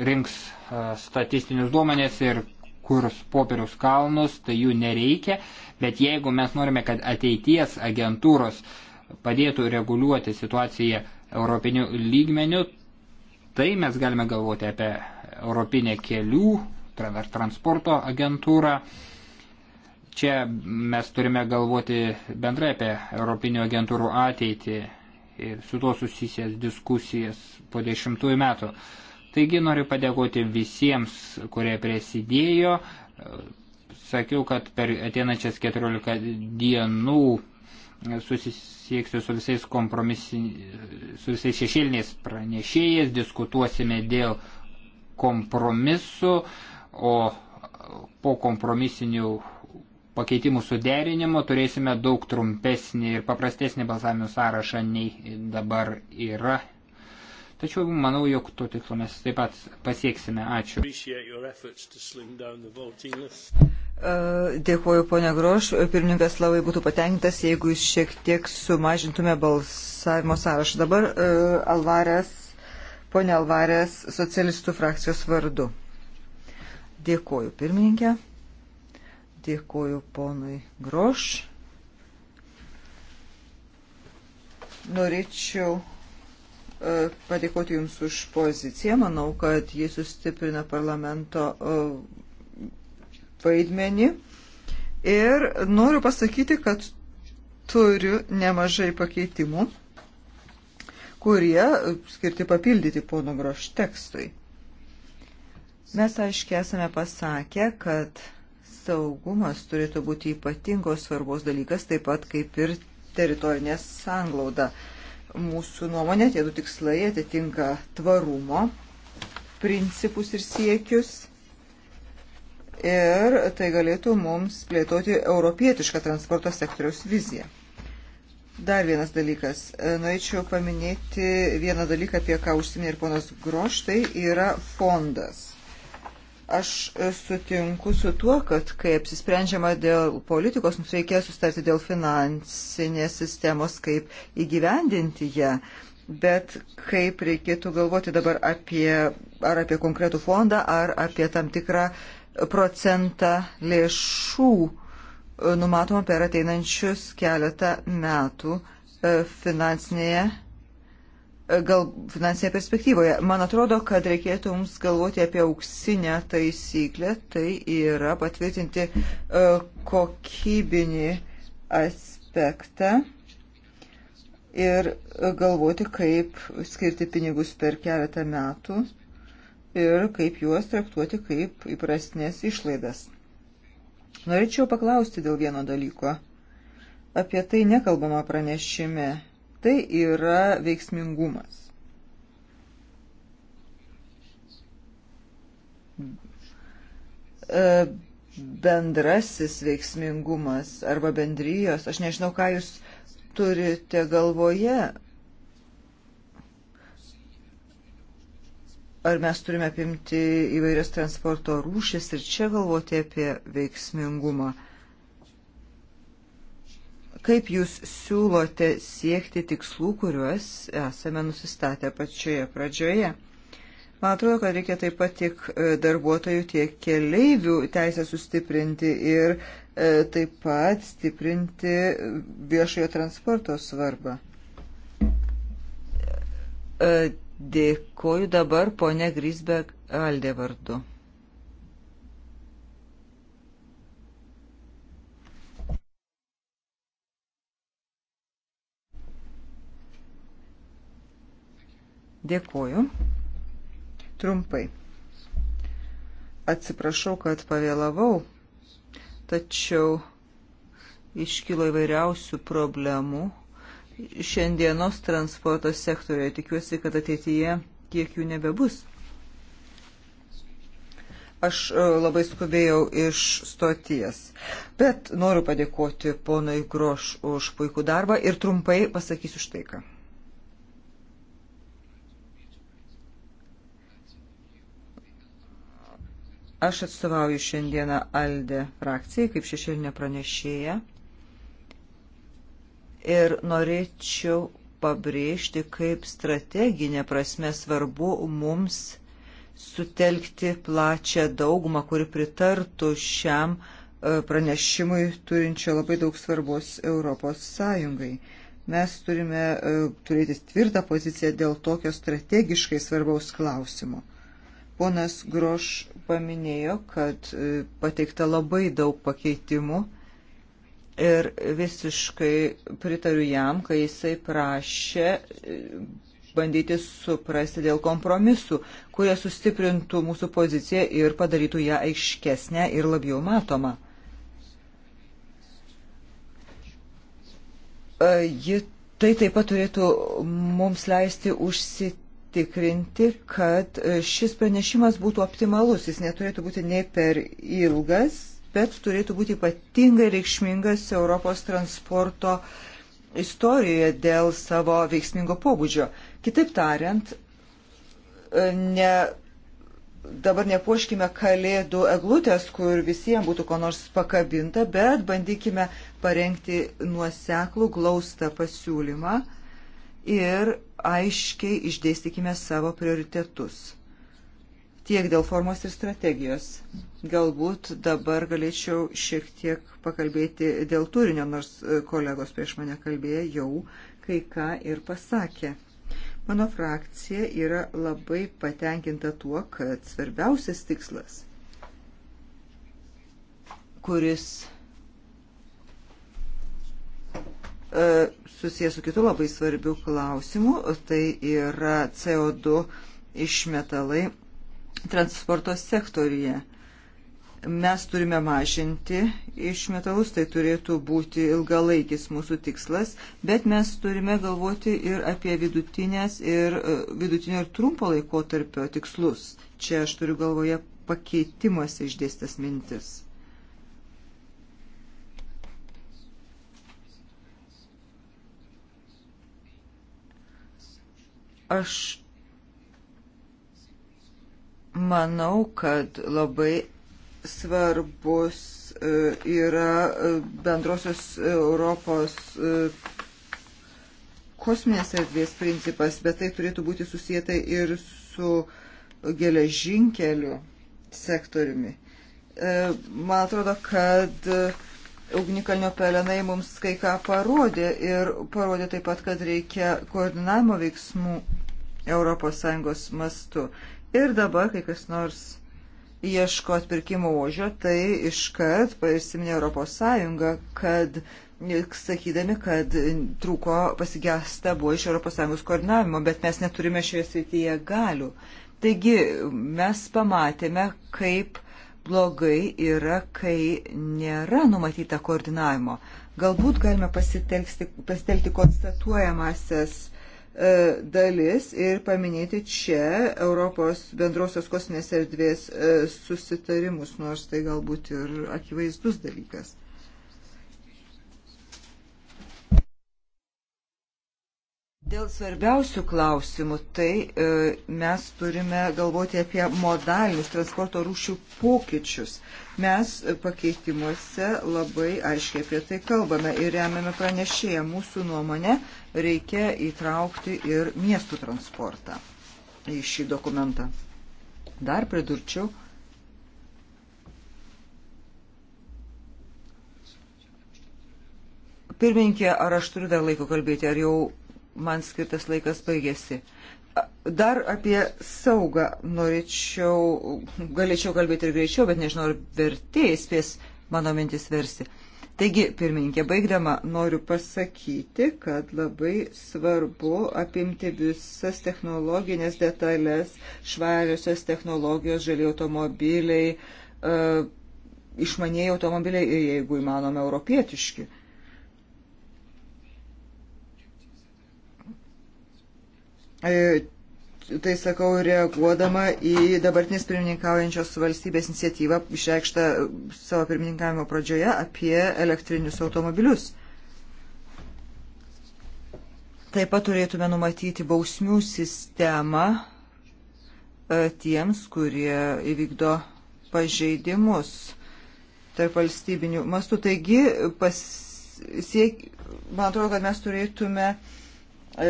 rinks e, statistinius duomenės ir kurs popieriaus kalnus, tai jų nereikia, bet jeigu mes norime, kad ateities agentūros padėtų reguliuoti situaciją europiniu lygmeniu, tai mes galime galvoti apie Europinę kelių ar transporto agentūrą. Čia mes turime galvoti bendrai apie Europinių agentūrų ateitį ir su tuo susisės diskusijas po dešimtųjų metų. Taigi noriu padėkoti visiems, kurie prisidėjo. Sakiau, kad per ateinačias 14 dienų susisieksiu su visais su visais šešėliniais pranešėjais, diskutuosime dėl kompromisu, o po kompromisinių pakeitimų suderinimo turėsime daug trumpesnį ir paprastesnį balsavimų sąrašą nei dabar yra, Tačiau manau, jog to tikslo mes taip pat pasieksime. Ačiū. E, Dėkuoju, ponia Groš. Pirmininkas labai būtų patenkintas, jeigu jūs šiek tiek sumažintume balsavimo sąrašą. Dabar e, Alvarės, ponia Alvarės, socialistų frakcijos vardu. Dėkuoju, pirmininkė. Dėkuoju, ponui Groš. Norėčiau E, padėkoti Jums už poziciją. Manau, kad jis sustiprina parlamento e, vaidmenį. Ir noriu pasakyti, kad turiu nemažai pakeitimų, kurie skirti papildyti pono Groš tekstui. Mes aiškiai esame pasakę, kad saugumas turėtų būti ypatingos svarbos dalykas, taip pat kaip ir teritorinė sanglauda. Mūsų nuomonė, tie du tikslai atitinka tvarumo principus ir siekius ir tai galėtų mums plėtoti europietišką transporto sektoriaus viziją. Dar vienas dalykas. Norėčiau paminėti vieną dalyką, apie ką užsiminė ir ponas Groš, tai yra fondas. Aš sutinku su tuo, kad kai apsisprendžiama dėl politikos, mums reikia sustarti dėl finansinės sistemos, kaip įgyvendinti ją. Bet kaip reikėtų galvoti dabar apie, ar apie konkretų fondą, ar apie tam tikrą procentą lėšų e, numatomą per ateinančius keletą metų e, finansinėje gal finansinėje perspektyvoje. Man atrodo, kad reikėtų mums galvoti apie auksinę taisyklę, tai yra patvirtinti e, kokybinį aspektą ir galvoti, kaip skirti pinigus per keletą metų ir kaip juos traktuoti kaip įprastinės išlaidas. Norėčiau paklausti dėl vieno dalyko. Apie tai nekalbama pranešime Tai yra veiksmingumas. E, bendrasis veiksmingumas arba bendrijos, aš nežinau, ką jūs turite galvoje. Ar mes turime apimti įvairias transporto rūšis ir čia galvoti apie veiksmingumą? Uh, Kaip jūs siūlote siekti tikslų, kuriuos esame nusistatę pačioje pradžioje? Man atrodo, kad reikia taip pat tiek e, darbuotojų, tiek keleivių teisę sustiprinti ir e, taip pat stiprinti viešojo transporto svarbą. E, dėkoju dabar ponė Grisbek Aldė vardu. Dėkuoju. Trumpai. Atsiprašau, kad pavėlavau, tačiau iškilo įvairiausių problemų šiandienos transporto sektorioje. Tikiuosi, kad ateityje tiek jų nebebus. Aš e, labai skubėjau iš stoties, bet noriu padėkoti ponui Groš už puikų darbą ir trumpai pasakysiu štai ką. Aš atstovauju šiandieną Alde frakcijai kaip šešėlinė pranešėja ir norėčiau pabrėžti, kaip strateginė prasme svarbu mums sutelkti plačią daugumą, kuri pritartų šiam e, pranešimui turinčio labai daug svarbos Europos Sąjungai. Mes turime e, turėti tvirtą poziciją dėl tokio strategiškai svarbaus klausimo. Ponas Groš paminėjo, kad e, pateikta labai daug pakeitimų ir visiškai pritariu jam, kai jisai prašė e, bandyti suprasti dėl kompromisų, kurie sustiprintų mūsų poziciją ir padarytų ją aiškesnę ir labiau matomą. E, ji tai taip pat turėtų mums leisti užsitikrinti užtikrinti, kad e, šis pranešimas būtų optimalus. Jis neturėtų būti nei per ilgas, bet turėtų būti ypatingai reikšmingas Europos transporto istorijoje dėl savo veiksmingo pobūdžio. Kitaip tariant, e, ne, dabar nepuoškime kalėdų eglutės, kur visiems būtų ko nors pakabinta, bet bandykime parengti nuoseklų glaustą pasiūlymą ir aiškiai išdėstykime savo prioritetus. Tiek dėl formos ir strategijos. Galbūt dabar galėčiau šiek tiek pakalbėti dėl turinio, nors e, kolegos prieš mane kalbėjo jau kai ką ir pasakė. Mano frakcija yra labai patenkinta tuo, kad svarbiausias tikslas, kuris E, susijęs su kitu labai svarbiu klausimu, tai yra CO2 išmetalai transporto sektorija. Mes turime mažinti išmetalus, tai turėtų būti ilgalaikis mūsų tikslas, bet mes turime galvoti ir apie vidutinės ir e, vidutinio ir trumpo laiko tarpio tikslus. Čia aš turiu galvoje pakeitimas išdėstas mintis. Aš manau, kad labai svarbus e, yra e, bendrosios Europos e, kosminės erdvės principas, bet tai turėtų būti susijęta ir su geležinkeliu sektoriumi. Man atrodo, kad ugnikalnio pelenai mums kai ką parodė ir parodė taip pat, kad reikia koordinavimo veiksmų ES mastu. Ir dabar, kai kas nors ieško atpirkimo ožio, tai iškart pairsiminė ES, kad sakydami, kad trūko pasigesta buvo iš ES koordinavimo, bet mes neturime šioje srityje galių. Taigi mes pamatėme, kaip blogai yra, kai nėra numatyta koordinavimo. Galbūt galime pasitelkti konstatuojamasias E, dalis ir paminėti čia Europos bendrosios kosminės erdvės e, susitarimus, nors tai galbūt ir akivaizdus dalykas. Dėl svarbiausių klausimų, tai e, mes turime galvoti apie modalinius transporto rūšių pokyčius. Mes pakeitimuose labai aiškiai apie tai kalbame ir remiame pranešėją. Mūsų nuomonė reikia įtraukti ir miestų transportą į šį dokumentą. Dar pridurčiau. Pirminkė, ar aš turiu dar laiko kalbėti, ar jau man skirtas laikas baigėsi. Dar apie saugą norėčiau, galėčiau kalbėti ir greičiau, bet nežinau, ar vertėjai spės mano mintis versi. Taigi, pirmininkė, baigdama noriu pasakyti, kad labai svarbu apimti visas technologinės detalės, švariosios technologijos, žaliai automobiliai, e, išmaniai automobiliai ir jeigu įmanome europietiški. E, E, tai sakau reaguodama į dabartinės pirmininkaujančios valstybės iniciatyvą išreikštą savo pirmininkavimo pradžioje apie elektrinius automobilius. Taip pat turėtume numatyti bausmių sistemą e, tiems, kurie įvykdo pažeidimus tarp valstybinių mastų. Taigi, pasiek, man atrodo, kad mes turėtume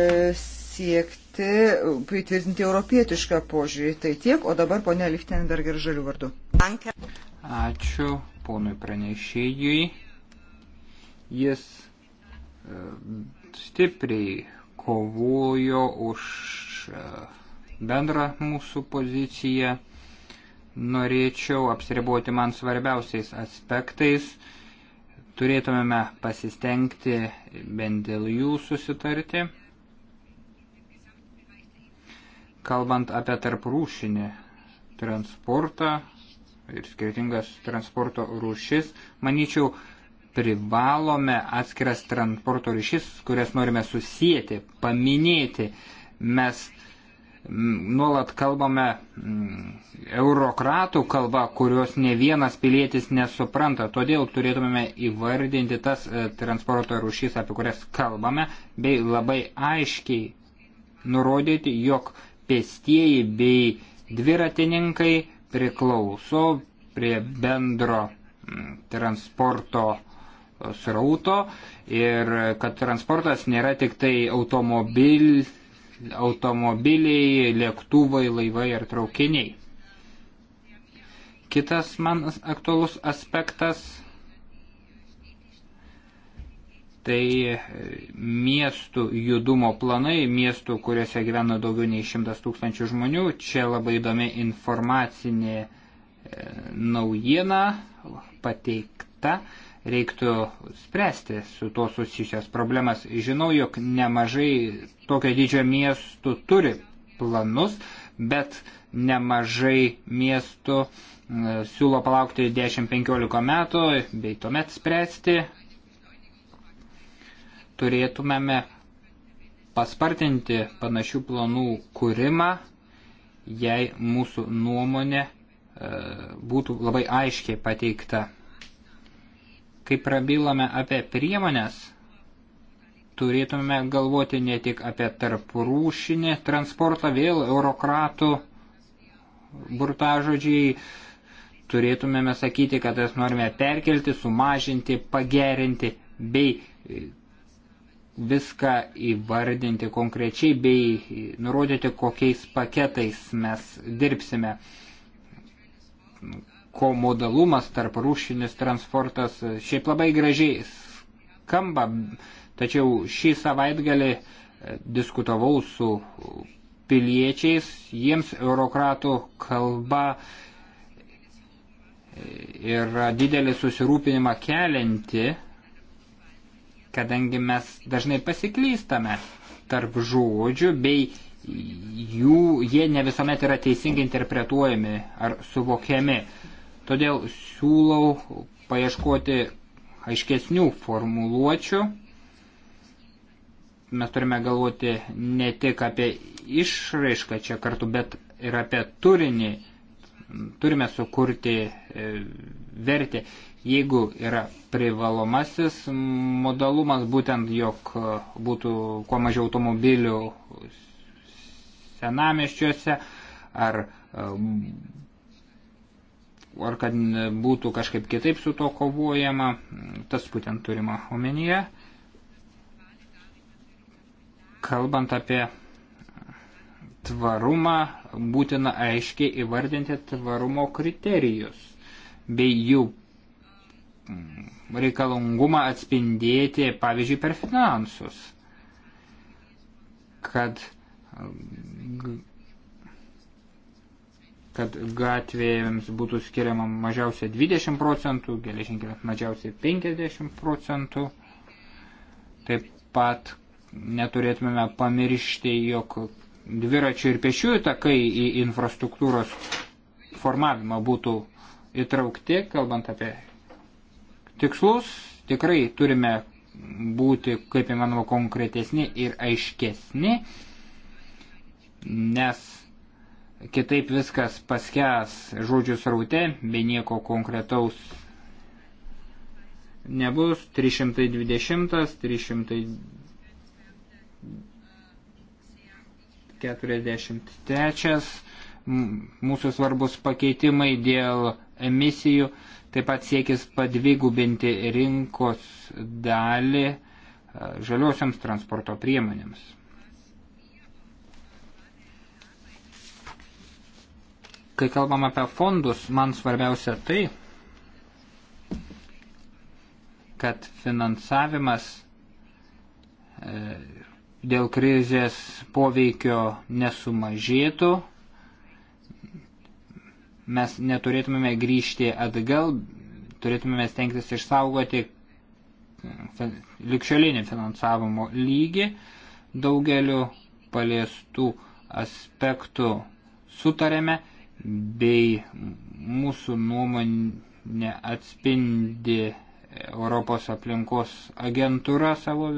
e, siekti siekti įtvirtinti europietišką požiūrį. Tai tiek, o dabar ponia Lichtenberger žalių vardu. Ačiū ponui pranešėjui. Jis e, stipriai kovojo už e, bendrą mūsų poziciją. Norėčiau apsiriboti man svarbiausiais aspektais turėtumėme pasistengti bent dėl jų susitarti. Kalbant apie tarprūšinį transportą ir skirtingas transporto rūšis, manyčiau, privalome atskiras transporto ryšys, kurias norime susijęti, paminėti. Mes nuolat kalbame eurokratų kalbą, kurios ne vienas pilietis nesupranta. Todėl turėtumėme įvardinti tas e, transporto rūšys, apie kurias kalbame, bei labai aiškiai nurodyti, jog pėstieji bei dviratininkai priklauso prie bendro mm, transporto srauto ir kad transportas nėra tik tai automobil, automobiliai, lėktuvai, laivai ar traukiniai. Kitas man aktualus aspektas tai e, miestų judumo planai, miestų, kuriuose gyvena daugiau nei šimtas tūkstančių žmonių. Čia labai įdomi informacinė e, naujiena pateikta. Reiktų spręsti su to susijusios problemas. Žinau, jog nemažai tokio didžio miestų turi planus, bet nemažai miestų e, siūlo palaukti 10-15 metų bei tuomet spręsti turėtumėme paspartinti panašių planų kūrimą, jei mūsų nuomonė e, būtų labai aiškiai pateikta. Kai prabilame apie priemonės, turėtume galvoti ne tik apie tarprūšinį transportą, vėl eurokratų burtažodžiai, turėtumėme sakyti, kad mes norime perkelti, sumažinti, pagerinti bei viską įvardinti konkrečiai bei nurodyti, kokiais paketais mes dirbsime. Ko modalumas tarp rūšinis transportas šiaip labai gražiai skamba, tačiau šį savaitgalį e, diskutavau su piliečiais, jiems eurokratų kalba e, yra didelį susirūpinimą kelianti kadangi mes dažnai pasiklystame tarp žodžių bei jų, jie ne visuomet yra teisingai interpretuojami ar suvokiami. Todėl siūlau paieškoti aiškesnių formuluočių. Mes turime galvoti ne tik apie išraišką čia kartu, bet ir apie turinį. Turime sukurti e, vertę jeigu yra privalomasis modalumas, būtent jog e, būtų kuo mažiau automobilių senameščiuose ar, e, ar kad būtų kažkaip kitaip su to kovojama, tas būtent turima omenyje. Kalbant apie tvarumą, būtina aiškiai įvardinti tvarumo kriterijus bei jų Mm, reikalungumą atspindėti, pavyzdžiui, per finansus, kad, kad gatvėms būtų skiriama mažiausiai 20 procentų, geležinkeliams mažiausiai 50 procentų. Taip pat neturėtumėme pamiršti, jog dviračių ir pešiųjų takai į infrastruktūros formavimą būtų įtraukti, kalbant apie tikslus, tikrai turime būti kaip įmanoma konkretesni ir aiškesni, nes kitaip viskas paskęs žodžių sraute, be nieko konkretaus nebus 320, 343 mūsų svarbus pakeitimai dėl emisijų Taip pat siekis padvigubinti rinkos dalį e, žaliosioms transporto priemonėms. Kai kalbam apie fondus, man svarbiausia tai, kad finansavimas e, dėl krizės poveikio nesumažėtų mes neturėtumėme grįžti atgal, turėtumėme stengtis išsaugoti likščiolinį finansavimo lygį. Daugeliu paliestų aspektų sutarėme bei mūsų nuomonė atspindi Europos aplinkos agentūra savo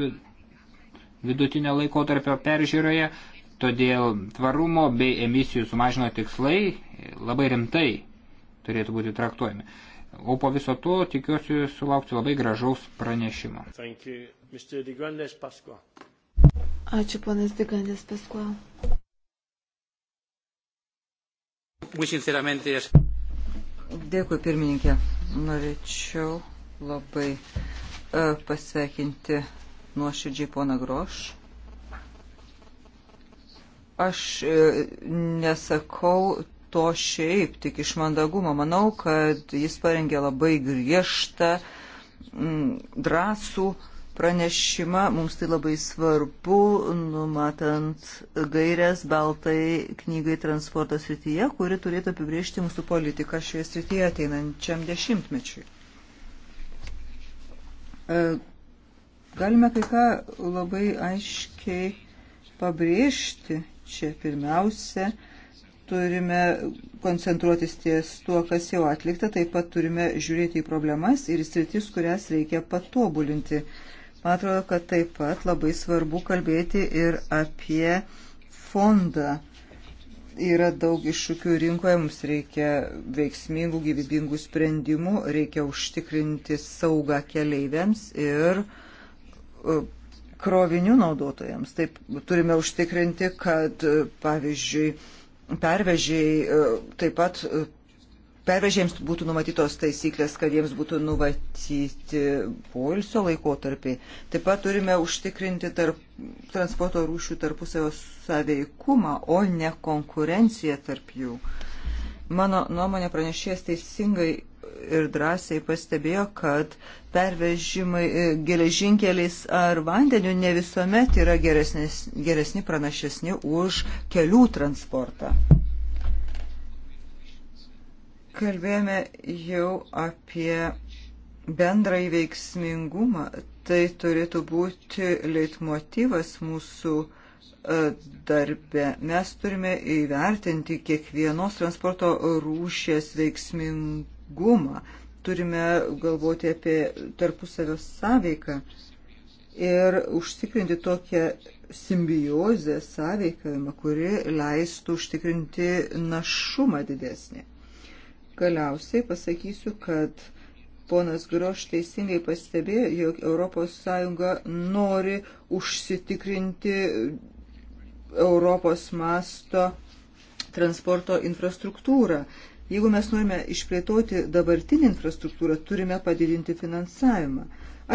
vidutinio laikotarpio peržiūroje, Todėl tvarumo bei emisijų sumažino tikslai labai rimtai turėtų būti traktuojami. O po viso to tikiuosi sulaukti labai gražaus pranešimo. Ačiū, ponas Digandės Paskuo. Dėkui, pirmininkė. Norėčiau labai uh, pasveikinti nuoširdžiai poną Grošą Aš e, nesakau to šiaip, tik iš mandagumo. Manau, kad jis parengė labai griežtą, mm, drąsų pranešimą. Mums tai labai svarbu, numatant gairias baltai knygai transporto srityje, kuri turėtų apibriežti mūsų politiką šioje srityje ateinančiam dešimtmečiui. E, galime kai ką labai aiškiai pabrėžti Čia pirmiausia turime koncentruotis ties tuo, kas jau atlikta, taip pat turime žiūrėti į problemas ir sritis, kurias reikia patobulinti. Man atrodo, kad taip pat labai svarbu kalbėti ir apie fondą. Yra daug iššūkių rinkoje, mums reikia veiksmingų, gyvybingų sprendimų, reikia užtikrinti saugą keleiviams ir uh, krovinių naudotojams. Taip turime užtikrinti, kad pavyzdžiui pervežiai e, taip pat. E, pervežėjams būtų numatytos taisyklės, kad jiems būtų numatyti poilsio laikotarpiai. Taip pat turime užtikrinti tarp, transporto rūšių tarpusavio saveikumą, o ne konkurenciją tarp jų. Mano nuomonė pranešėjas teisingai ir drąsiai pastebėjo, kad pervežimai e, geležinkeliais ar vandeniu ne visuomet yra geresnis, geresni, pranašesni už kelių transportą. Kalbėjome jau apie bendrą įveiksmingumą. Tai turėtų būti leitmotivas mūsų e, darbe. Mes turime įvertinti kiekvienos transporto rūšės veiksmingumą saugumą, turime galvoti apie tarpusavio sąveiką ir užtikrinti tokią simbiozę sąveikavimą, kuri leistų užtikrinti našumą didesnį. Galiausiai pasakysiu, kad ponas Groš teisingai pastebėjo, jog ES nori užsitikrinti Europos masto transporto infrastruktūrą. Jeigu mes norime išplėtoti dabartinį infrastruktūrą, turime padidinti finansavimą.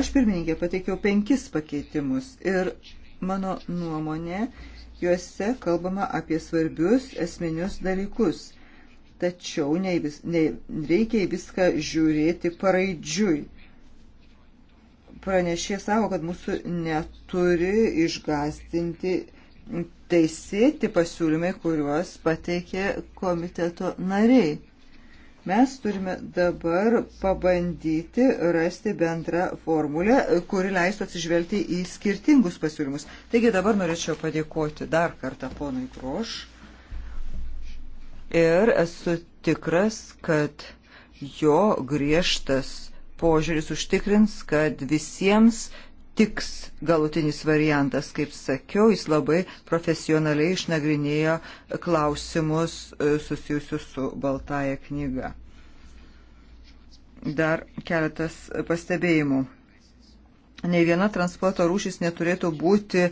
Aš pirmininkė pateikiau penkis pakeitimus ir mano nuomonė, juose kalbama apie svarbius esminius dalykus. Tačiau ne, vis, ne, reikia į viską žiūrėti paraidžiui. Pranešė savo, kad mūsų neturi išgastinti teisėti pasiūlymai, kuriuos pateikė komiteto nariai. Mes turime dabar pabandyti rasti bendrą formulę, kuri leistų atsižvelgti į skirtingus pasiūlymus. Taigi dabar norėčiau padėkoti dar kartą ponui Groš. Ir esu tikras, kad jo griežtas požiūris užtikrins, kad visiems tiks galutinis variantas, kaip sakiau, jis labai profesionaliai išnagrinėjo klausimus e, susijusius su Baltaja knyga. Dar keletas pastebėjimų. Ne viena transporto rūšis neturėtų būti e,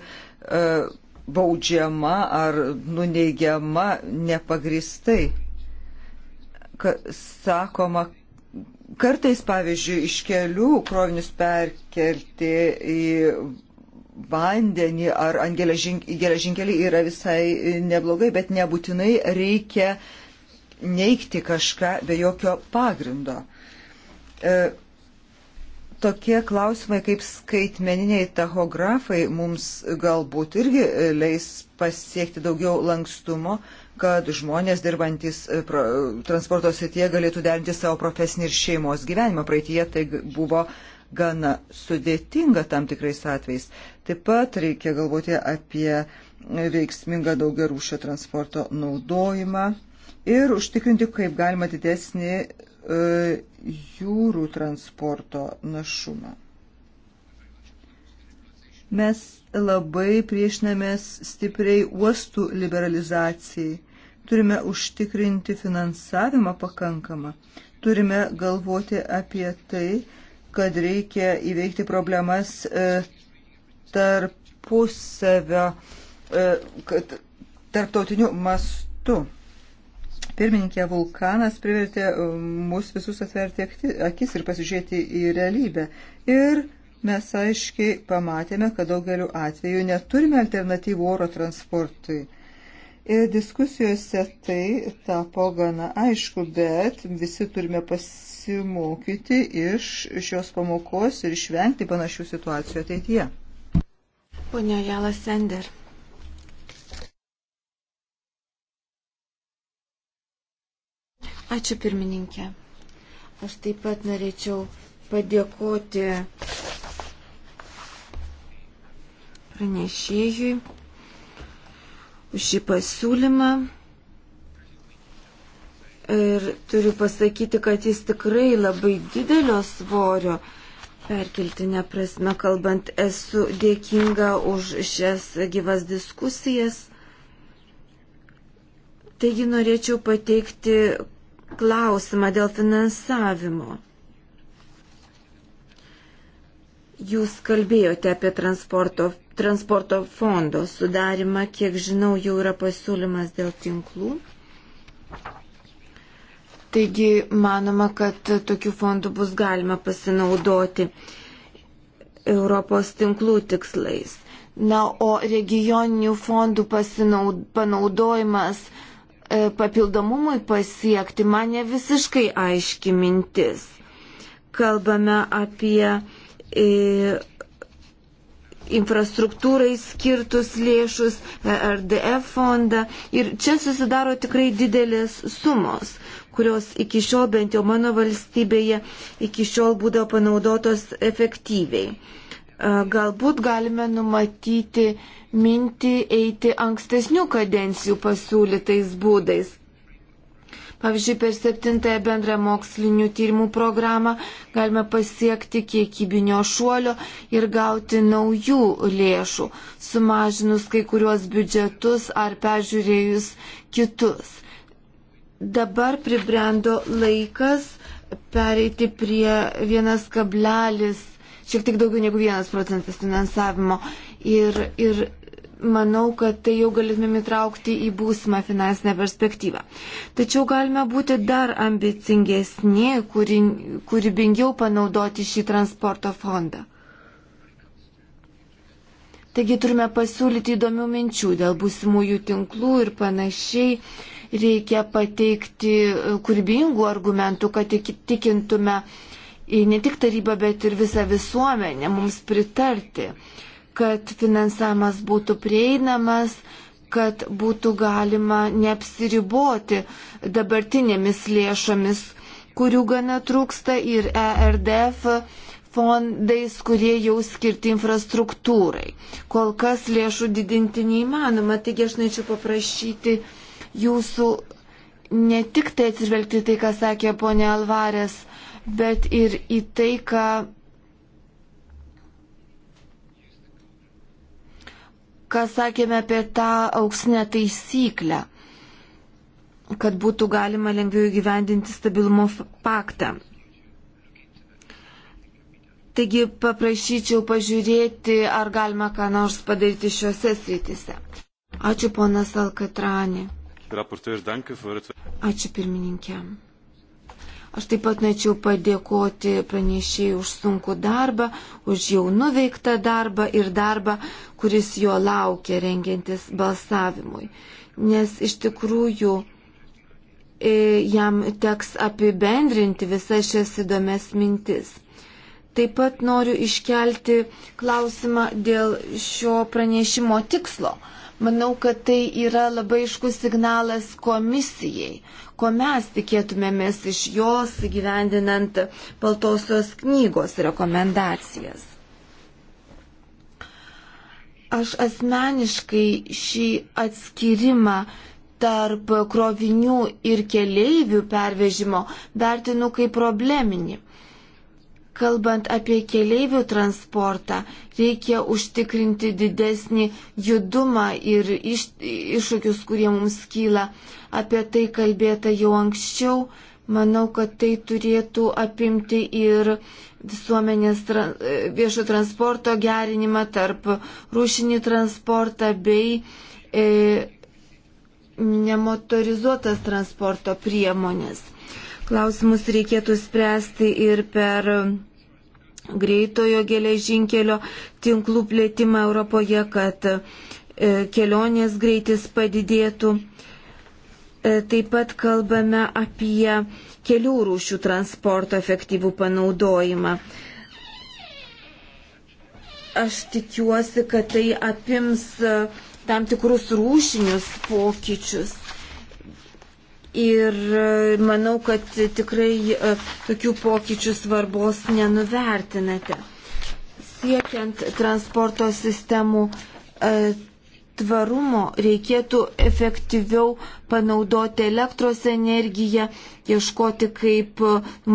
baudžiama ar nuneigiama nepagristai. Sakoma, Kartais, pavyzdžiui, iš kelių krovinius perkelti į vandenį ar ant geležinkelį yra visai neblogai, bet nebūtinai reikia neikti kažką be jokio pagrindo. E, tokie klausimai kaip skaitmeniniai tachografai mums galbūt irgi leis pasiekti daugiau lankstumo, kad žmonės dirbantis e, transporto srityje galėtų derinti savo profesinį ir šeimos gyvenimą. Praeitie tai buvo gana sudėtinga tam tikrais atvejais. Taip pat reikia galvoti apie veiksmingą daugia rūšio transporto naudojimą ir užtikrinti, kaip galima didesnį e, jūrų transporto našumą. Mes labai priešinamės stipriai uostų liberalizacijai Turime užtikrinti finansavimą pakankamą. Turime galvoti apie tai, kad reikia įveikti problemas e, tarpusavio, e, kad tarptautiniu mastu. Pirmininkė Vulkanas privertė e, mus visus atverti akis ir pasižiūrėti į realybę. Ir mes aiškiai pamatėme, kad daugeliu atveju neturime alternatyvų oro transportui. E, diskusijose tai tapo gana aišku, bet visi turime pasimokyti iš šios pamokos ir išvengti panašių situacijų ateityje. Pone Jala Sender. Ačiū pirmininkė. Aš taip pat norėčiau padėkoti pranešėjui šį pasiūlymą. Ir turiu pasakyti, kad jis tikrai labai didelio svorio. Perkeltinė prasme kalbant, esu dėkinga už šias gyvas diskusijas. Taigi norėčiau pateikti klausimą dėl finansavimo. Jūs kalbėjote apie transporto, transporto fondo sudarimą, kiek žinau, jau yra pasiūlymas dėl tinklų. Taigi, manoma, kad tokių fondų bus galima pasinaudoti Europos tinklų tikslais. Na, o regioninių fondų pasinaud, panaudojimas e, papildomumui pasiekti mane visiškai aiški mintis. Kalbame apie infrastruktūrai skirtus lėšus, e RDF fondą. Ir čia susidaro tikrai didelės sumos, kurios iki šiol, bent jau mano valstybėje, iki šiol būdavo panaudotos efektyviai. Galbūt galime numatyti mintį eiti ankstesnių kadencijų pasiūlytais būdais. Pavyzdžiui, per septintąją bendrą mokslinių tyrimų programą galime pasiekti kiekybinio šuolio ir gauti naujų lėšų, sumažinus kai kuriuos biudžetus ar peržiūrėjus kitus. Dabar pribrendo laikas pereiti prie vienas kablelis, šiek tiek daugiau negu vienas procentas finansavimo. Ir, ir manau, kad tai jau galėtumėm įtraukti į būsimą finansinę perspektyvą. Tačiau galime būti dar ambicingesni, kuri, kūrybingiau panaudoti šį transporto fondą. Taigi turime pasiūlyti įdomių minčių dėl būsimųjų tinklų ir panašiai. Reikia pateikti e, kūrybingų argumentų, kad tikintume ne tik tarybą, bet ir visą visuomenę mums pritarti. Uh, kad finansavimas būtų prieinamas, kad būtų galima neapsiriboti dabartinėmis lėšomis, kurių gana trūksta ir ERDF fondais, kurie jau skirti infrastruktūrai. Kol kas lėšų didinti neįmanoma, taigi aš norėčiau paprašyti jūsų ne tik tai atsižvelgti tai, ką sakė ponė Alvarės, bet ir į tai, ką ką sakėme apie tą auksinę taisyklę, kad būtų galima lengviau įgyvendinti stabilumo paktą. Taigi paprašyčiau pažiūrėti, ar galima ką nors padaryti šiuose srityse. Ačiū ponas Alkatrani. Ačiū pirmininkėm. Aš taip pat norėčiau padėkoti pranešėjai už sunkų darbą, už jau nuveiktą darbą ir darbą, kuris jo laukia rengiantis balsavimui. Nes iš tikrųjų e, jam teks apibendrinti visas šias įdomias mintis. Taip pat noriu iškelti klausimą dėl šio pranešimo tikslo. Manau, kad tai yra labai iškus signalas komisijai, ko mes tikėtumėmės iš jos gyvendinant Baltosios knygos rekomendacijas. Aš asmeniškai šį atskirimą tarp krovinių ir keleivių pervežimo vertinu kaip probleminį. Kalbant apie keleivių transportą, reikia užtikrinti didesnį judumą ir iš, iššūkius, kurie mums kyla. Apie tai kalbėta jau anksčiau. Manau, kad tai turėtų apimti ir visuomenės viešo transporto gerinimą tarp rūšinį transportą bei e, nemotorizuotas transporto priemonės. Klausimus reikėtų spręsti ir per greitojo geležinkelio tinklų plėtimą Europoje, kad e, kelionės greitis padidėtų. E, taip pat kalbame apie kelių rūšių transporto efektyvų panaudojimą. Aš tikiuosi, kad tai apims e, tam tikrus rūšinius pokyčius. Ir e, manau, kad tikrai e, tokių pokyčių svarbos nenuvertinate. Siekiant transporto sistemų e, tvarumo reikėtų efektyviau panaudoti elektros energiją, ieškoti kaip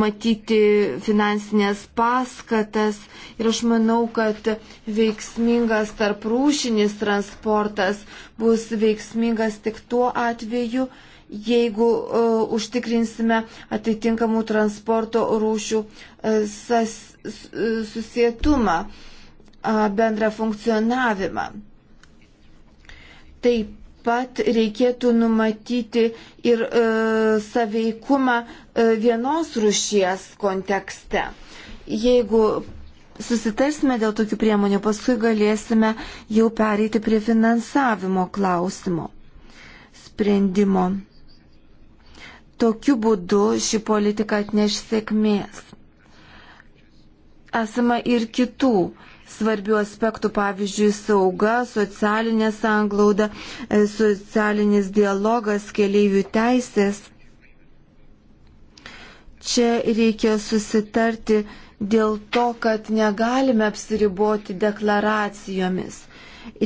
matyti finansinės paskatas. Ir aš manau, kad veiksmingas tarprūšinis transportas bus veiksmingas tik tuo atveju, jeigu uh, užtikrinsime atitinkamų transporto rūšių uh, sas, e, susietumą, uh, bendrą funkcionavimą. Taip pat reikėtų numatyti ir e, saveikumą e, vienos rušies kontekste. Jeigu susitarsime dėl tokių priemonių, paskui galėsime jau pereiti prie finansavimo klausimo sprendimo. Tokiu būdu ši politika atneš sėkmės. Esama ir kitų svarbių aspektų, pavyzdžiui, sauga, socialinė sanglauda, e, socialinis dialogas, keleivių teisės. Čia reikia susitarti dėl to, kad negalime apsiriboti deklaracijomis.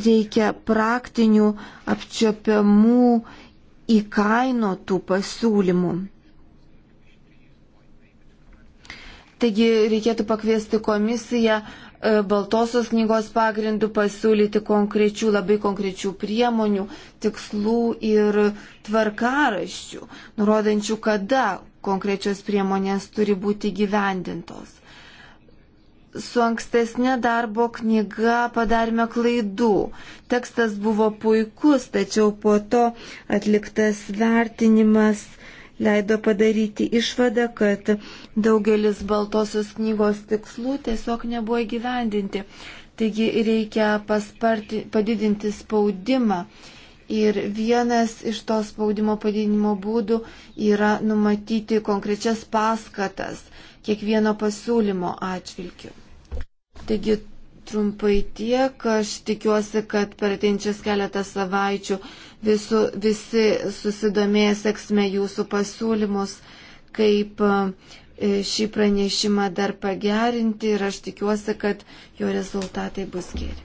Reikia praktinių, apčiopiamų įkainotų pasiūlymų. Taigi reikėtų pakviesti komisiją e, Baltosios knygos pagrindų pasiūlyti konkrečių, labai konkrečių priemonių, tikslų ir tvarkaraščių, nurodančių, kada konkrečios priemonės turi būti gyvendintos su ankstesnė darbo knyga padarėme klaidų. Tekstas buvo puikus, tačiau po to atliktas vertinimas leido padaryti išvadą, kad daugelis baltosios knygos tikslų tiesiog nebuvo įgyvendinti. Taigi reikia pasparti, padidinti spaudimą. Ir vienas iš to spaudimo padidinimo būdų yra numatyti konkrečias paskatas kiekvieno pasiūlymo atžvilgiu. Taigi trumpai tiek, aš tikiuosi, kad per atinčias keletą savaičių visu, visi susidomėję seksime jūsų pasiūlymus, kaip e, šį pranešimą dar pagerinti ir aš tikiuosi, kad jo rezultatai bus geri.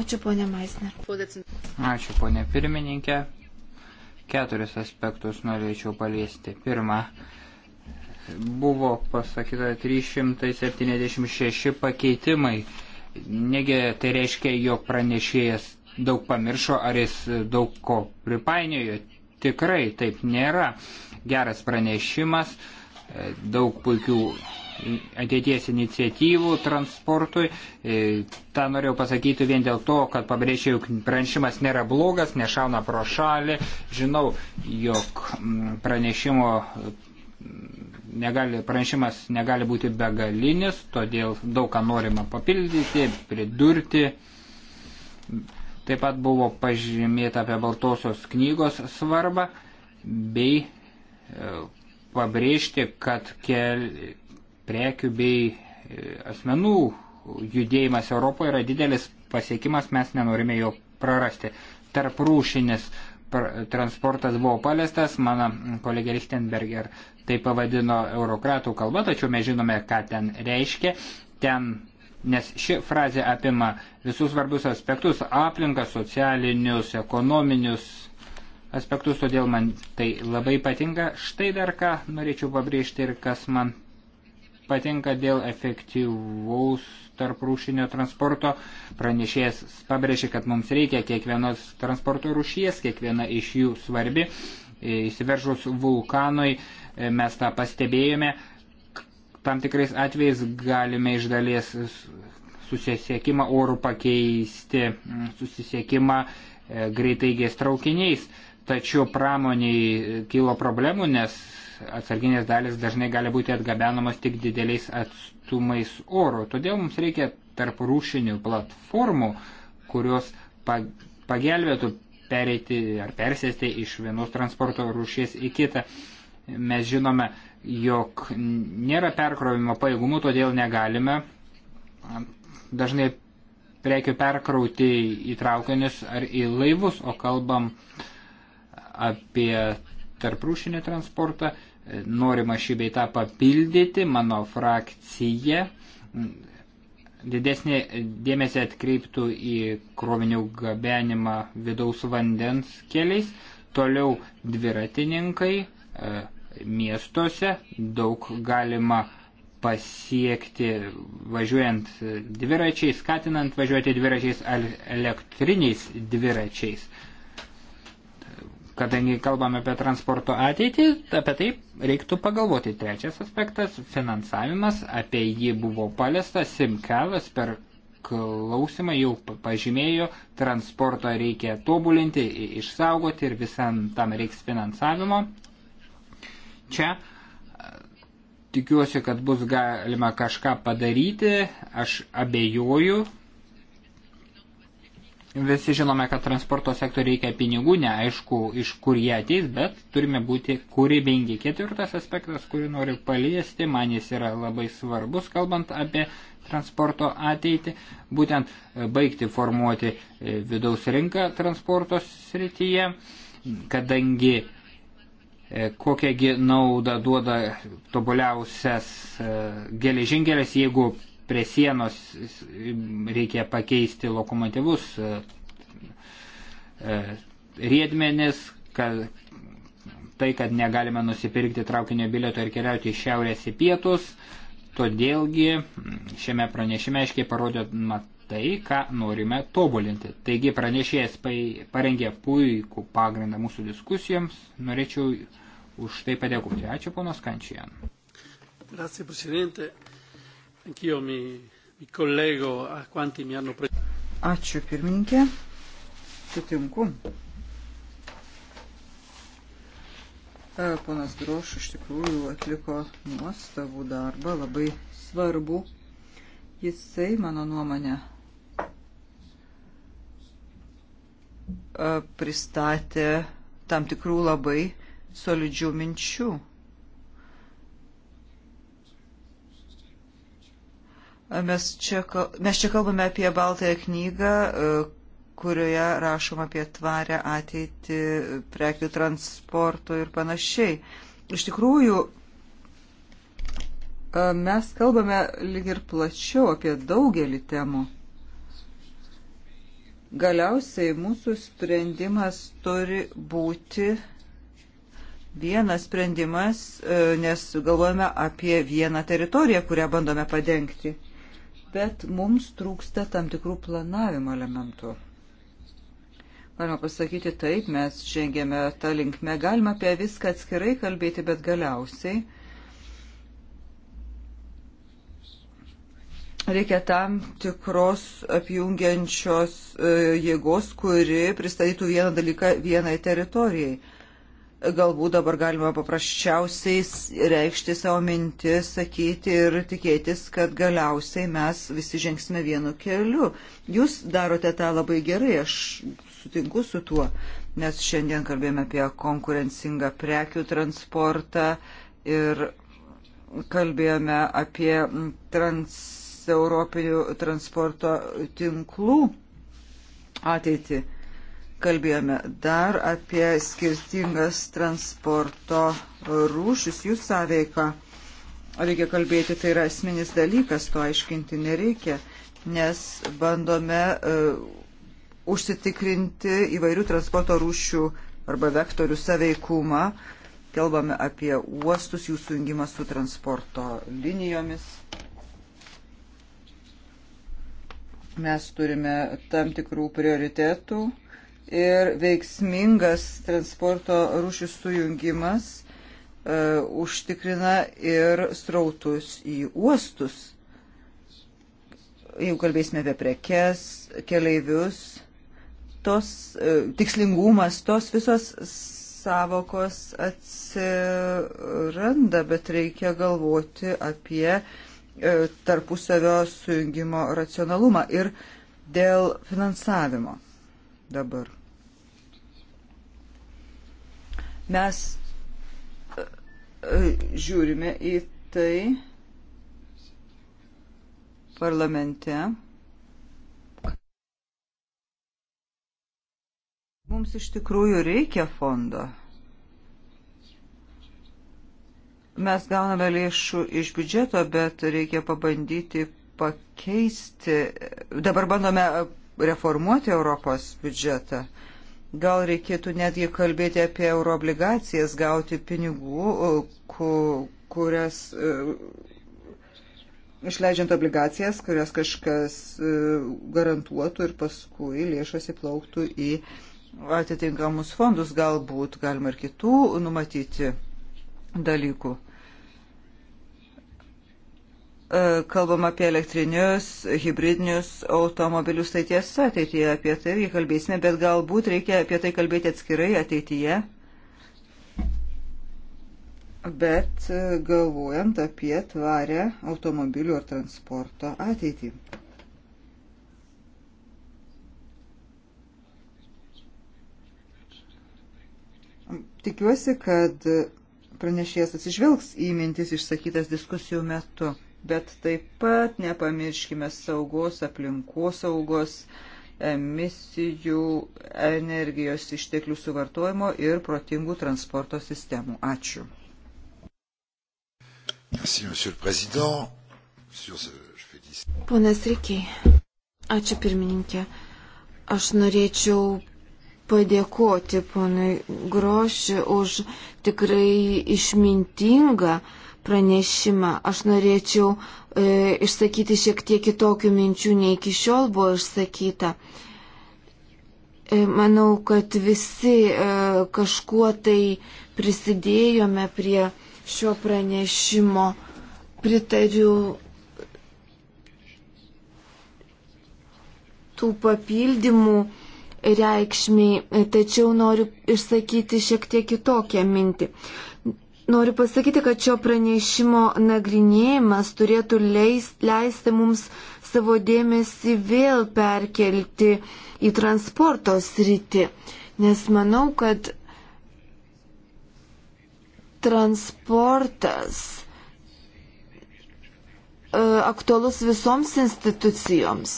Ačiū ponė Maisner. Ačiū ponė pirmininkė. Keturis aspektus norėčiau paliesti. Pirma, buvo pasakyta 376 pakeitimai. Negi tai reiškia, jog pranešėjas daug pamiršo, ar jis daug ko pripainiojo. Tikrai taip nėra. Geras pranešimas, daug puikių ateities iniciatyvų transportui. E, Ta norėjau pasakyti vien dėl to, kad pabrėžiau, jog pranešimas nėra blogas, nešauna pro šalį. Žinau, jog mm, pranešimo negali, pranešimas negali būti begalinis, todėl daug ką norima papildyti, pridurti. Taip pat buvo pažymėta apie Baltosios knygos svarbą bei e, pabrėžti, kad kel, prekių bei e, asmenų judėjimas Europoje yra didelis pasiekimas, mes nenorime jo prarasti. Tarp rūšinis transportas buvo paliestas, mano kolegė Lichtenberger tai pavadino eurokratų kalba, tačiau mes žinome, ką ten reiškia. Ten, nes ši frazė apima visus svarbius aspektus - aplinką, socialinius, ekonominius aspektus, todėl man tai labai patinka. Štai dar ką norėčiau pabrėžti ir kas man patinka dėl efektyvaus tarp rūšinio transporto. Pranešėjas pabrėžė, kad mums reikia kiekvienos transporto rūšies, kiekviena iš jų svarbi. Įsiveržus vulkanui e, mes tą pastebėjome. Tam tikrais atvejais galime iš dalies susisiekimą orų pakeisti, susisiekimą e, greitai gės traukiniais. Tačiau pramoniai e, kilo problemų, nes atsarginės dalis dažnai gali būti atgabenamos tik dideliais atstumais oro. Todėl mums reikia tarp rūšinių platformų, kurios pagelbėtų pereiti ar persėsti iš vienos transporto rūšies į kitą. Mes žinome, jog nėra perkrovimo pajėgumų, todėl negalime dažnai prekių perkrauti į traukinius ar į laivus, o kalbam apie tarp rūšinį transportą, norima šį beitą papildyti, mano frakcija didesnį dėmesį atkreiptų į krovinių gabenimą vidaus vandens keliais, toliau dviratininkai e, miestuose, daug galima pasiekti važiuojant dviračiais, skatinant važiuoti dviračiais ar elektriniais dviračiais kadangi kalbame apie transporto ateitį, apie tai reiktų pagalvoti. Trečias aspektas - finansavimas, apie jį buvo paliesta, Simkelas per klausimą jau pažymėjo, transportą reikia tobulinti, išsaugoti ir visam tam reiks finansavimo. Čia tikiuosi, kad bus galima kažką padaryti, aš abejoju, Visi žinome, kad transporto sektoriui reikia pinigų, neaišku, iš kur jie ateis, bet turime būti kūrybingi. Ketvirtas aspektas, kurį noriu paliesti, man jis yra labai svarbus, kalbant apie transporto ateitį, būtent e, baigti formuoti e, vidaus rinką transporto srityje, kadangi e, kokiagi nauda duoda tobuliausias geležingelis, jeigu prie sienos reikia pakeisti lokomotyvus e, e, riedmenis, kad tai, kad negalime nusipirkti traukinio bilieto ir keliauti iš šiaurės į pietus, todėlgi šiame pranešime aiškiai parodėma tai, ką norime tobulinti. Taigi pranešėjas parengė puikų pagrindą mūsų diskusijoms, norėčiau už tai padėkoti. Ačiū, ponas Kančijan. Grazie, Presidente. Anch'io mi, mi collego a quanti mi hanno preceduto. Ačiū pirmininkė. Sutinku. E, ponas Groš iš tikrųjų atliko nuostabų darbą, labai svarbu. Jisai, mano nuomonė, e, pristatė tam tikrų labai solidžių minčių Mes čia, mes čia kalbame apie Baltąją knygą, e, kurioje rašoma apie tvarę ateitį, prekių transporto ir panašiai. Iš tikrųjų, e, mes kalbame lyg ir plačiau apie daugelį temų. Galiausiai mūsų sprendimas turi būti vienas sprendimas, e, nes galvojame apie vieną teritoriją, kurią bandome padengti bet mums trūksta tam tikrų planavimo elementų. Galima pasakyti taip, mes žengėme tą linkmę, galima apie viską atskirai kalbėti, bet galiausiai reikia tam tikros apjungiančios e, jėgos, kuri pristatytų vieną dalyką vienai teritorijai. Galbūt dabar galima paprasčiausiai reikšti savo mintis, sakyti ir tikėtis, kad galiausiai mes visi žingsime vienu keliu. Jūs darote tą labai gerai, aš sutinku su tuo, nes šiandien kalbėjome apie konkurencingą prekių transportą ir kalbėjome apie transeuropinių transporto tinklų ateitį kalbėjome dar apie skirtingas transporto rūšis, jų sąveiką. Reikia kalbėti, tai yra esminis dalykas, to aiškinti nereikia, nes bandome uh, užsitikrinti įvairių transporto rūšių arba vektorių saveikumą. Kalbame apie uostus, jų sujungimą su transporto linijomis. Mes turime tam tikrų prioritetų ir veiksmingas transporto rūšių sujungimas e, užtikrina ir strautus į uostus. Jeigu kalbėsime apie prekes, keleivius, tos e, tikslingumas, tos visos savokos atsiranda, bet reikia galvoti apie e, tarpusavio sujungimo racionalumą ir dėl finansavimo dabar. Mes e, e, žiūrime į tai parlamente. Mums iš tikrųjų reikia fondo. Mes gauname lėšų iš biudžeto, bet reikia pabandyti pakeisti. Dabar bandome reformuoti Europos biudžetą. Gal reikėtų netgi kalbėti apie euroobligacijas, gauti pinigų, e, ku, kurias e, išleidžiant obligacijas, kurias kažkas e, garantuotų ir paskui lėšas įplauktų į atitinkamus fondus. Galbūt galima ir kitų numatyti dalykų. E, kalbam apie elektrinius, hybridinius automobilius, tai tiesa, ateityje apie tai irgi kalbėsime, bet galbūt reikia apie tai kalbėti atskirai ateityje. Bet e, galvojant apie tvarę automobilių ar transporto ateitį. Tikiuosi, kad pranešėjas atsižvelgs į mintis išsakytas diskusijų metu bet taip pat nepamirškime saugos, aplinkos saugos, emisijų, energijos išteklių suvartojimo ir protingų transporto sistemų. Ačiū. Ponas Rikiai, ačiū pirmininkė. Aš norėčiau padėkoti ponui Grošį už tikrai išmintingą uh, pranešimą. Aš norėčiau e, išsakyti šiek tiek kitokių minčių, nei iki šiol buvo išsakyta. E, manau, kad visi e, kažkuo tai prisidėjome prie šio pranešimo. Pritariu tų papildymų reikšmiai, tačiau noriu išsakyti šiek tiek kitokią mintį. Noriu pasakyti, kad šio pranešimo nagrinėjimas turėtų leis, leisti mums savo dėmesį vėl perkelti į transporto sritį, nes manau, kad transportas e, aktualus visoms institucijoms.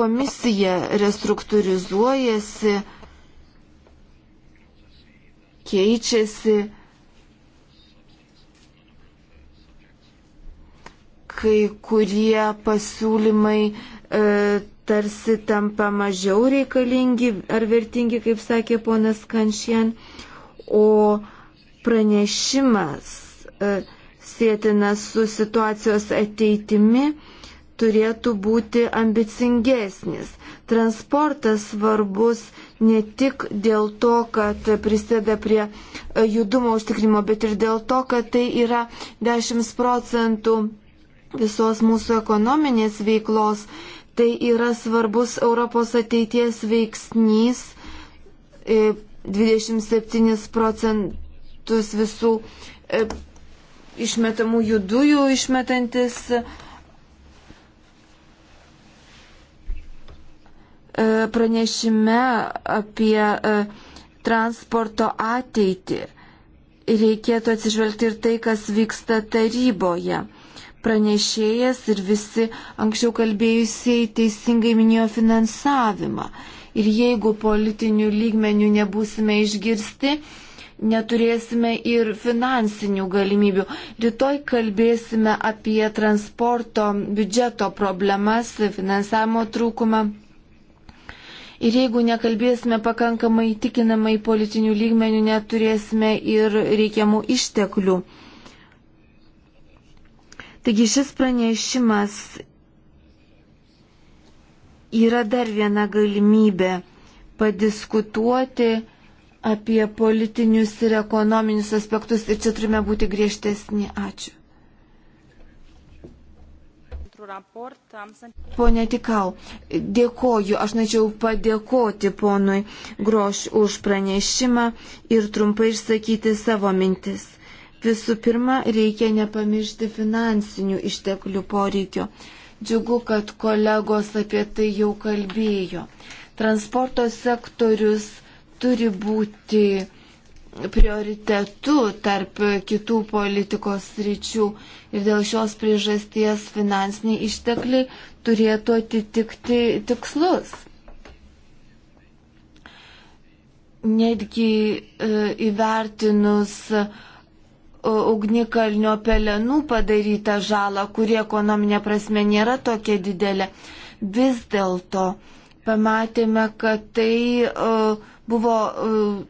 Komisija restruktūrizuojasi, keičiasi kai kurie pasiūlymai e, tarsi tampa mažiau reikalingi ar vertingi, kaip sakė ponas Kanšien, o pranešimas e, sėtinas su situacijos ateitimi turėtų būti ambicingesnis. Transportas svarbus ne tik dėl to, kad prisėda prie e, judumo užtikrimo, bet ir dėl to, kad tai yra 10 procentų visos mūsų ekonominės veiklos. Tai yra svarbus Europos ateities veiksnys. 27 e, procentus visų e, išmetamųjų dujų išmetantis e, pranešime apie transporto ateitį reikėtų atsižvelgti ir tai, kas vyksta taryboje pranešėjas ir visi anksčiau kalbėjusiai teisingai minėjo finansavimą. Ir jeigu politinių lygmenių nebūsime išgirsti, neturėsime ir finansinių galimybių. Rytoj kalbėsime apie transporto biudžeto problemas, finansavimo trūkumą. Ir jeigu nekalbėsime pakankamai įtikinamai politinių lygmenių, neturėsime ir reikiamų išteklių. Taigi šis pranešimas yra dar viena galimybė padiskutuoti apie politinius ir ekonominius aspektus ir čia turime būti griežtesni. Ačiū. Pone Tikau, dėkoju, aš norėčiau padėkoti ponui Groš už pranešimą ir trumpai išsakyti savo mintis. Visų pirma, reikia nepamiršti finansinių išteklių poreikio. Džiugu, kad kolegos apie tai jau kalbėjo. Transporto sektorius turi būti prioritetu tarp kitų politikos ryčių ir dėl šios priežasties finansiniai ištekliai turėtų atitikti tikslus. Netgi e, įvertinus e, ugnikalnio pelenų padarytą žalą, kuri ekonominė prasme nėra tokia didelė. Vis dėlto pamatėme, kad tai uh, buvo uh,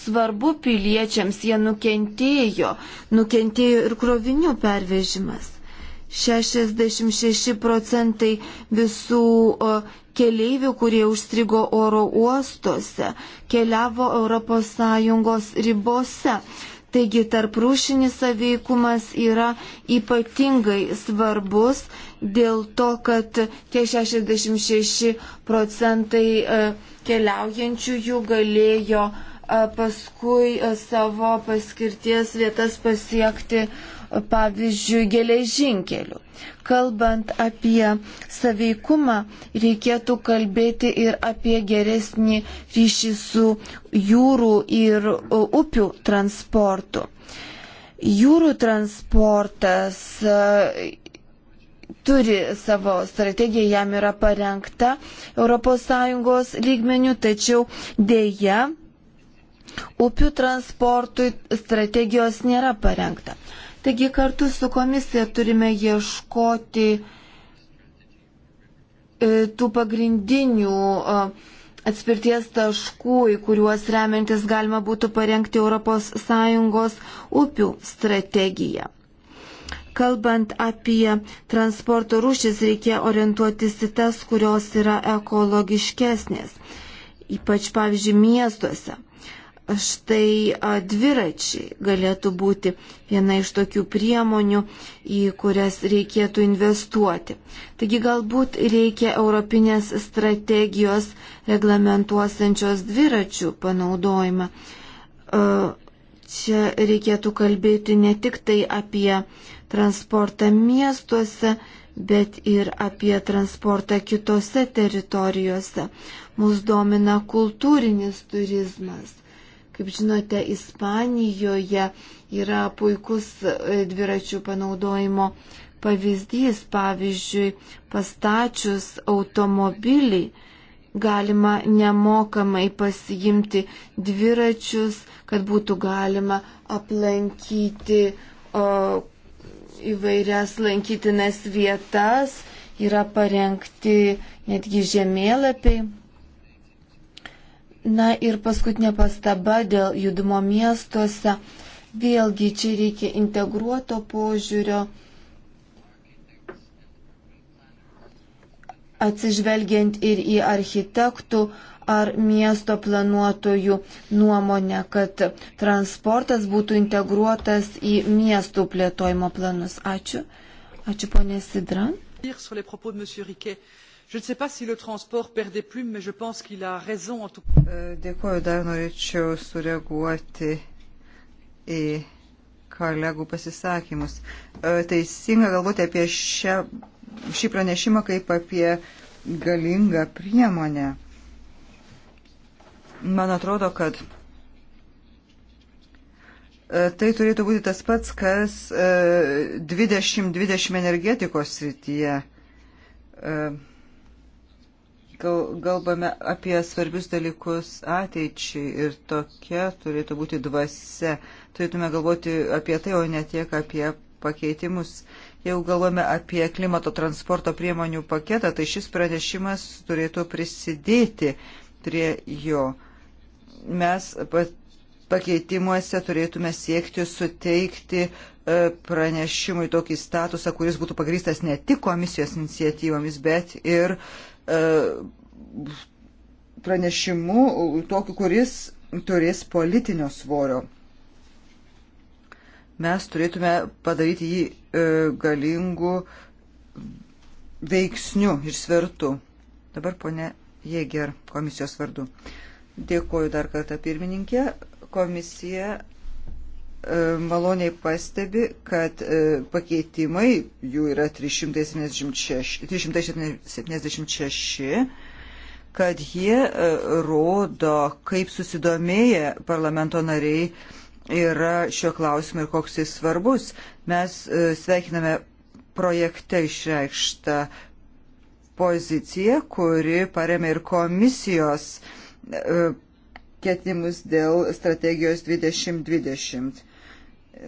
svarbu piliečiams, jie nukentėjo, nukentėjo ir krovinių pervežimas. 66 procentai visų uh, keleivių, kurie užstrigo oro uostuose, keliavo ES ribose. Taigi tarp rūšinis saveikumas yra ypatingai svarbus dėl to, kad tie 66 procentai e, keliaujančiųjų galėjo e, paskui e, savo paskirties vietas pasiekti uh, pavyzdžiui, geležinkelių. Kalbant apie saveikumą, reikėtų kalbėti ir apie geresnį ryšį su jūrų ir upių transportu. Jūrų transportas turi savo strategiją, jam yra parengta ES lygmenių, tačiau dėja upių transportui strategijos nėra parengta. Taigi kartu su komisija turime ieškoti e, tų pagrindinių e, atspirties taškų, į kuriuos remiantis galima būtų parengti ES upių strategiją. Kalbant apie transporto rūšis, reikia orientuotis į tas, kurios yra ekologiškesnės, ypač pavyzdžiui miestuose. Štai dviračiai galėtų būti viena iš tokių priemonių, į kurias reikėtų investuoti. Taigi galbūt reikia europinės strategijos reglamentuosančios dviračių panaudojimą. Čia reikėtų kalbėti ne tik tai apie transportą miestuose, bet ir apie transportą kitose teritorijose. Mus domina kultūrinis turizmas Kaip žinote, Ispanijoje yra puikus e, dviračių panaudojimo pavyzdys. Pavyzdžiui, pastatčius automobilį galima nemokamai pasijimti dviračius, kad būtų galima aplankyti o, įvairias lankytinas vietas, yra parengti netgi žemėlapiai Na ir paskutinė pastaba dėl judumo miestuose. Vėlgi čia reikia integruoto požiūrio, atsižvelgiant ir į architektų ar miesto planuotojų nuomonę, kad transportas būtų integruotas į miestų plėtojimo planus. Ačiū. Ačiū ponė Sidran je ne sais pas si le transport perd des plumes mais je pense qu'il a raison en tout euh, Dėkuoju, dar norėčiau sureaguoti į kolegų pasisakymus. E, teisinga galvoti apie šią, šį pranešimą kaip apie galingą priemonę. Man atrodo, kad e, tai turėtų būti tas pats, kas 2020 e, energetikos srityje. Uh, kalbame apie svarbius dalykus ateičiai ir tokia turėtų būti dvasia. Turėtume galvoti apie tai, o ne tiek apie pakeitimus. Jeigu galvome apie klimato transporto priemonių paketą, tai šis pranešimas turėtų prisidėti prie jo. Mes pakeitimuose turėtume siekti suteikti e, pranešimui tokį statusą, kuris būtų pagrįstas ne tik komisijos iniciatyvomis, bet ir uh, E, pranešimu, tokiu, kuris turės politinio svorio. Mes turėtume padaryti jį e, galingu veiksniu ir svertu. Dabar ponė Jėger komisijos vardu. Dėkoju dar kartą pirmininkė. Komisija E, maloniai pastebi, kad e, pakeitimai, jų yra 376, 376 kad jie e, rodo, kaip susidomėję parlamento nariai yra šio klausimo ir koks jis svarbus. Mes sveikiname projekte išreikštą poziciją, kuri paremė ir komisijos ketinimus dėl strategijos 2020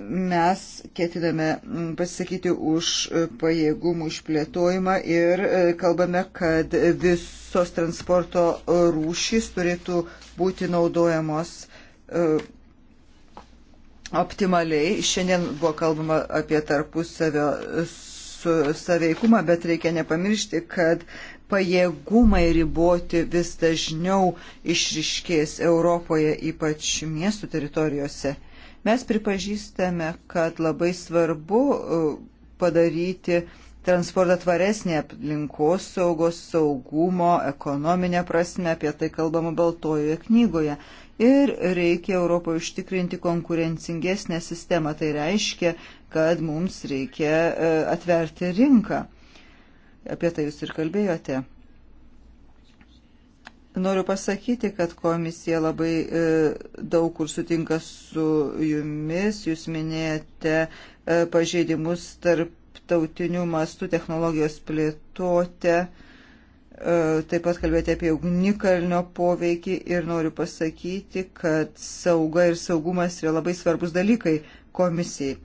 mes ketiname mm, pasisakyti už e, pajėgumų išplėtojimą ir e, kalbame, kad visos transporto rūšys turėtų būti naudojamos e, optimaliai. Šiandien buvo kalbama apie tarpusavio saveikumą, bet reikia nepamiršti, kad pajėgumai riboti vis dažniau išriškės Europoje, ypač miestų teritorijose. Mes pripažįstame, kad labai svarbu e, padaryti transportą tvaresnį aplinkos saugos, saugumo, ekonominę prasme, apie tai kalbama Baltojoje knygoje. Ir reikia Europoje užtikrinti konkurencingesnę sistemą. Tai reiškia, kad mums reikia e, atverti rinką. Apie tai jūs ir kalbėjote. Noriu pasakyti, kad komisija labai e, daug kur sutinka su jumis. Jūs minėjate e, pažeidimus tarptautinių mastų technologijos plėtotę. E, taip pat kalbėti apie ugnikalnio poveikį ir noriu pasakyti, kad sauga ir saugumas yra labai svarbus dalykai komisijai.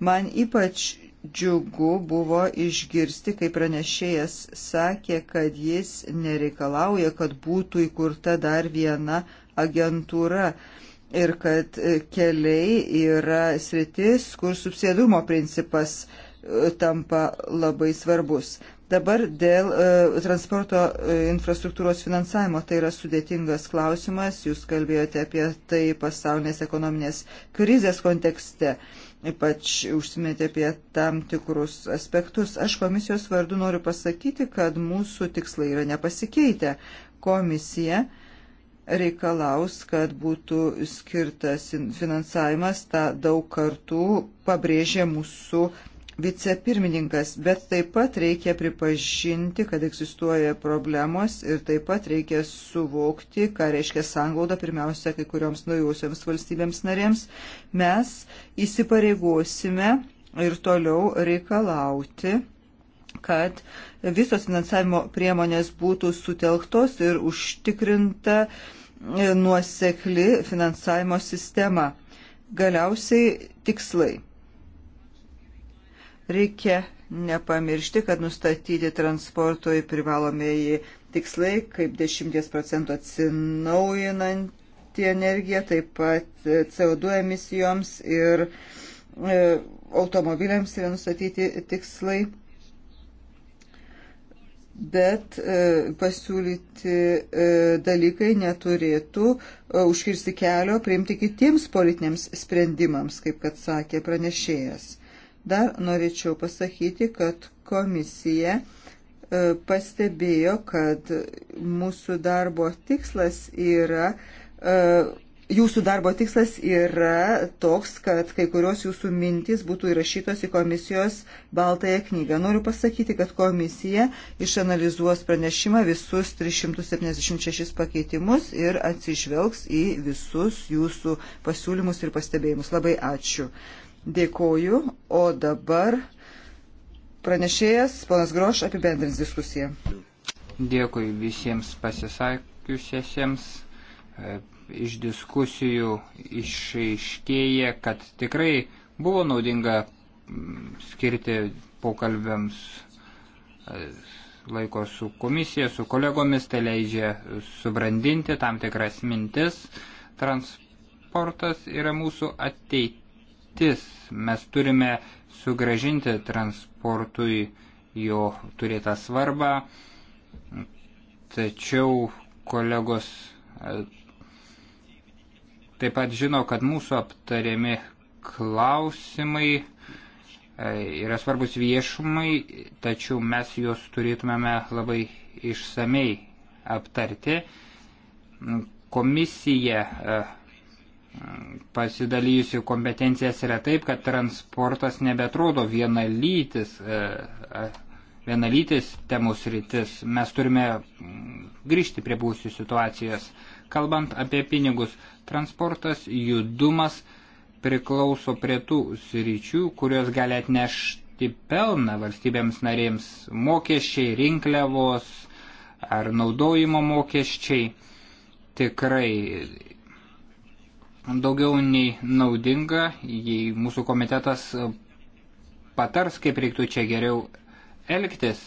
Man ypač džiugu buvo išgirsti, kaip pranešėjas sakė, kad jis nereikalauja, kad būtų įkurta dar viena agentūra ir kad keliai yra sritis, kur subsėdumo principas e, tampa labai svarbus. Dabar dėl e, transporto e, infrastruktūros finansavimo tai yra sudėtingas klausimas. Jūs kalbėjote apie tai pasaulinės ekonominės krizės kontekste. E, ypač užsimėti apie tam tikrus aspektus. Aš komisijos vardu noriu pasakyti, kad mūsų tikslai yra nepasikeitę. Komisija reikalaus, kad būtų skirtas finansavimas, tą daug kartų pabrėžė mūsų vicepirmininkas, bet taip pat reikia pripažinti, kad egzistuoja problemos ir taip pat reikia suvokti, ką reiškia sanglauda pirmiausia kai kurioms naujausiams valstybėms narėms. Mes įsipareigosime ir toliau reikalauti kad visos finansavimo priemonės būtų sutelktos ir užtikrinta e, nuosekli finansavimo sistema. Galiausiai tikslai Reikia nepamiršti, kad nustatyti transportui privalomieji tikslai, kaip 10 procentų atsinaujinanti energija, taip pat e, CO2 emisijoms ir e, automobiliams yra nustatyti tikslai bet e, pasiūlyti dalykai neturėtų užkirsti kelio priimti kitiems politiniams sprendimams, kaip kad sakė pranešėjas. Dar norėčiau pasakyti, kad komisija e, pastebėjo, kad mūsų darbo tikslas yra e, Jūsų darbo tikslas yra toks, kad kai kurios jūsų mintys būtų įrašytos į komisijos baltąją knygą. Noriu pasakyti, kad komisija išanalizuos pranešimą visus 376 pakeitimus ir atsižvelgs į visus jūsų pasiūlymus ir pastebėjimus. Labai ačiū. Dėkoju, o dabar pranešėjas, ponas Groš, apibendrins diskusiją. Dėkui visiems pasisakiusiesiems. E, iš diskusijų išaiškėja, kad tikrai buvo naudinga mm, skirti pokalbiams e, laiko su komisija, su kolegomis, tai leidžia subrandinti tam tikras mintis. Transportas yra mūsų ateitis kryptis. Mes turime sugražinti transportui jo turėtą svarbą, tačiau kolegos e, taip pat žino, kad mūsų aptariami klausimai e, yra svarbus viešumai, tačiau mes juos turėtumėme labai išsamei aptarti. Komisija e, pasidalyjusių kompetencijas yra taip, kad transportas nebetrodo vienalytis, e, e, vienalytis temus rytis. Mes turime mm, grįžti prie būsių situacijos. Kalbant apie pinigus, transportas, judumas priklauso prie tų sričių, kurios gali atnešti pelną valstybėms narėms - mokesčiai, rinkliavos ar naudojimo mokesčiai. Tikrai daugiau nei naudinga, jei mūsų komitetas patars, kaip reiktų čia geriau elgtis.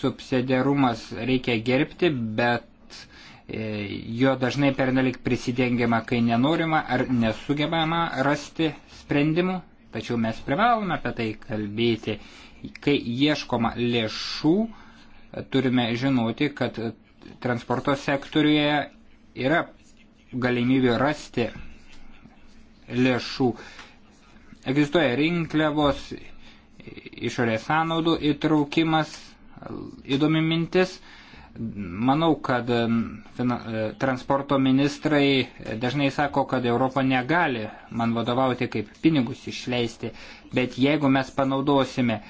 Subsidiarumas reikia gerbti, bet e, jo dažnai pernelik prisidengiama, kai nenorima ar nesugebama rasti sprendimų. Tačiau mes privalome apie tai kalbėti. Kai ieškoma lėšų, turime žinoti, kad transporto sektoriuje yra galimybių rasti lėšų. Egzistuoja rinkliavos, išorės sąnaudų įtraukimas, įdomi mintis. Manau, kad e, transporto ministrai dažnai sako, kad Europa negali man vadovauti, kaip pinigus išleisti, bet jeigu mes panaudosime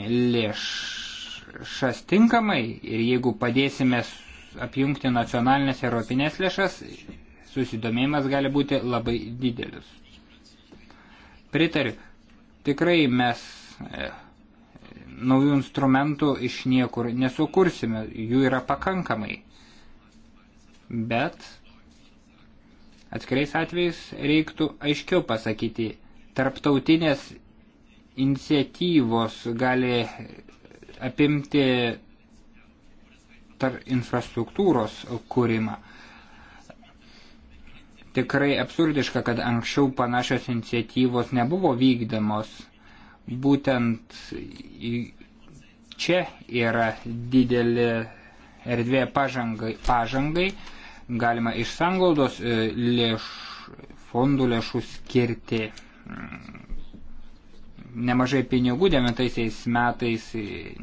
lėšas tinkamai ir jeigu padėsime apjungti nacionalinės ir europinės lėšas, susidomėjimas gali būti labai didelis. Pritariu, tikrai mes e, naujų instrumentų iš niekur nesukursime, jų yra pakankamai. Bet atskiriais atvejais reiktų aiškiau pasakyti, tarptautinės iniciatyvos gali apimti per infrastruktūros kūrimą. Tikrai absurdiška, kad anksčiau panašios iniciatyvos nebuvo vykdamos. Būtent čia yra didelė erdvė pažangai. pažangai. Galima iš sanglaudos e, lėš, fondų lėšų skirti mm, nemažai pinigų, devintaisiais metais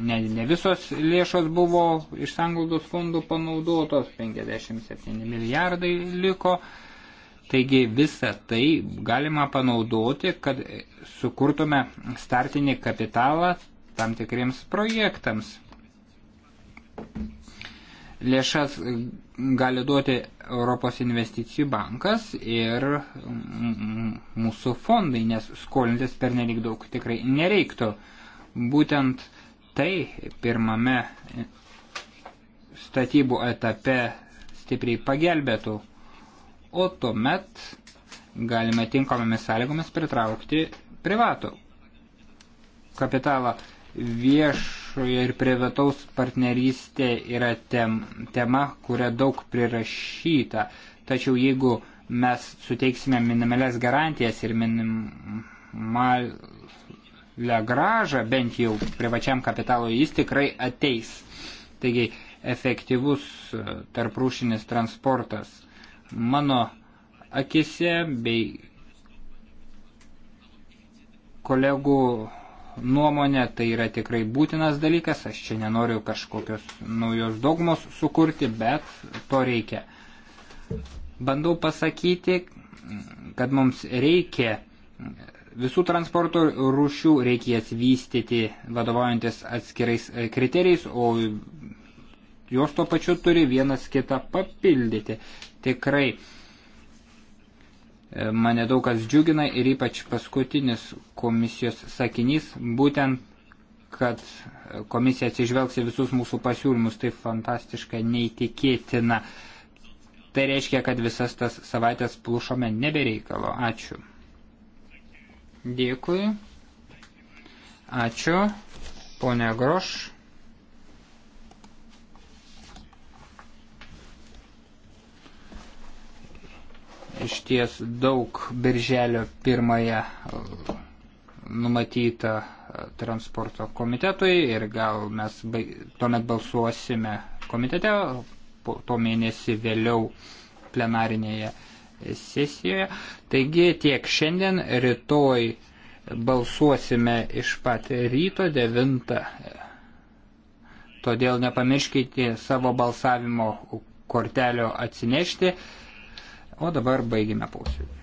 ne, ne visos lėšos buvo iš sanglaudos fondų panaudotos, 57 milijardai liko. Taigi visą tai galima panaudoti, kad sukurtume startinį kapitalą tam tikriems projektams lėšas gali duoti Europos investicijų bankas ir mūsų fondai, nes skolintis per nelik daug tikrai nereiktų. Būtent tai pirmame statybų etape stipriai pagelbėtų, o tuomet galime tinkamomis sąlygomis pritraukti privatų kapitalą vieš viešojo ir privataus partnerystė yra tem, tema, kuria daug prirašyta. Tačiau jeigu mes suteiksime minimales garantijas ir minimalę gražą, bent jau privačiam kapitalui, jis tikrai ateis. Taigi efektyvus tarprūšinis transportas mano akise bei kolegų nuomonę, tai yra tikrai būtinas dalykas, aš čia nenoriu kažkokios naujos dogmos sukurti, bet to reikia. Bandau pasakyti, kad mums reikia visų transporto rūšių, reikia jas vystyti vadovaujantis atskirais kriterijais, o jos tuo pačiu turi vienas kitą papildyti. Tikrai mane daug kas džiugina ir ypač paskutinis komisijos sakinys, būtent, kad komisija atsižvelgs į visus mūsų pasiūlymus, tai fantastiška, neįtikėtina. Tai reiškia, kad visas tas savaitės plušome nebereikalo. Ačiū. Dėkui. Ačiū. Pone Groš. iš ties daug birželio pirmąją uh, numatyta uh, transporto komitetui ir gal mes baig... tuomet balsuosime komitete, to mėnesį vėliau plenarinėje sesijoje. Taigi tiek šiandien, rytoj balsuosime iš pat ryto 9. Todėl nepamirškite savo balsavimo kortelio atsinešti. O dabar baigime posėdį.